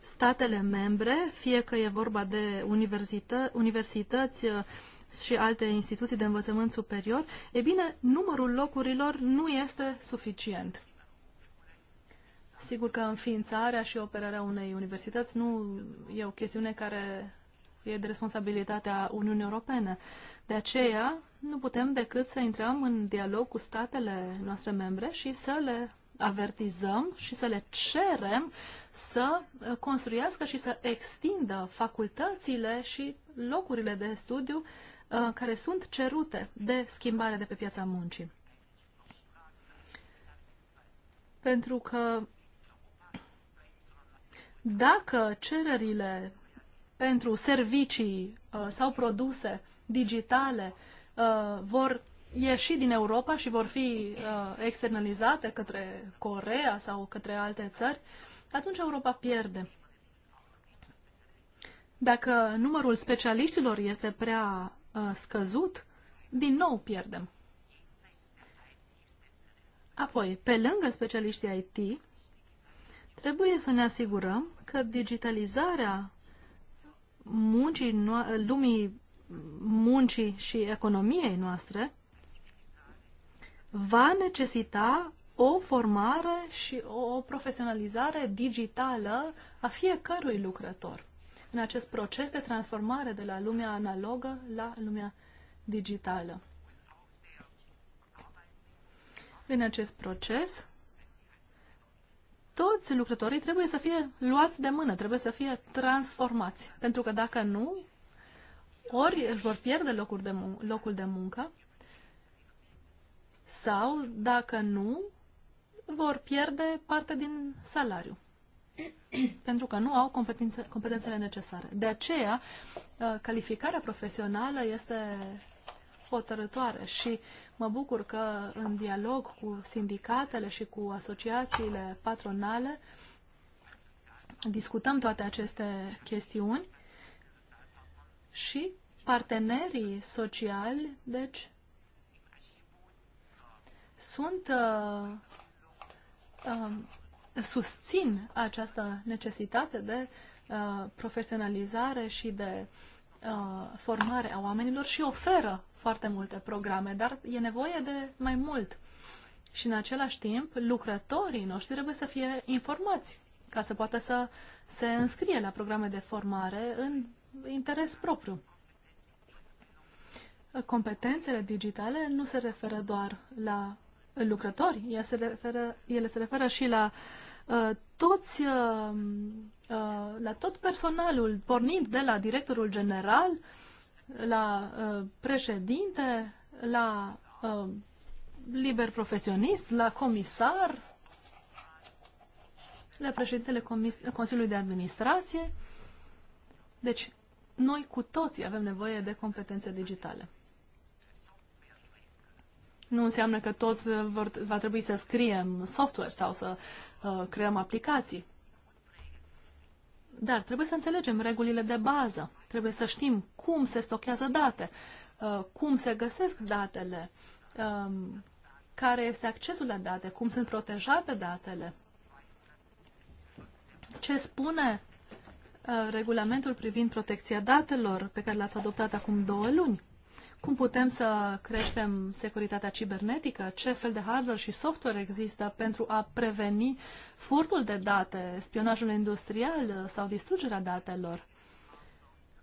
statele membre, fie că e vorba de universită, universități și alte instituții de învățământ superior, e bine, numărul locurilor nu este suficient. Sigur că înființarea și operarea unei universități nu e o chestiune care e de responsabilitatea Uniunii Europene. De aceea, nu putem decât să intrăm în dialog cu statele noastre membre și să le avertizăm și să le cerem să uh, construiască și să extindă facultățile și locurile de studiu uh, care sunt cerute de schimbarea de pe piața muncii. Pentru că dacă cererile pentru servicii uh, sau produse digitale uh, vor ieși din Europa și vor fi uh, externalizate către Corea sau către alte țări, atunci Europa pierde. Dacă numărul specialiștilor este prea scăzut, din nou pierdem. Apoi, pe lângă specialiștii IT, trebuie să ne asigurăm că digitalizarea muncii no- lumii muncii și economiei noastre va necesita o formare și o profesionalizare digitală a fiecărui lucrător în acest proces de transformare de la lumea analogă la lumea digitală. În acest proces, toți lucrătorii trebuie să fie luați de mână, trebuie să fie transformați. Pentru că dacă nu, ori își vor pierde locul de, mun- locul de muncă, sau, dacă nu, vor pierde parte din salariu. pentru că nu au competențe, competențele necesare. De aceea, uh, calificarea profesională este hotărătoare și mă bucur că în dialog cu sindicatele și cu asociațiile patronale discutăm toate aceste chestiuni și partenerii sociali, deci, sunt uh, uh, susțin această necesitate de uh, profesionalizare și de uh, formare a oamenilor și oferă foarte multe programe, dar e nevoie de mai mult. Și în același timp, lucrătorii noștri trebuie să fie informați ca să poată să se înscrie la programe de formare în interes propriu. Competențele digitale nu se referă doar la lucrători, ele se referă, ele se referă și la uh, toți uh, uh la tot personalul, pornind de la directorul general la uh, președinte, la uh, liber profesionist, la comisar, la președintele comis Consiliului de Administrație. Deci, noi cu toții avem nevoie de competențe digitale. Nu înseamnă că toți vor, va trebui să scriem software sau să uh, creăm aplicații. Dar trebuie să înțelegem regulile de bază, trebuie să știm cum se stochează date, uh, cum se găsesc datele, um, care este accesul la date, cum sunt protejate datele, ce spune uh, regulamentul privind protecția datelor pe care l-ați adoptat acum două luni cum putem să creștem securitatea cibernetică, ce fel de hardware și software există pentru a preveni furtul de date, spionajul industrial sau distrugerea datelor.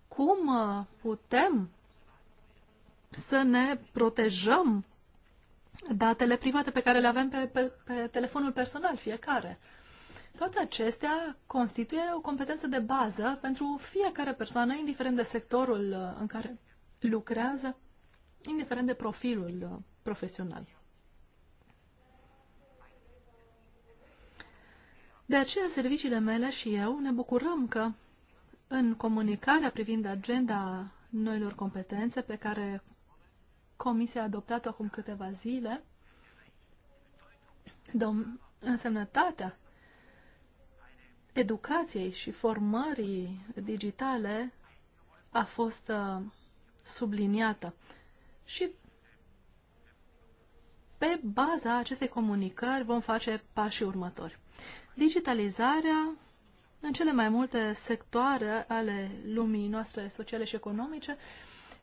Cum uh, putem să ne protejăm datele private pe care le avem pe, pe, pe telefonul personal fiecare. Toate acestea constituie o competență de bază pentru fiecare persoană, indiferent de sectorul uh, în care lucrează indiferent de profilul uh, profesional. De aceea, serviciile mele și eu ne bucurăm că în comunicarea privind agenda noilor competențe pe care Comisia a adoptat-o acum câteva zile, dom- însemnătatea educației și formării digitale a fost uh, subliniată și pe baza acestei comunicări vom face pașii următori. Digitalizarea în cele mai multe sectoare ale lumii noastre sociale și economice,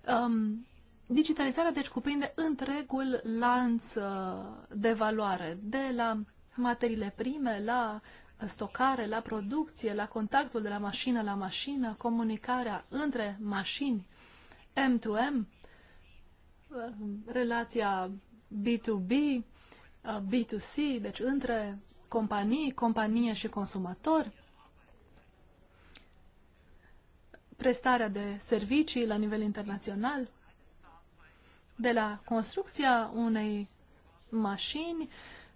um, digitalizarea deci cuprinde întregul lanț uh, de valoare, de la materiile prime, la stocare, la producție, la contactul de la mașină la mașină, comunicarea între mașini, M2M, relația B2B, B2C, uh, deci între companii, companie și consumator, prestarea de servicii la nivel internațional, de la construcția unei mașini,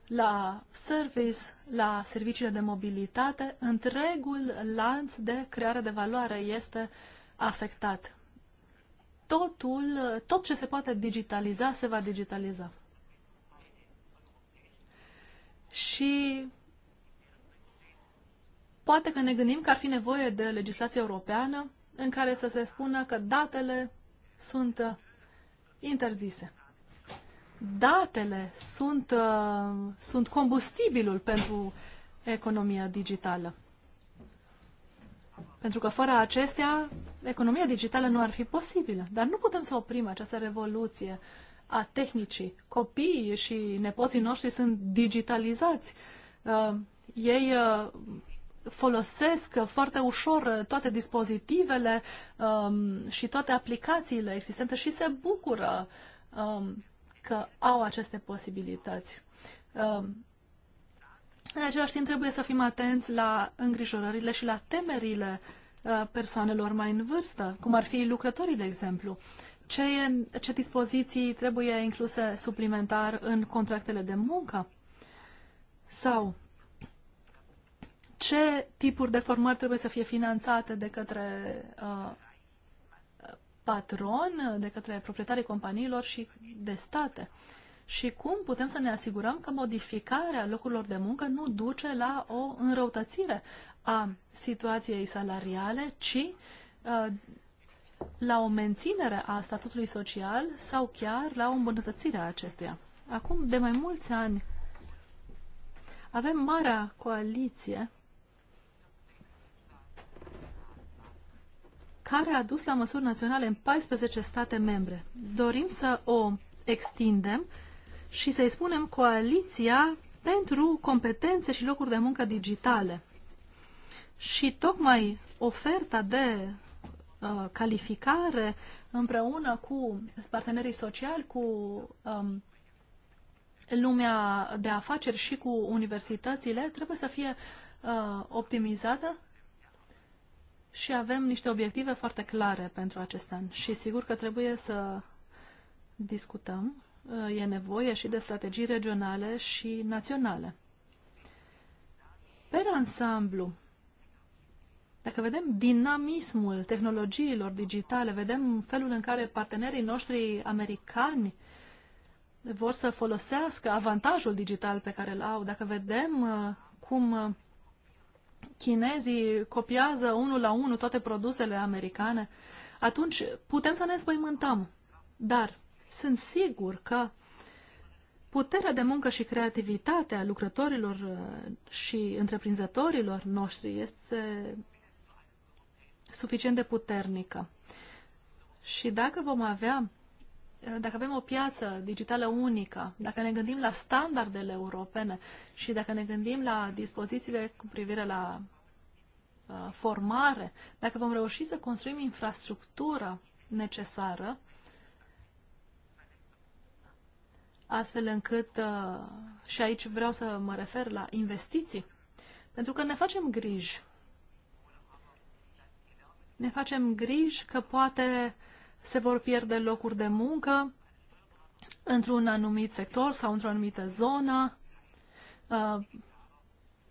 la service, la serviciile de mobilitate, întregul lanț de creare de valoare este afectat totul, tot ce se poate digitaliza, se va digitaliza. Și poate că ne gândim că ar fi nevoie de legislație europeană în care să se spună că datele sunt uh, interzise. Datele sunt, uh, sunt combustibilul pentru economia digitală. Pentru că fără acestea, economia digitală nu ar fi posibilă. Dar nu putem să oprim această revoluție a tehnicii. Copiii și nepoții noștri sunt digitalizați. Uh, ei uh, folosesc foarte ușor toate dispozitivele um, și toate aplicațiile existente și se bucură um, că au aceste posibilități. Uh, în același timp, trebuie să fim atenți la îngrijorările și la temerile uh, persoanelor mai în vârstă, cum ar fi lucrătorii, de exemplu. Ce, e, ce dispoziții trebuie incluse suplimentar în contractele de muncă? Sau ce tipuri de formări trebuie să fie finanțate de către uh, patron, de către proprietarii companiilor și de state? Uh, și cum putem să ne asigurăm că modificarea locurilor de muncă nu duce la o înrăutățire a situației salariale, ci uh, la o menținere a statutului social sau chiar la o îmbunătățire a acestuia. Acum, de mai mulți ani, avem Marea Coaliție care a dus la măsuri naționale în 14 state membre. Dorim să o extindem și să-i spunem coaliția pentru competențe și locuri de muncă digitale. Și tocmai oferta de uh, calificare împreună cu partenerii sociali, cu um, lumea de afaceri și cu universitățile trebuie să fie uh, optimizată și avem niște obiective foarte clare pentru acest an. Și sigur că trebuie să discutăm e nevoie și de strategii regionale și naționale. Pe ansamblu, dacă vedem dinamismul tehnologiilor digitale, vedem felul în care partenerii noștri americani vor să folosească avantajul digital pe care îl au, dacă vedem uh, cum uh, chinezii copiază unul la unul toate produsele americane, atunci putem să ne spăimântăm. Dar sunt sigur că puterea de muncă și creativitatea lucrătorilor uh, și întreprinzătorilor noștri este suficient de puternică. Și dacă vom avea, uh, dacă avem o piață digitală unică, dacă ne gândim la standardele europene și dacă ne gândim la dispozițiile cu privire la uh, formare, dacă vom reuși să construim infrastructura necesară, astfel încât, uh, și aici vreau să mă refer la investiții, pentru că ne facem griji. Ne facem griji că poate se vor pierde locuri de muncă într-un anumit sector sau într-o anumită zonă. Uh,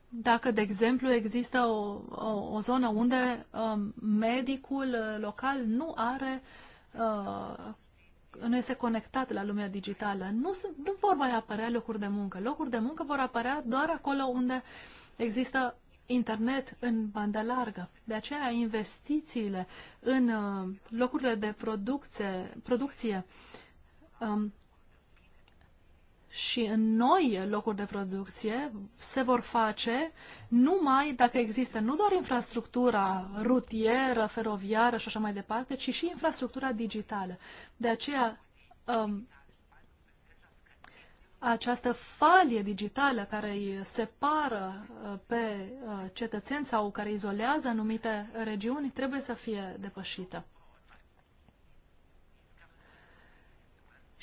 dacă, de exemplu, există o, o, o zonă unde uh, medicul local nu are nu este conectat la lumea digitală. Nu, sunt, nu vor mai apărea locuri de muncă. Locuri de muncă vor apărea doar acolo unde există internet în bandă largă. De aceea investițiile în uh, locurile de producție, producție um, și în noi locuri de producție se vor face numai dacă există nu doar infrastructura rutieră, feroviară și așa mai departe, ci și infrastructura digitală. De aceea, um, această falie digitală care îi separă uh, pe uh, cetățeni sau care izolează anumite regiuni trebuie să fie depășită.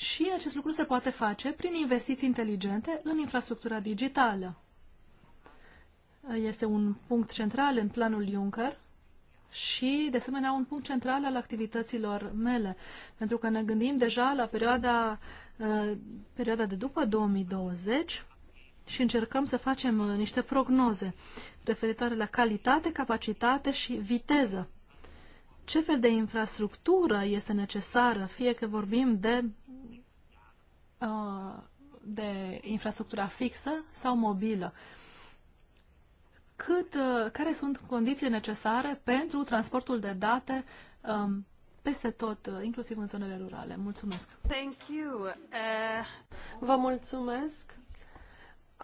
Și acest lucru se poate face prin investiții inteligente în infrastructura digitală. Este un punct central în planul Juncker și, de asemenea, un punct central al activităților mele, pentru că ne gândim deja la perioada, uh, perioada de după 2020 și încercăm să facem uh, niște prognoze referitoare la calitate, capacitate și viteză ce fel de infrastructură este necesară, fie că vorbim de Uh, de infrastructura fixă sau mobilă. Cât, uh, care sunt condițiile necesare pentru transportul de date um,
peste tot, uh, inclusiv în zonele rurale? Mulțumesc! Thank you. Uh... Vă mulțumesc!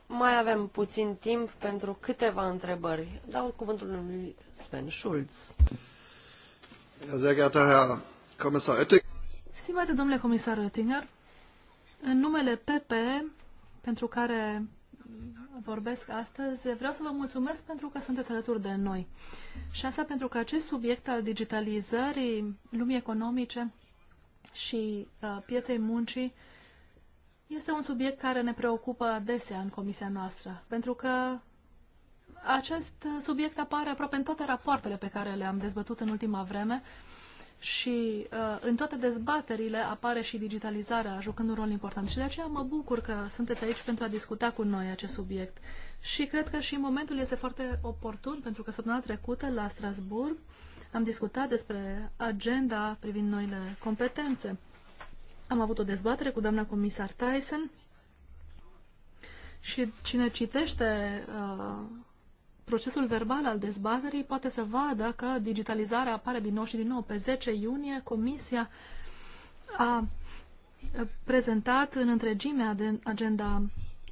Mai avem puțin timp pentru câteva întrebări. Dau cuvântul lui Sven Schulz.
Sehr geehrter Herr Kommissar Oettinger.
Stimate domnule comisar Oettinger, în numele PP, pentru care vorbesc astăzi, vreau să vă mulțumesc pentru că sunteți alături de noi. Și asta pentru că acest subiect al digitalizării lumii economice și uh, pieței muncii este un subiect care ne preocupă adesea în comisia noastră, pentru că acest subiect apare aproape în toate rapoartele pe care le-am dezbătut în ultima vreme uh, și uh, în toate dezbaterile apare și digitalizarea jucând un rol important și de aceea mă bucur că sunteți aici pentru a discuta cu noi acest subiect. Și cred că și momentul este foarte oportun pentru că săptămâna trecută la Strasburg am discutat despre agenda privind noile competențe. Am avut o dezbatere cu doamna comisar Tyson și cine citește uh, procesul verbal al dezbaterii poate să vadă că digitalizarea apare din nou și din nou. Pe 10 iunie, Comisia a prezentat în întregime agenda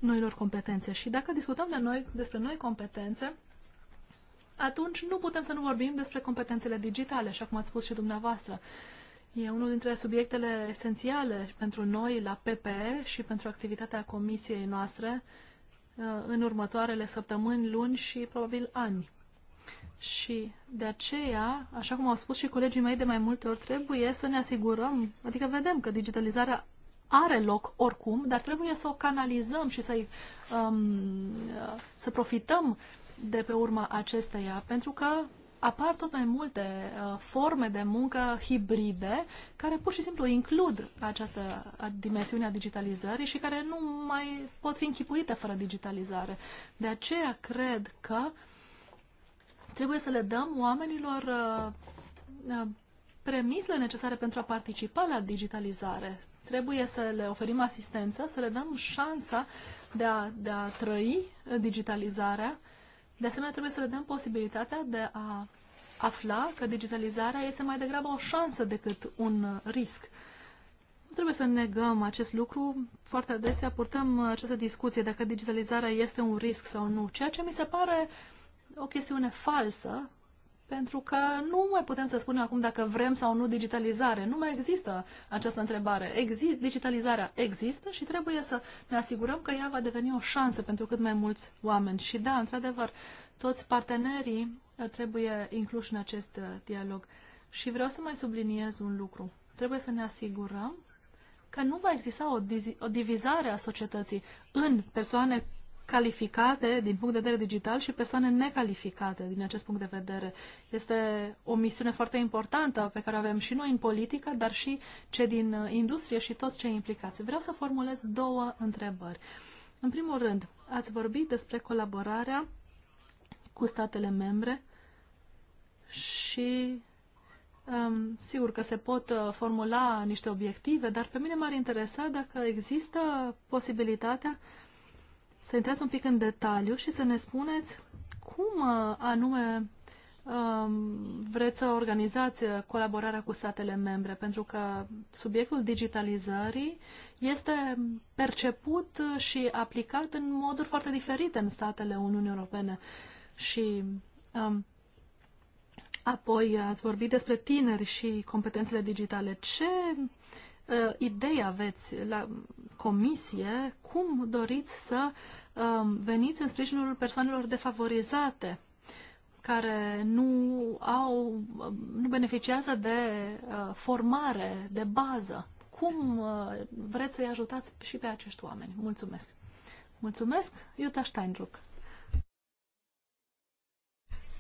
noilor competențe. Și dacă discutăm de noi, despre noi competențe, atunci nu putem să nu vorbim despre competențele digitale, așa cum ați spus și dumneavoastră. E unul dintre subiectele esențiale pentru noi la PPE și pentru activitatea comisiei noastre Uh, în următoarele săptămâni, luni și probabil ani. Și de aceea, așa cum au spus și colegii mei de mai multe ori, trebuie să ne asigurăm, adică vedem că digitalizarea are loc oricum, dar trebuie să o canalizăm și să-i, um, uh, să profităm de pe urma acesteia, pentru că apar tot mai multe uh, forme de muncă hibride care pur și simplu includ această dimensiune a digitalizării și care nu mai pot fi închipuite fără digitalizare. De aceea cred că trebuie să le dăm oamenilor uh, uh, premisele necesare pentru a participa la digitalizare. Trebuie să le oferim asistență, să le dăm șansa de a, de a trăi uh, digitalizarea de asemenea, trebuie să le dăm posibilitatea de a afla că digitalizarea este mai degrabă o șansă decât un risc. Nu trebuie să negăm acest lucru. Foarte adesea purtăm această discuție dacă digitalizarea este un risc sau nu, ceea ce mi se pare o chestiune falsă, pentru că nu mai putem să spunem acum dacă vrem sau nu digitalizare. Nu mai există această întrebare. Exi- digitalizarea există și trebuie să ne asigurăm că ea va deveni o șansă pentru cât mai mulți oameni. Și da, într-adevăr, toți partenerii uh, trebuie incluși în acest uh, dialog. Și vreau să mai subliniez un lucru. Trebuie să ne asigurăm că nu va exista o, o divizare a societății în persoane calificate din punct de vedere digital și persoane necalificate din acest punct de vedere. Este o misiune foarte importantă pe care o avem și noi în politică, dar și ce din uh, industrie și tot ce implicați. Vreau să formulez două întrebări. În primul rând, ați vorbit despre colaborarea cu statele membre și um, sigur că se pot uh, formula niște obiective, dar pe mine m-ar interesa dacă există posibilitatea să intrați un pic în detaliu și să ne spuneți cum uh, anume um, vreți să organizați uh, colaborarea cu statele membre, pentru că subiectul digitalizării este perceput uh, și aplicat în moduri foarte diferite în statele Uniunii Europene. Și um, apoi ați vorbit despre tineri și competențele digitale. Ce uh, idei aveți la comisie, cum doriți să uh, veniți în sprijinul persoanelor defavorizate care nu au, um, nu beneficiază de uh, formare, de bază. Cum uh, vreți să-i ajutați și pe acești oameni? Mulțumesc! Mulțumesc, Iuta Steinruck!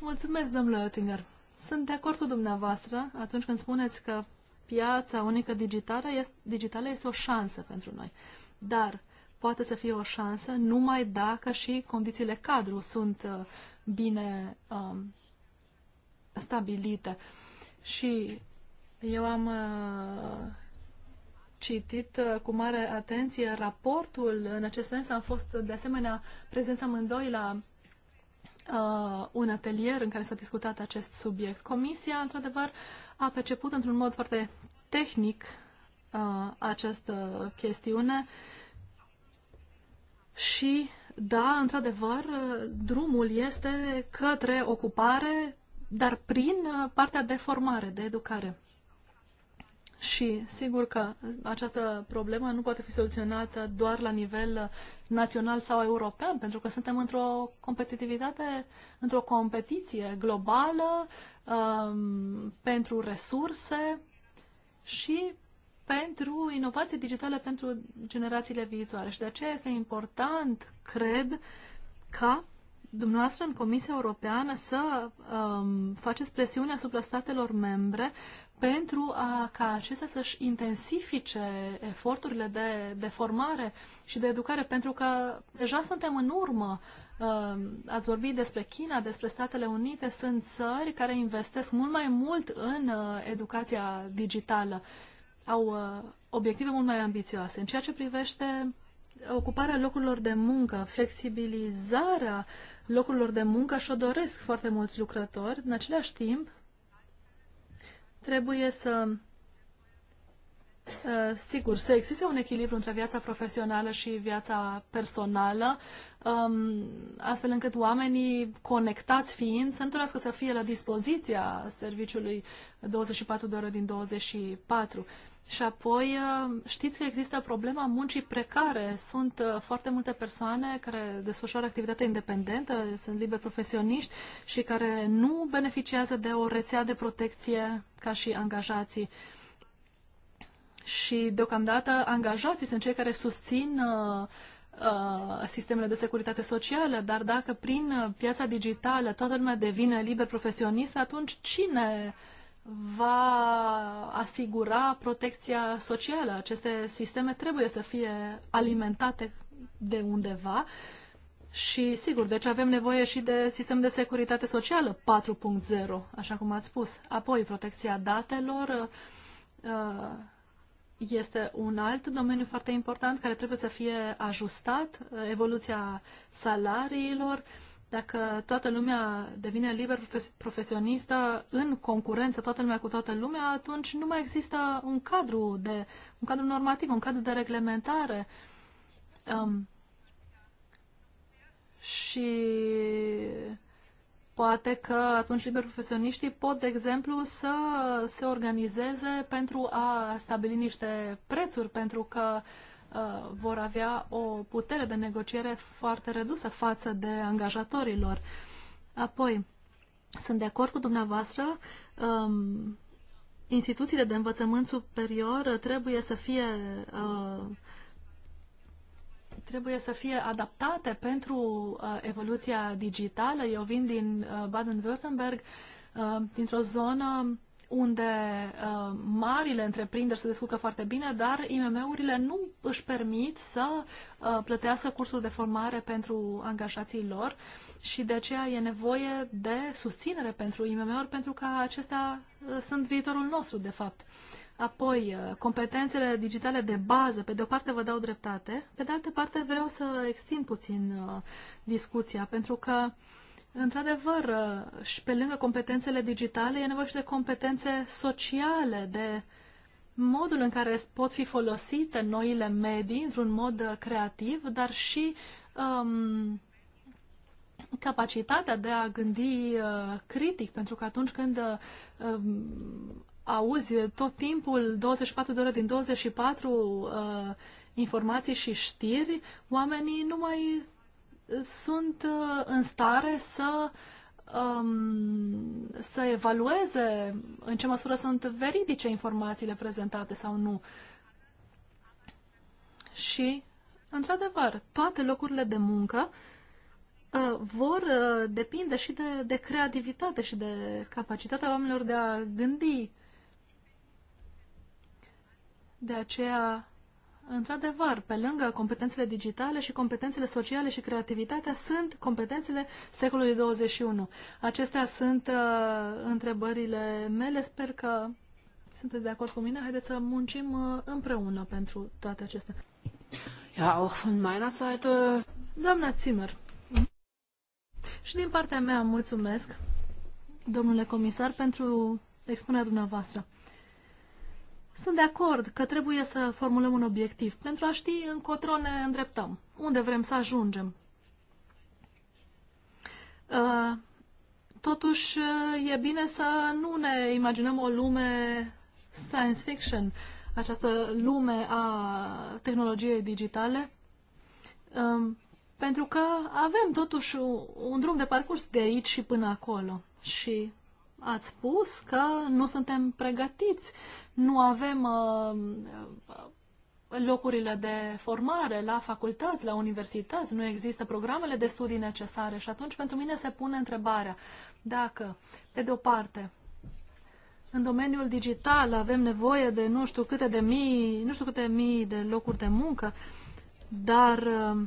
Mulțumesc, domnule Oettinger! Sunt de acord cu dumneavoastră atunci când spuneți că piața unică digitală este, digitală este o șansă pentru noi. Dar poate să fie o șansă numai dacă și condițiile cadru sunt uh, bine um, stabilite. Și eu am uh, citit uh, cu mare atenție raportul. În acest sens am fost de asemenea prezenți amândoi la uh, un atelier în care s-a discutat acest subiect. Comisia, într-adevăr, uh, a perceput într-un mod foarte tehnic uh, această chestiune și, da, într-adevăr, uh, drumul este către ocupare, dar prin uh, partea de formare, de educare. Și sigur că această problemă nu poate fi soluționată doar la nivel național sau european, pentru că suntem într-o competitivitate, într-o competiție globală um, pentru resurse și pentru inovații digitale pentru generațiile viitoare. Și de aceea este important, cred, ca dumneavoastră în Comisia Europeană să um, faceți presiune asupra statelor membre pentru a, ca acestea să-și intensifice eforturile de, de formare și de educare, pentru că deja suntem în urmă. Uh, ați vorbit despre China, despre Statele Unite, sunt țări care investesc mult mai mult în uh, educația digitală. Au uh, obiective mult mai ambițioase. În ceea ce privește ocuparea locurilor de muncă, flexibilizarea locurilor de muncă și-o doresc foarte mulți lucrători. În același timp, Trebuie să uh, sigur, să existe un echilibru între viața profesională și viața personală, um, astfel încât oamenii conectați fiind să întâlnească să fie la dispoziția serviciului 24 de ore din 24. Și apoi uh, știți că există problema muncii precare. Sunt uh, foarte multe persoane care desfășoară activitate independentă, sunt liberi profesioniști și care nu beneficiază de o rețea de protecție ca și angajații. Și deocamdată angajații sunt cei care susțin uh, sistemele de securitate socială, dar dacă prin piața digitală toată lumea devine liber profesionist, atunci cine uh, va asigura protecția socială. Aceste sisteme trebuie să fie alimentate de undeva și, sigur, deci avem nevoie și de sistem de securitate socială 4.0, așa cum ați spus. Apoi, protecția datelor uh, este un alt domeniu foarte important care trebuie să fie ajustat, evoluția salariilor, dacă toată lumea devine liber profesionistă în concurență, toată lumea cu toată lumea, atunci nu mai există un cadru, de, un cadru normativ, un cadru de reglementare. Um, și poate că atunci liber profesioniștii pot, de exemplu, să se organizeze pentru a stabili niște prețuri, pentru că uh, Uh, vor avea o putere de negociere foarte redusă față de angajatorilor. Apoi, sunt de acord cu dumneavoastră, um, instituțiile de învățământ superior trebuie să fie uh, trebuie să fie adaptate pentru uh, evoluția digitală. Eu vin din uh, Baden-Württemberg, uh, dintr-o zonă unde uh, marile întreprinderi se descurcă foarte bine, dar IMM-urile nu își permit să uh, plătească cursuri de formare pentru angajații lor și de aceea e nevoie de susținere pentru IMM-uri pentru că acestea uh, sunt viitorul nostru, de fapt. Apoi, uh, competențele digitale de bază, pe de o parte vă dau dreptate, pe de altă parte vreau să extind puțin uh, discuția, pentru că uh, Într-adevăr, și pe lângă competențele digitale, e nevoie și de competențe sociale, de modul în care pot fi folosite noile medii într-un mod creativ, dar și um, capacitatea de a gândi uh, critic, pentru că atunci când uh, auzi tot timpul 24 de ore din 24 uh, informații și știri, oamenii nu mai sunt uh, în stare să um, să evalueze în ce măsură sunt veridice informațiile prezentate sau nu. Și, într-adevăr, toate locurile de muncă uh, vor uh, depinde și de, de creativitate și de capacitatea oamenilor de a gândi. De aceea, Într-adevăr, pe lângă competențele digitale și competențele sociale și creativitatea sunt competențele secolului 21. Acestea sunt uh, întrebările mele. Sper că sunteți de acord cu mine. Haideți să muncim uh, împreună pentru toate acestea. Ja, auch von meiner Seite. Doamna Zimmer. Și din partea mea mulțumesc, domnule comisar, pentru expunerea dumneavoastră. Sunt de acord că trebuie să formulăm un obiectiv pentru a ști încotro ne îndreptăm, unde vrem să ajungem. Uh, totuși, uh, e bine să nu ne imaginăm o lume science fiction, această lume a tehnologiei digitale, um, pentru că avem totuși un drum de parcurs de aici și până acolo. Și ați spus că nu suntem pregătiți, nu avem uh, uh, locurile de formare la facultăți, la universități, nu există programele de studii necesare și atunci pentru mine se pune întrebarea dacă, pe de o parte, în domeniul digital avem nevoie de nu știu câte de mii, nu știu câte mii de locuri de muncă, dar uh,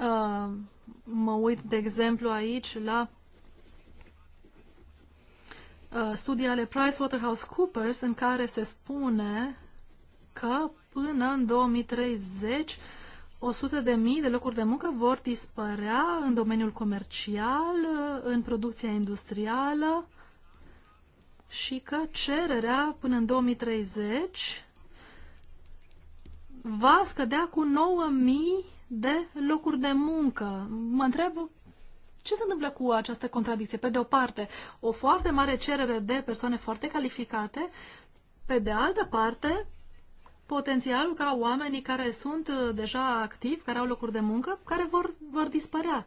uh, mă uit, de exemplu, aici la Uh, studii ale PricewaterhouseCoopers în care se spune că până în 2030 100.000 de mii de locuri de muncă vor dispărea în domeniul comercial, uh, în producția industrială și că cererea până în 2030 va scădea cu 9.000 de locuri de muncă. Mă întreb ce se întâmplă cu această contradicție? Pe de o parte, o foarte mare cerere de persoane foarte calificate, pe de altă parte, potențialul ca oamenii care sunt uh, deja activi, care au locuri de muncă, care vor, vor dispărea.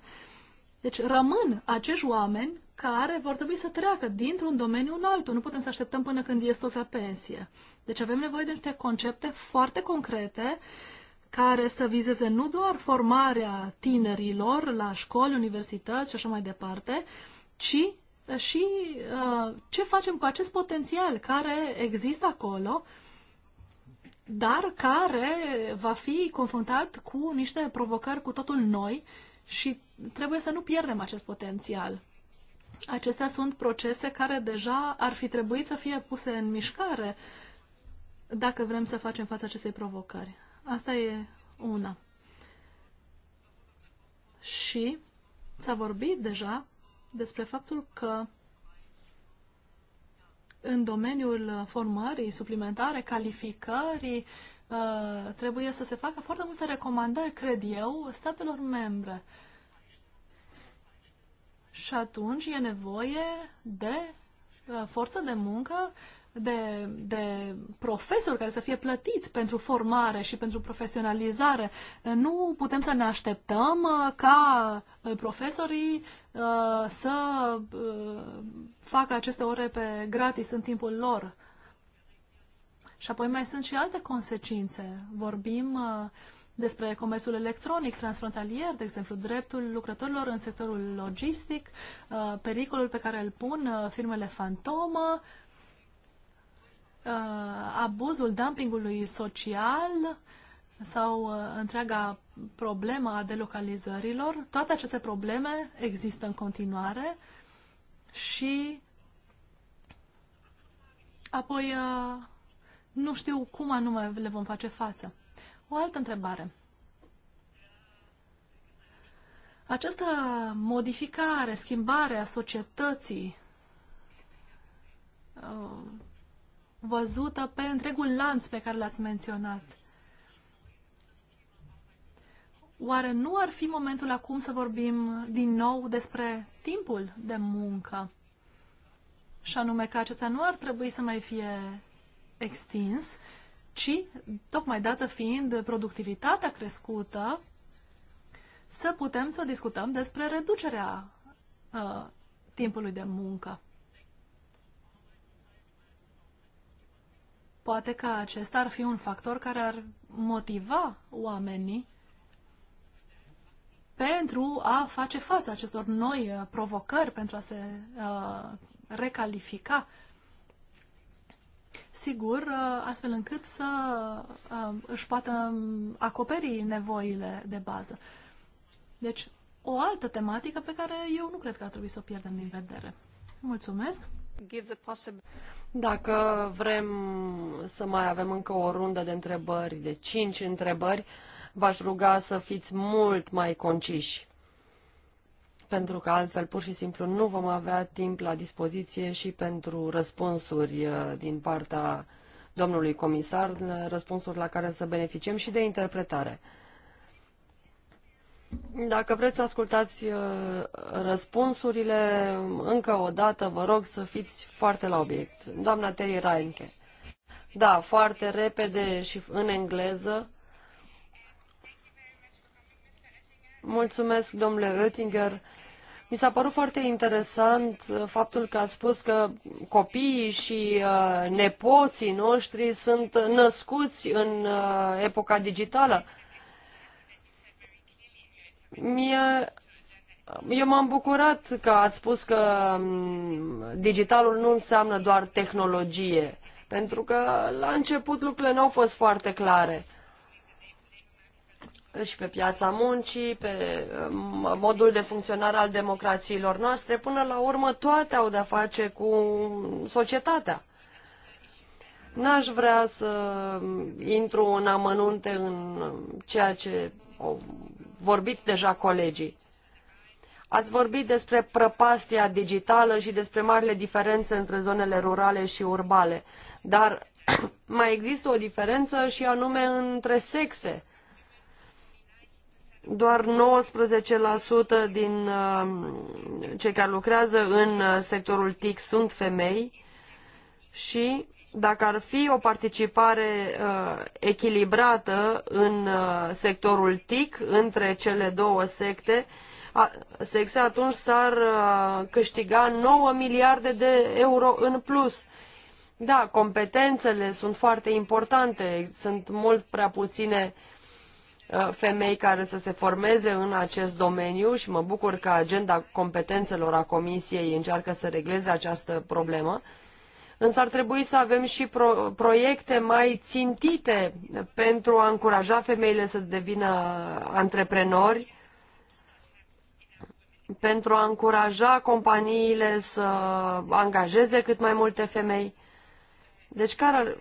Deci rămân acești oameni care vor trebui să treacă dintr-un domeniu în altul. Nu putem să așteptăm până când ies toți la pensie. Deci avem nevoie de niște concepte foarte concrete uh, care să vizeze nu doar formarea tinerilor la școli, universități și așa mai departe, ci și uh, ce facem cu acest potențial care există acolo, dar care va fi confruntat cu niște provocări cu totul noi și trebuie să nu pierdem acest potențial. Acestea sunt procese care deja ar fi trebuit să fie puse în mișcare dacă vrem să facem față acestei provocări. Asta e una. Și s-a vorbit deja despre faptul că în domeniul formării suplimentare, calificării, uh, trebuie să se facă foarte multe recomandări, cred eu, statelor membre. Și atunci e nevoie de uh, forță de muncă de, de profesori care să fie plătiți pentru formare și pentru profesionalizare. Nu putem să ne așteptăm uh, ca uh, profesorii uh, să facă aceste ore pe gratis în timpul lor. Și apoi mai sunt și alte consecințe. Vorbim despre comerțul electronic transfrontalier, de exemplu, dreptul lucrătorilor în sectorul logistic, pericolul pe care îl pun firmele fantomă, Uh, abuzul dumpingului social sau uh, întreaga problemă a delocalizărilor, toate aceste probleme există în continuare și apoi uh, nu știu cum anume le vom face față. O altă întrebare. Această modificare, schimbare a societății văzută pe întregul lanț pe care l-ați menționat. Oare nu ar fi momentul acum să vorbim din nou despre timpul de muncă? Și anume că acesta nu ar trebui să mai fie extins, ci, tocmai dată fiind productivitatea crescută, să putem să discutăm despre reducerea uh, timpului de muncă. Poate că acesta ar fi un factor care ar motiva oamenii pentru a face față acestor noi uh, provocări, pentru a se uh, recalifica, sigur, uh, astfel încât să uh, își poată um, acoperi nevoile de bază. Deci, o altă tematică pe care eu nu cred că ar trebui să o pierdem din vedere.
Mulțumesc! Dacă vrem să mai avem încă o rundă de întrebări, de cinci întrebări, v-aș ruga să fiți mult mai conciși, pentru că altfel pur și simplu nu vom avea timp la dispoziție și pentru răspunsuri eh, din partea domnului comisar, răspunsuri la care să beneficiem și de interpretare. Dacă vreți să ascultați uh, răspunsurile, încă o dată vă rog să fiți foarte la obiect. Doamna Terry Reinke. Da, foarte repede și în engleză. Mulțumesc, domnule Oettinger. Mi s-a părut foarte interesant uh, faptul că ați spus că copiii și uh, nepoții noștri sunt născuți în epoca digitală. Mie, eu m-am bucurat că ați spus că mm, digitalul nu înseamnă doar tehnologie, pentru că la început lucrurile nu au fost foarte clare și pe piața muncii, pe mm, modul de funcționare al democrațiilor noastre, până la urmă toate au de-a face cu societatea. N-aș vrea să intru în amănunte în ceea ce vorbit deja colegii. Ați vorbit despre prăpastia digitală și despre marile diferențe între zonele rurale și urbane, dar mai există o diferență și anume între sexe. Doar 19% din uh, cei care lucrează în uh, sectorul TIC sunt femei și dacă ar fi o participare uh, echilibrată în uh, sectorul TIC între cele două secte, a, sexe, atunci s-ar uh, câștiga 9 miliarde de euro în plus. Da, competențele sunt foarte importante, sunt mult prea puține uh, femei care să se formeze în acest domeniu și mă bucur că agenda competențelor a Comisiei încearcă să regleze această problemă. Însă ar trebui să avem și pro proiecte mai țintite pentru a încuraja femeile să devină antreprenori, pentru a încuraja companiile să angajeze cât mai multe femei. Deci care ar,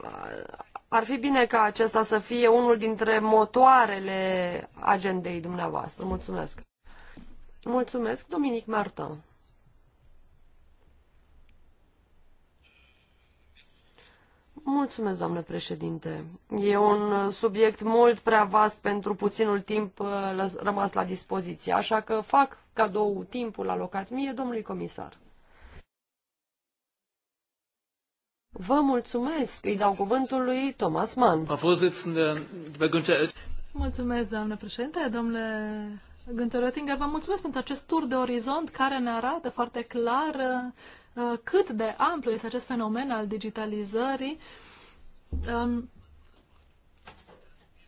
ar fi bine ca acesta să fie unul dintre motoarele agendei dumneavoastră. Mulțumesc. Mulțumesc, Dominic Martin. Mulțumesc, doamnă președinte. E un uh, subiect mult prea vast pentru puținul timp uh, rămas la dispoziție, așa că fac cadou timpul alocat mie, domnului comisar. Vă mulțumesc. Îi dau cuvântul lui Thomas Mann. Mulțumesc,
doamnă președinte, domnule Günther Oettinger. Vă mulțumesc pentru acest tur de orizont care ne arată foarte clar uh, Uh, cât de amplu este acest fenomen al digitalizării. Um,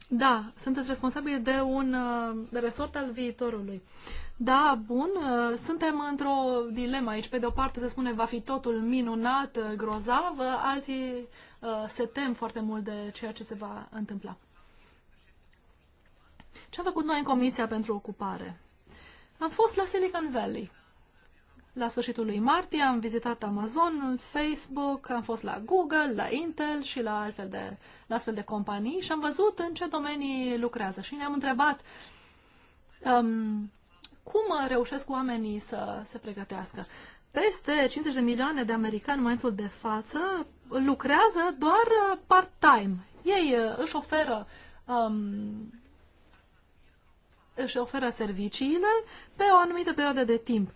da, sunteți responsabili de un de uh, resort al viitorului. Da, bun, uh, suntem într-o dilemă aici. Pe de o parte se spune va fi totul minunat, grozav, alții se tem foarte mult de ceea ce se va întâmpla. Ce am făcut noi în Comisia pentru Ocupare? Am fost la Silicon Valley la sfârșitul lui martie am vizitat Amazon, Facebook, am fost la Google, la Intel și la, altfel de, la astfel de companii și am văzut în ce domenii lucrează. Și ne-am întrebat um, cum reușesc oamenii să se pregătească. Peste 50 de milioane de americani în momentul de față lucrează doar part-time. Ei uh, își oferă um, își oferă serviciile pe o anumită perioadă de timp.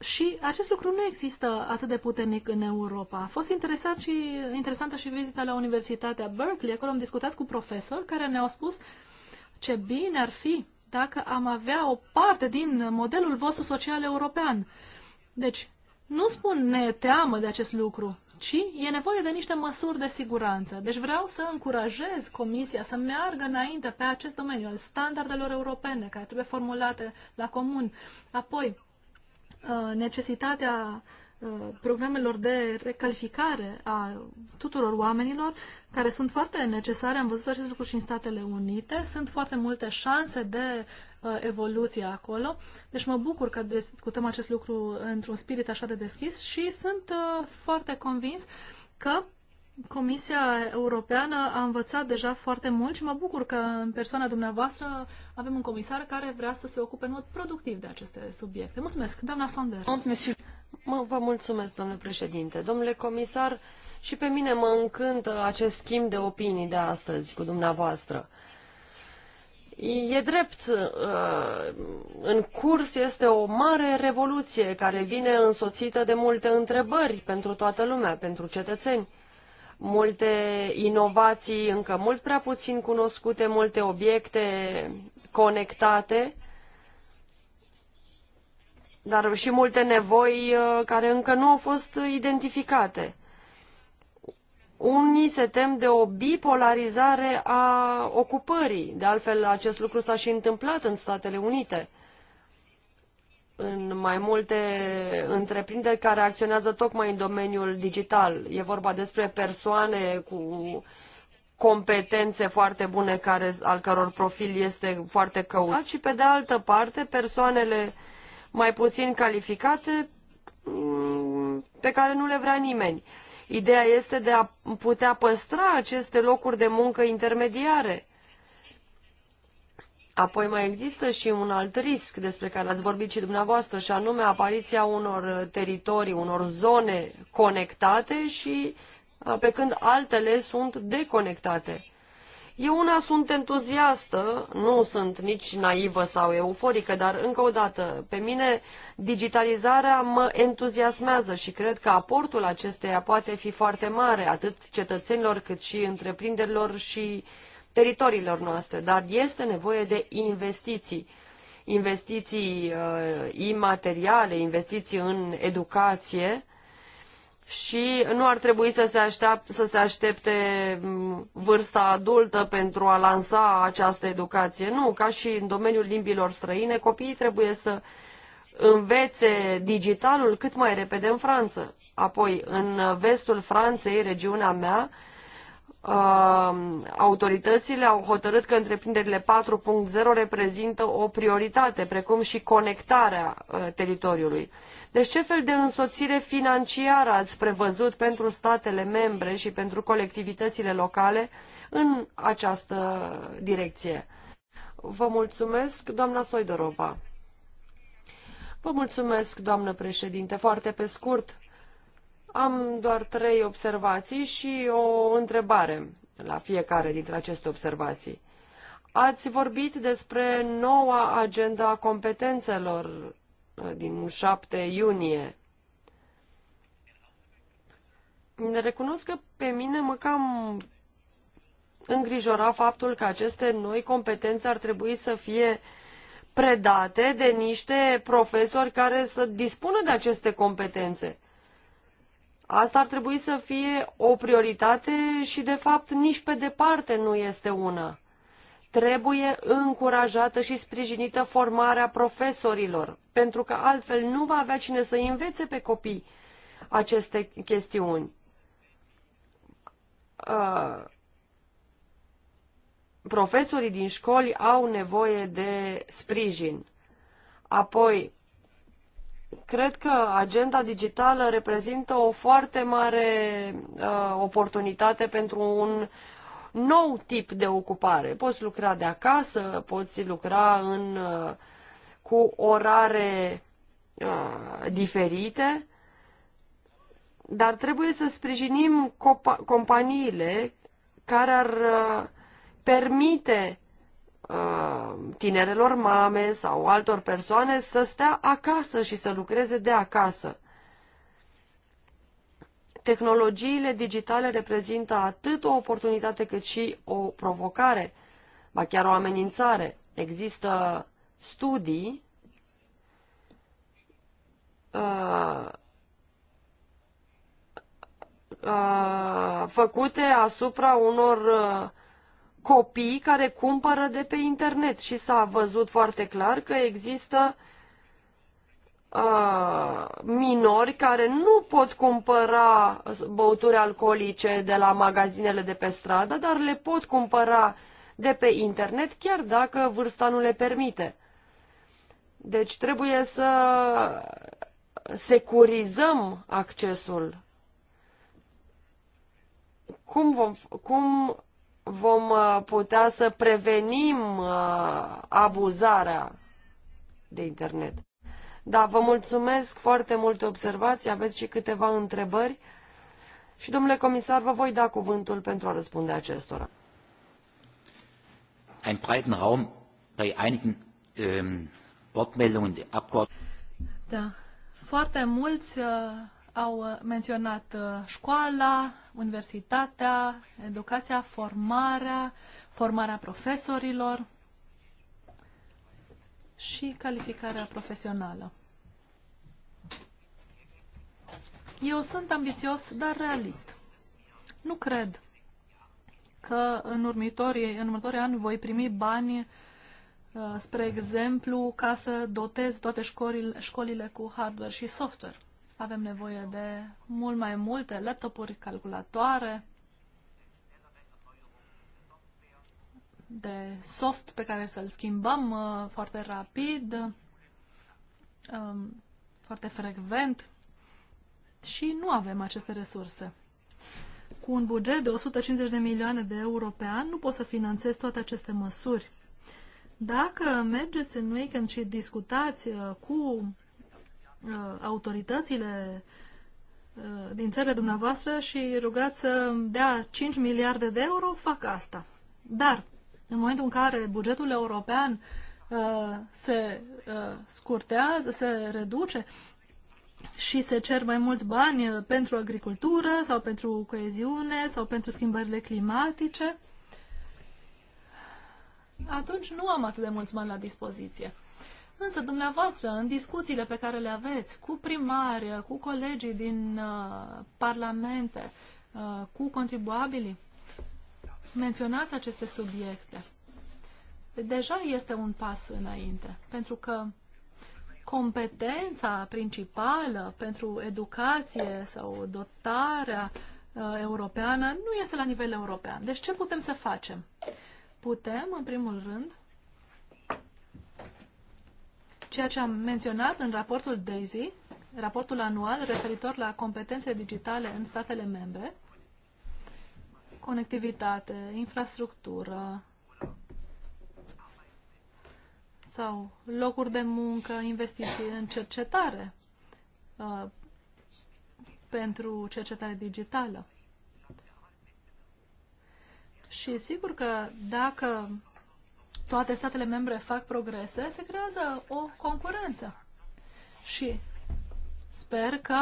Și acest lucru nu există atât de puternic în Europa. A fost interesat și, interesantă și vizita la Universitatea Berkeley. Acolo am discutat cu profesori care ne-au spus ce bine ar fi dacă am avea o parte din modelul vostru social european. Deci, nu spun ne teamă de acest lucru, ci e nevoie de niște măsuri de siguranță. Deci vreau să încurajez Comisia să meargă înainte pe acest domeniu al standardelor europene care trebuie formulate la comun. Apoi, Uh, necesitatea uh, programelor de recalificare a tuturor oamenilor, care sunt foarte necesare. Am văzut acest lucru și în Statele Unite. Sunt foarte multe șanse de uh, evoluție acolo. Deci mă bucur că discutăm acest lucru într-un spirit așa de deschis și sunt foarte convins că Comisia Europeană a învățat deja foarte mult și mă bucur că în persoana dumneavoastră avem un comisar care vrea să se ocupe în mod productiv de aceste subiecte. Mulțumesc, doamna Sander.
Mă, vă mulțumesc, domnule președinte. Domnule comisar, și pe mine mă încântă acest schimb de opinii de astăzi cu dumneavoastră. E drept, uh, în curs este o mare revoluție care vine însoțită de multe întrebări pentru toată lumea, pentru cetățeni multe inovații încă mult prea puțin cunoscute, multe obiecte conectate, dar și multe nevoi uh, care încă nu au fost identificate. Unii se tem de o bipolarizare a ocupării. De altfel, acest lucru s-a și întâmplat în Statele Unite – în mai multe întreprinderi care acționează tocmai în domeniul digital. E vorba despre persoane cu competențe foarte bune care, al căror profil este foarte căutat și pe de altă parte persoanele mai puțin calificate mm, pe care nu le vrea nimeni. Ideea este de a putea păstra aceste locuri de muncă intermediare Apoi mai există și un alt risc despre care ați vorbit și dumneavoastră, și anume apariția unor teritorii, unor zone conectate și pe când altele sunt deconectate. Eu una sunt entuziastă, nu sunt nici naivă sau euforică, dar încă o dată, pe mine digitalizarea mă entuziasmează și cred că aportul acesteia poate fi foarte mare, atât cetățenilor cât și întreprinderilor și uh, teritoriilor noastre, dar este nevoie de investiții. Investiții uh, imateriale, investiții în educație și nu ar trebui să se, așteap- să se aștepte mm, vârsta adultă pentru a lansa această educație. Nu, ca și în domeniul limbilor străine, copiii trebuie să învețe digitalul cât mai repede în Franță. Apoi, în vestul Franței, regiunea mea, uh, Um, autoritățile au hotărât că întreprinderile 4.0 reprezintă o prioritate, precum și conectarea uh, teritoriului. Deci ce fel de însoțire financiară ați prevăzut pentru statele membre și pentru colectivitățile locale în această direcție? Vă mulțumesc, doamna Soidorova. Vă mulțumesc, doamnă președinte. Foarte pe scurt, am doar trei observații și o întrebare la fiecare dintre aceste observații. Ați vorbit despre noua agenda competențelor uh, din 7 iunie. Ne recunosc că pe mine mă cam îngrijora faptul că aceste noi competențe ar trebui să fie predate de niște profesori care să dispună de aceste competențe. Asta ar trebui să fie o prioritate și, de fapt, nici pe departe nu este una. Trebuie încurajată și sprijinită formarea profesorilor, pentru că altfel nu va avea cine să învețe pe copii aceste chestiuni. Uh, profesorii din școli au nevoie de sprijin. Apoi, cred că agenda digitală reprezintă o foarte mare uh, oportunitate pentru un nou tip de ocupare. Poți lucra de acasă, poți lucra în, uh, cu orare uh, diferite, dar trebuie să sprijinim companiile care ar uh, permite Uh, tinerelor mame sau altor persoane să stea acasă și să lucreze de acasă. Tehnologiile digitale reprezintă atât o oportunitate cât și o provocare, ba chiar o amenințare. Există studii uh, uh, făcute asupra unor uh, copii care cumpără de pe internet și s-a văzut foarte clar că există uh, minori care nu pot cumpăra băuturi alcoolice de la magazinele de pe stradă, dar le pot cumpăra de pe internet chiar dacă vârsta nu le permite. Deci trebuie să securizăm accesul. Cum, vom, cum vom uh, putea să prevenim uh, abuzarea de internet. Da, vă mulțumesc foarte multe observații, aveți și câteva întrebări și, domnule comisar, vă voi da cuvântul pentru a răspunde acestora.
Ein breiten Raum bei
einigen ähm, Wortmeldungen der Abgeordneten.
Da, foarte
mulți uh au uh, menționat uh, școala, universitatea, educația, formarea, formarea profesorilor și calificarea profesională. Eu sunt ambițios, dar realist. Nu cred că în următorii, în următorii ani voi primi bani, uh, spre exemplu, ca să dotez toate școlile, școlile cu hardware și software. Avem nevoie de mult mai multe laptopuri, calculatoare, de soft pe care să-l schimbăm uh, foarte rapid, um, foarte frecvent și nu avem aceste resurse. Cu un buget de 150 de milioane de euro pe an nu poți să finanțezi toate aceste măsuri. Dacă mergeți în weekend și discutați uh, cu Uh, autoritățile uh, din țările dumneavoastră și rugați să dea 5 miliarde de euro, fac asta. Dar, în momentul în care bugetul european uh, se scurtează, se reduce și se cer mai mulți bani pentru agricultură sau pentru coeziune sau pentru schimbările climatice, atunci nu am atât de mulți bani la dispoziție. Însă dumneavoastră, în discuțiile pe care le aveți cu primari, cu colegii din uh, parlamente, uh, cu contribuabilii, menționați aceste subiecte. Deja este un pas înainte, pentru că competența principală pentru educație sau dotarea uh, europeană nu este la nivel european. Deci ce putem să facem? Putem, în primul rând, ceea ce am menționat în raportul DAISY, raportul anual referitor la competențe digitale în statele membre, conectivitate, infrastructură sau locuri de muncă, investiții în cercetare uh, pentru cercetare digitală. Și sigur că dacă toate statele membre fac progrese, se creează o concurență. Și sper că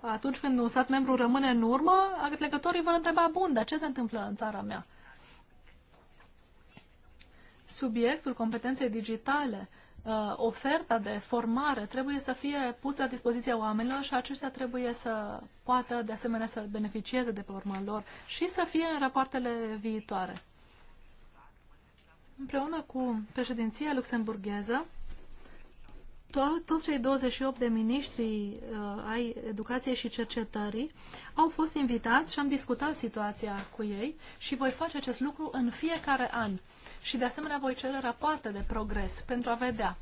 atunci când un stat membru rămâne în urmă, legătorii vor întreba, bun, dar ce se întâmplă în țara mea? Subiectul competenței digitale, uh, oferta de formare trebuie să fie pusă la dispoziția oamenilor și aceștia trebuie să poată de asemenea să beneficieze de pe urma lor și să fie în rapoartele viitoare împreună cu președinția luxemburgheză, to- toți cei 28 de miniștri uh, ai educației și cercetării au fost invitați și am discutat situația cu ei și voi face acest lucru în fiecare an. Și de asemenea voi cere rapoarte de progres pentru a vedea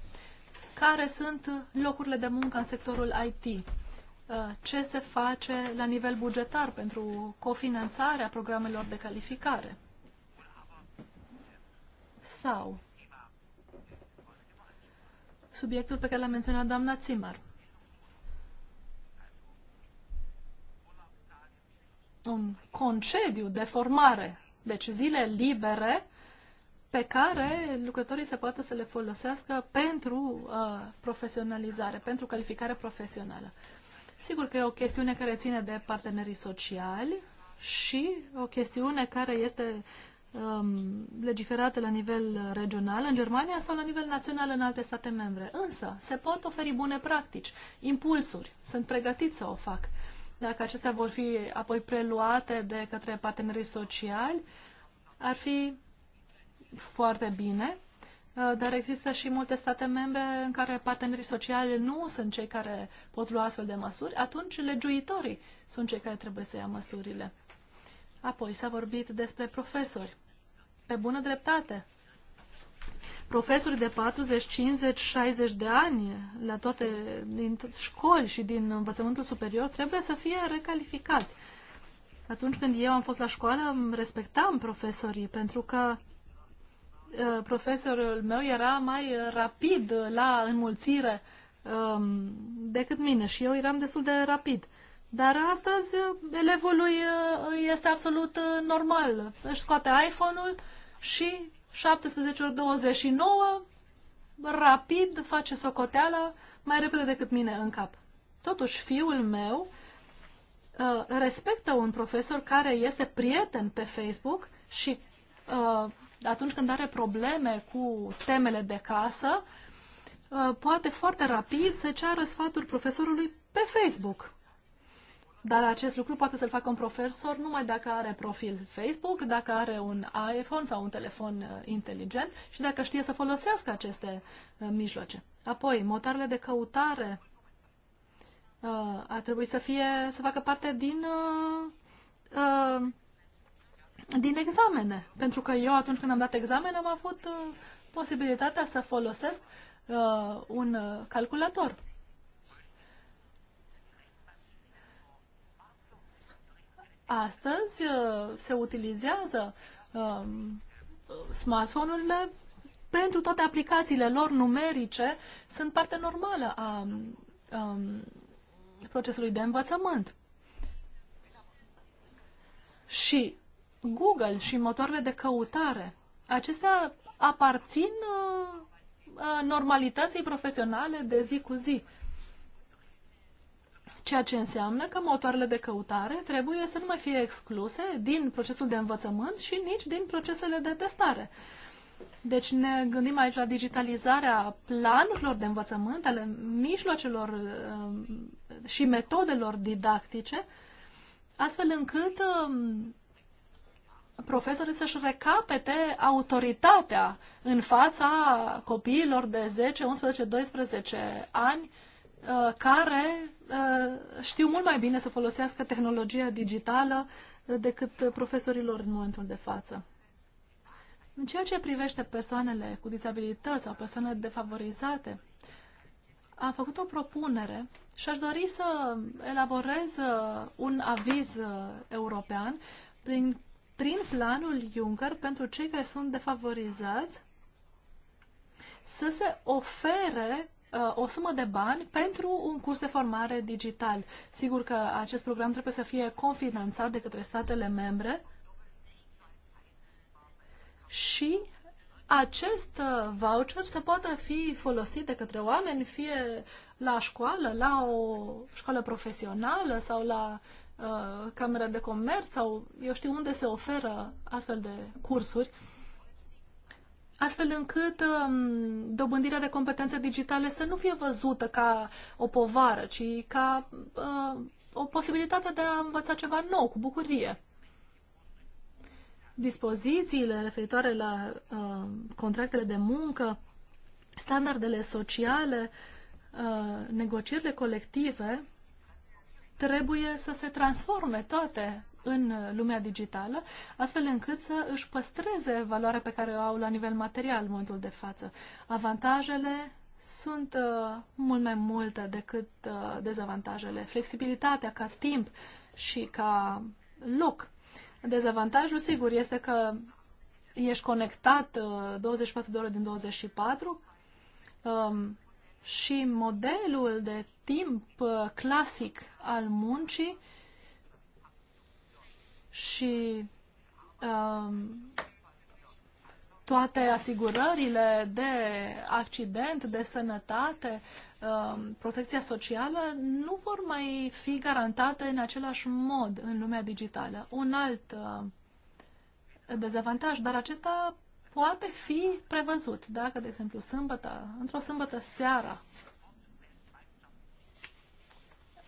care sunt locurile de muncă în sectorul IT, uh, ce se face la nivel bugetar pentru cofinanțarea programelor de calificare sau subiectul pe care l-a menționat doamna Țimar. Un concediu de formare, deci zile libere pe care lucrătorii se poată să le folosească pentru uh, profesionalizare, pentru calificare profesională. Sigur că e o chestiune care ține de partenerii sociali și o chestiune care este um, legiferate la nivel regional în Germania sau la nivel național în alte state membre. Însă, se pot oferi bune practici, impulsuri, sunt pregătiți să o fac. Dacă acestea vor fi apoi preluate de către partenerii sociali, ar fi foarte bine, uh, dar există și multe state membre în care partenerii sociali nu sunt cei care pot lua astfel de măsuri, atunci legiuitorii sunt cei care trebuie să ia măsurile. Apoi s-a vorbit despre profesori pe bună dreptate. Profesori de 40, 50, 60 de ani la toate din școli și din învățământul superior trebuie să fie recalificați. Atunci când eu am fost la școală, respectam profesorii pentru că ă, profesorul meu era mai rapid la înmulțire ă, decât mine și eu eram destul de rapid. Dar astăzi elevului ă, este absolut normal. Își scoate iPhone-ul, și 17 ori 29 rapid face socoteala mai repede decât mine în cap. Totuși, fiul meu uh, respectă un profesor care este prieten pe Facebook și uh, atunci când are probleme cu temele de casă, uh, poate foarte rapid să ceară sfatul profesorului pe Facebook. Dar acest lucru poate să-l facă un profesor numai dacă are profil Facebook, dacă are un iPhone sau un telefon uh, inteligent și dacă știe să folosească aceste uh, mijloace. Apoi, motoarele de căutare uh, ar trebui să fie să facă parte din din examene. Pentru că eu atunci când am dat examen am avut posibilitatea să folosesc un calculator. Astăzi uh, se utilizează um, smartphone-urile pentru toate aplicațiile lor numerice, sunt parte normală a um, procesului de învățământ. Și Google și motoarele de căutare, acestea aparțin uh, uh, normalității profesionale de zi cu zi ceea ce înseamnă că motoarele de căutare trebuie să nu mai fie excluse din procesul de învățământ și nici din procesele de testare. Deci ne gândim aici la digitalizarea planurilor de învățământ, ale mijlocelor uh, și metodelor didactice, astfel încât um, profesorii să-și recapete autoritatea în fața copiilor de 10, 11, 12 ani uh, care Uh, știu mult mai bine să folosească tehnologia digitală uh, decât profesorilor în momentul de față. În ceea ce privește persoanele cu dizabilități sau persoane defavorizate, am făcut o propunere și aș dori să elaborez uh, un aviz european prin, prin planul Juncker pentru cei care sunt defavorizați să se ofere uh, o sumă de bani pentru un curs de formare digital. Sigur că acest program trebuie să fie cofinanțat de către statele membre și acest uh, voucher să poată fi folosit de către oameni, fie la școală, la o școală profesională sau la uh, camera de comerț sau eu știu unde se oferă astfel de cursuri. Uh, astfel încât um, dobândirea de competențe digitale să nu fie văzută ca o povară, ci ca uh, o posibilitate de a învăța ceva nou, cu bucurie. Dispozițiile referitoare la uh, contractele de muncă, standardele sociale, uh, negocierile colective trebuie să se transforme toate în lumea digitală, astfel încât să își păstreze valoarea pe care o au la nivel material în momentul de față. Avantajele sunt uh, mult mai multe decât uh, dezavantajele. Flexibilitatea ca timp și ca loc. Dezavantajul, sigur, este că ești conectat uh, 24 de ore din 24, um, și modelul de timp uh, clasic al muncii și um, toate asigurările de accident, de sănătate, um, protecția socială nu vor mai fi garantate în același mod în lumea digitală. Un alt uh, dezavantaj, dar acesta poate fi prevăzut. Dacă, de exemplu, sâmbătă, într-o sâmbătă seara,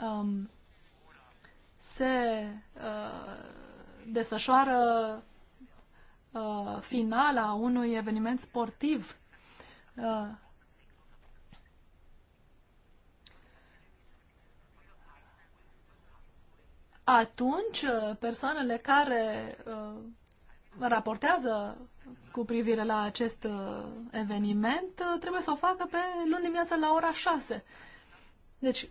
um, se uh, desfășoară uh, finala unui eveniment sportiv, uh, atunci uh, persoanele care uh, raportează cu privire la acest uh, eveniment uh, trebuie să o facă pe luni dimineața la ora 6. Deci,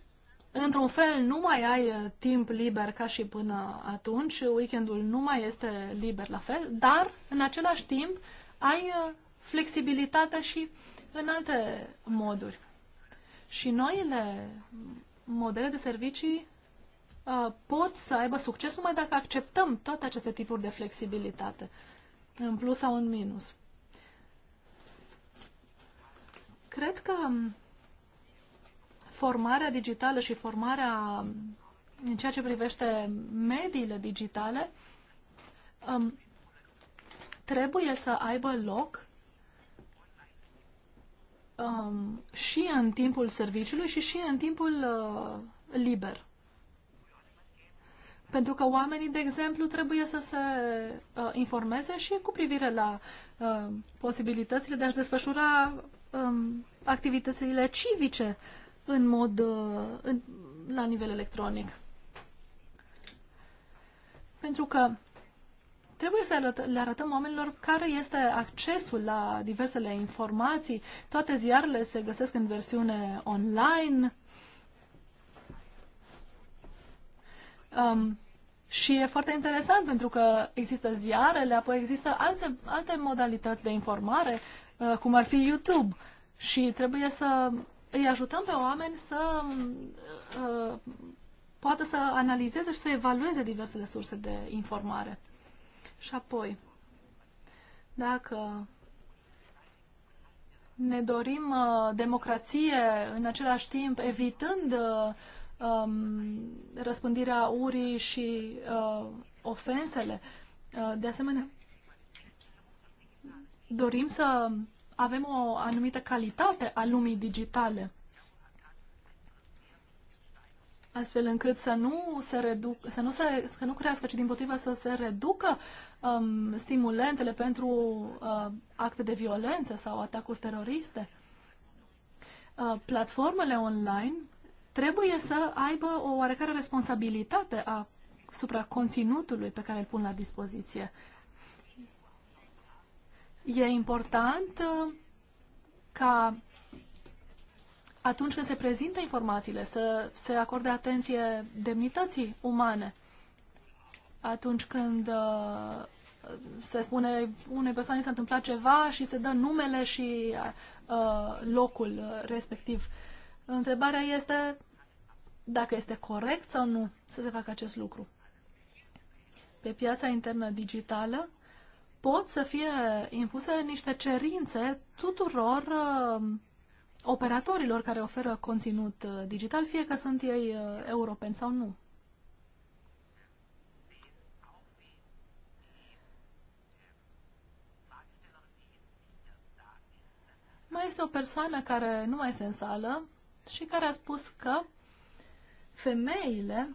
într-un fel, nu mai ai uh, timp liber ca și până atunci, weekendul nu mai este liber la fel, dar, în același timp, ai flexibilitate și în alte moduri. Și noile modele de servicii pot să aibă succes numai dacă acceptăm toate aceste tipuri de flexibilitate în plus sau în minus. Cred că formarea digitală și formarea în ceea ce privește mediile digitale um, trebuie să aibă loc um, și în timpul serviciului și și în timpul uh, liber. Pentru că oamenii, de exemplu, trebuie să se uh, informeze și cu privire la uh, posibilitățile de a-și desfășura um, activitățile civice în mod, uh, în, la nivel electronic. Pentru că trebuie să le arătăm oamenilor care este accesul la diversele informații. Toate ziarele se găsesc în versiune online. Um, și e foarte interesant pentru că există ziarele, apoi există alte, alte modalități de informare, uh, cum ar fi YouTube. Și trebuie să îi ajutăm pe oameni să uh, poată să analizeze și să evalueze diversele surse de informare. Și apoi, dacă ne dorim uh, democrație în același timp, evitând uh, um, răspândirea urii și uh, ofensele. Uh, de asemenea, dorim să avem o anumită calitate a lumii digitale, astfel încât să nu se reduc, să nu, se, să nu crească, ci din potriva să se reducă um, stimulentele pentru uh, acte de violență sau atacuri teroriste. Uh, platformele online trebuie să aibă o oarecare responsabilitate asupra conținutului pe care îl pun la dispoziție. E important uh, ca atunci când se prezintă informațiile să se acorde atenție demnității umane. Atunci când uh, se spune unei persoane s-a întâmplat ceva și se dă numele și uh, locul respectiv. Întrebarea este dacă este corect sau nu să se facă acest lucru. Pe piața internă digitală pot să fie impuse niște cerințe tuturor uh, operatorilor care oferă conținut uh, digital, fie că sunt ei uh, europeni sau nu. Mai este o persoană care nu mai este în sală, și care a spus că femeile,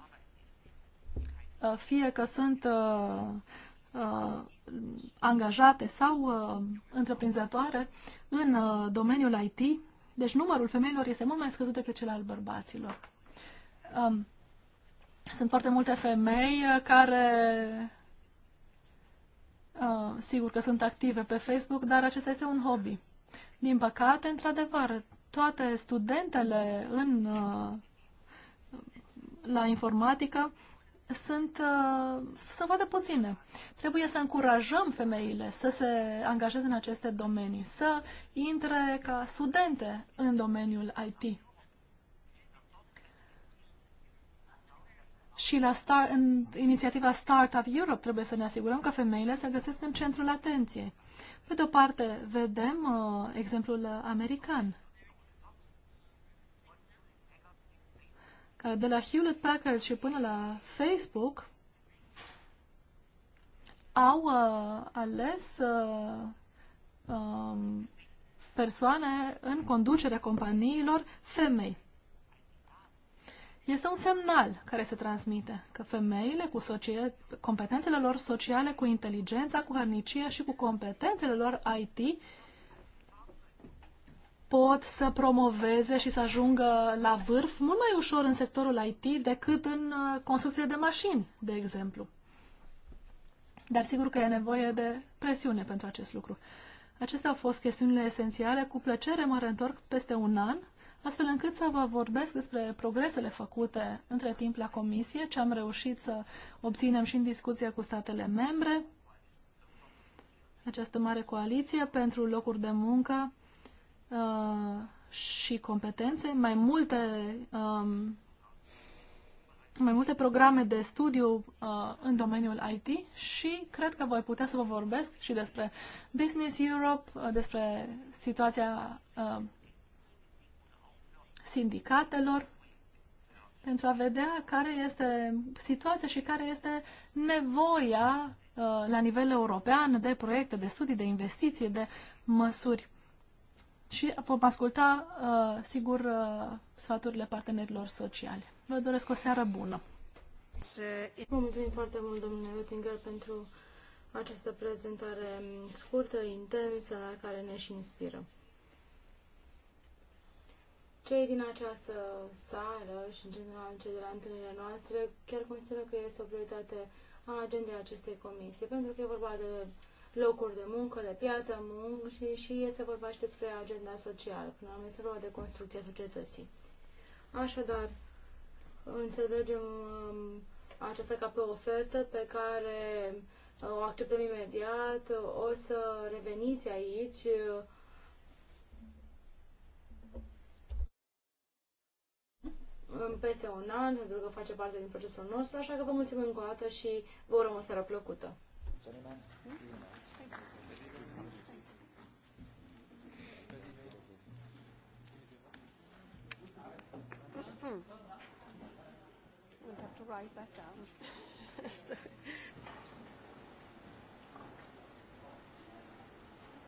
uh, fie că sunt uh, uh, angajate sau întreprinzătoare în domeniul IT, deci numărul femeilor este mult mai scăzut decât cel al bărbaților. Um, sunt foarte multe femei care sigur că sunt active pe Facebook, dar acesta este un hobby. Din păcate, într-adevăr, toate studentele în, uh, la informatică sunt, uh, sunt foarte puține. Trebuie să încurajăm femeile să se angajeze în aceste domenii, să intre ca studente în domeniul IT. Și la star, în inițiativa Startup Europe trebuie să ne asigurăm că femeile se găsesc în centrul atenției. Pe de o parte, vedem uh, exemplul american care de la Hewlett Packard și până la Facebook au uh, ales uh, um, persoane în conducerea companiilor femei. Este un semnal care se transmite că femeile cu competențele lor sociale, cu inteligența, cu harnicia și cu competențele lor IT pot să promoveze și să ajungă la vârf mult mai ușor în sectorul IT decât în uh, construcție de mașini, de exemplu. Dar sigur că e nevoie de presiune pentru acest lucru. Acestea au fost chestiunile esențiale. Cu plăcere mă reîntorc peste un an, astfel încât să vă vorbesc despre progresele făcute între timp la Comisie, ce am reușit să obținem și în discuție cu statele membre, această mare coaliție pentru locuri de muncă Uh, și competențe, mai multe, um, mai multe programe de studiu uh, în domeniul IT și cred că voi putea să vă vorbesc și despre Business Europe, uh, despre situația uh, sindicatelor, pentru a vedea care este situația și care este nevoia uh, la nivel european de proiecte, de studii, de investiții, de măsuri și vom asculta, uh, sigur, uh, sfaturile partenerilor sociale. Vă doresc o seară bună!
Vă mulțumim foarte mult, domnule Oettinger, pentru această prezentare scurtă, intensă, care ne și inspiră. Cei din această sală și, în general, cei de la întâlnirile noastre, chiar consideră că este o prioritate a agendei acestei comisii, pentru că e vorba de locuri de muncă, de piață, muncă și, și este vorba și despre agenda socială, până la este vorba de construcția societății. Așadar, înțelegem um, aceasta ca pe ofertă pe care uh, o acceptăm imediat, o să reveniți aici, peste un an, pentru că face parte din procesul nostru, așa că vă mulțumim încă o dată și vă urăm o seară plăcută.
Mulțumim. write that down.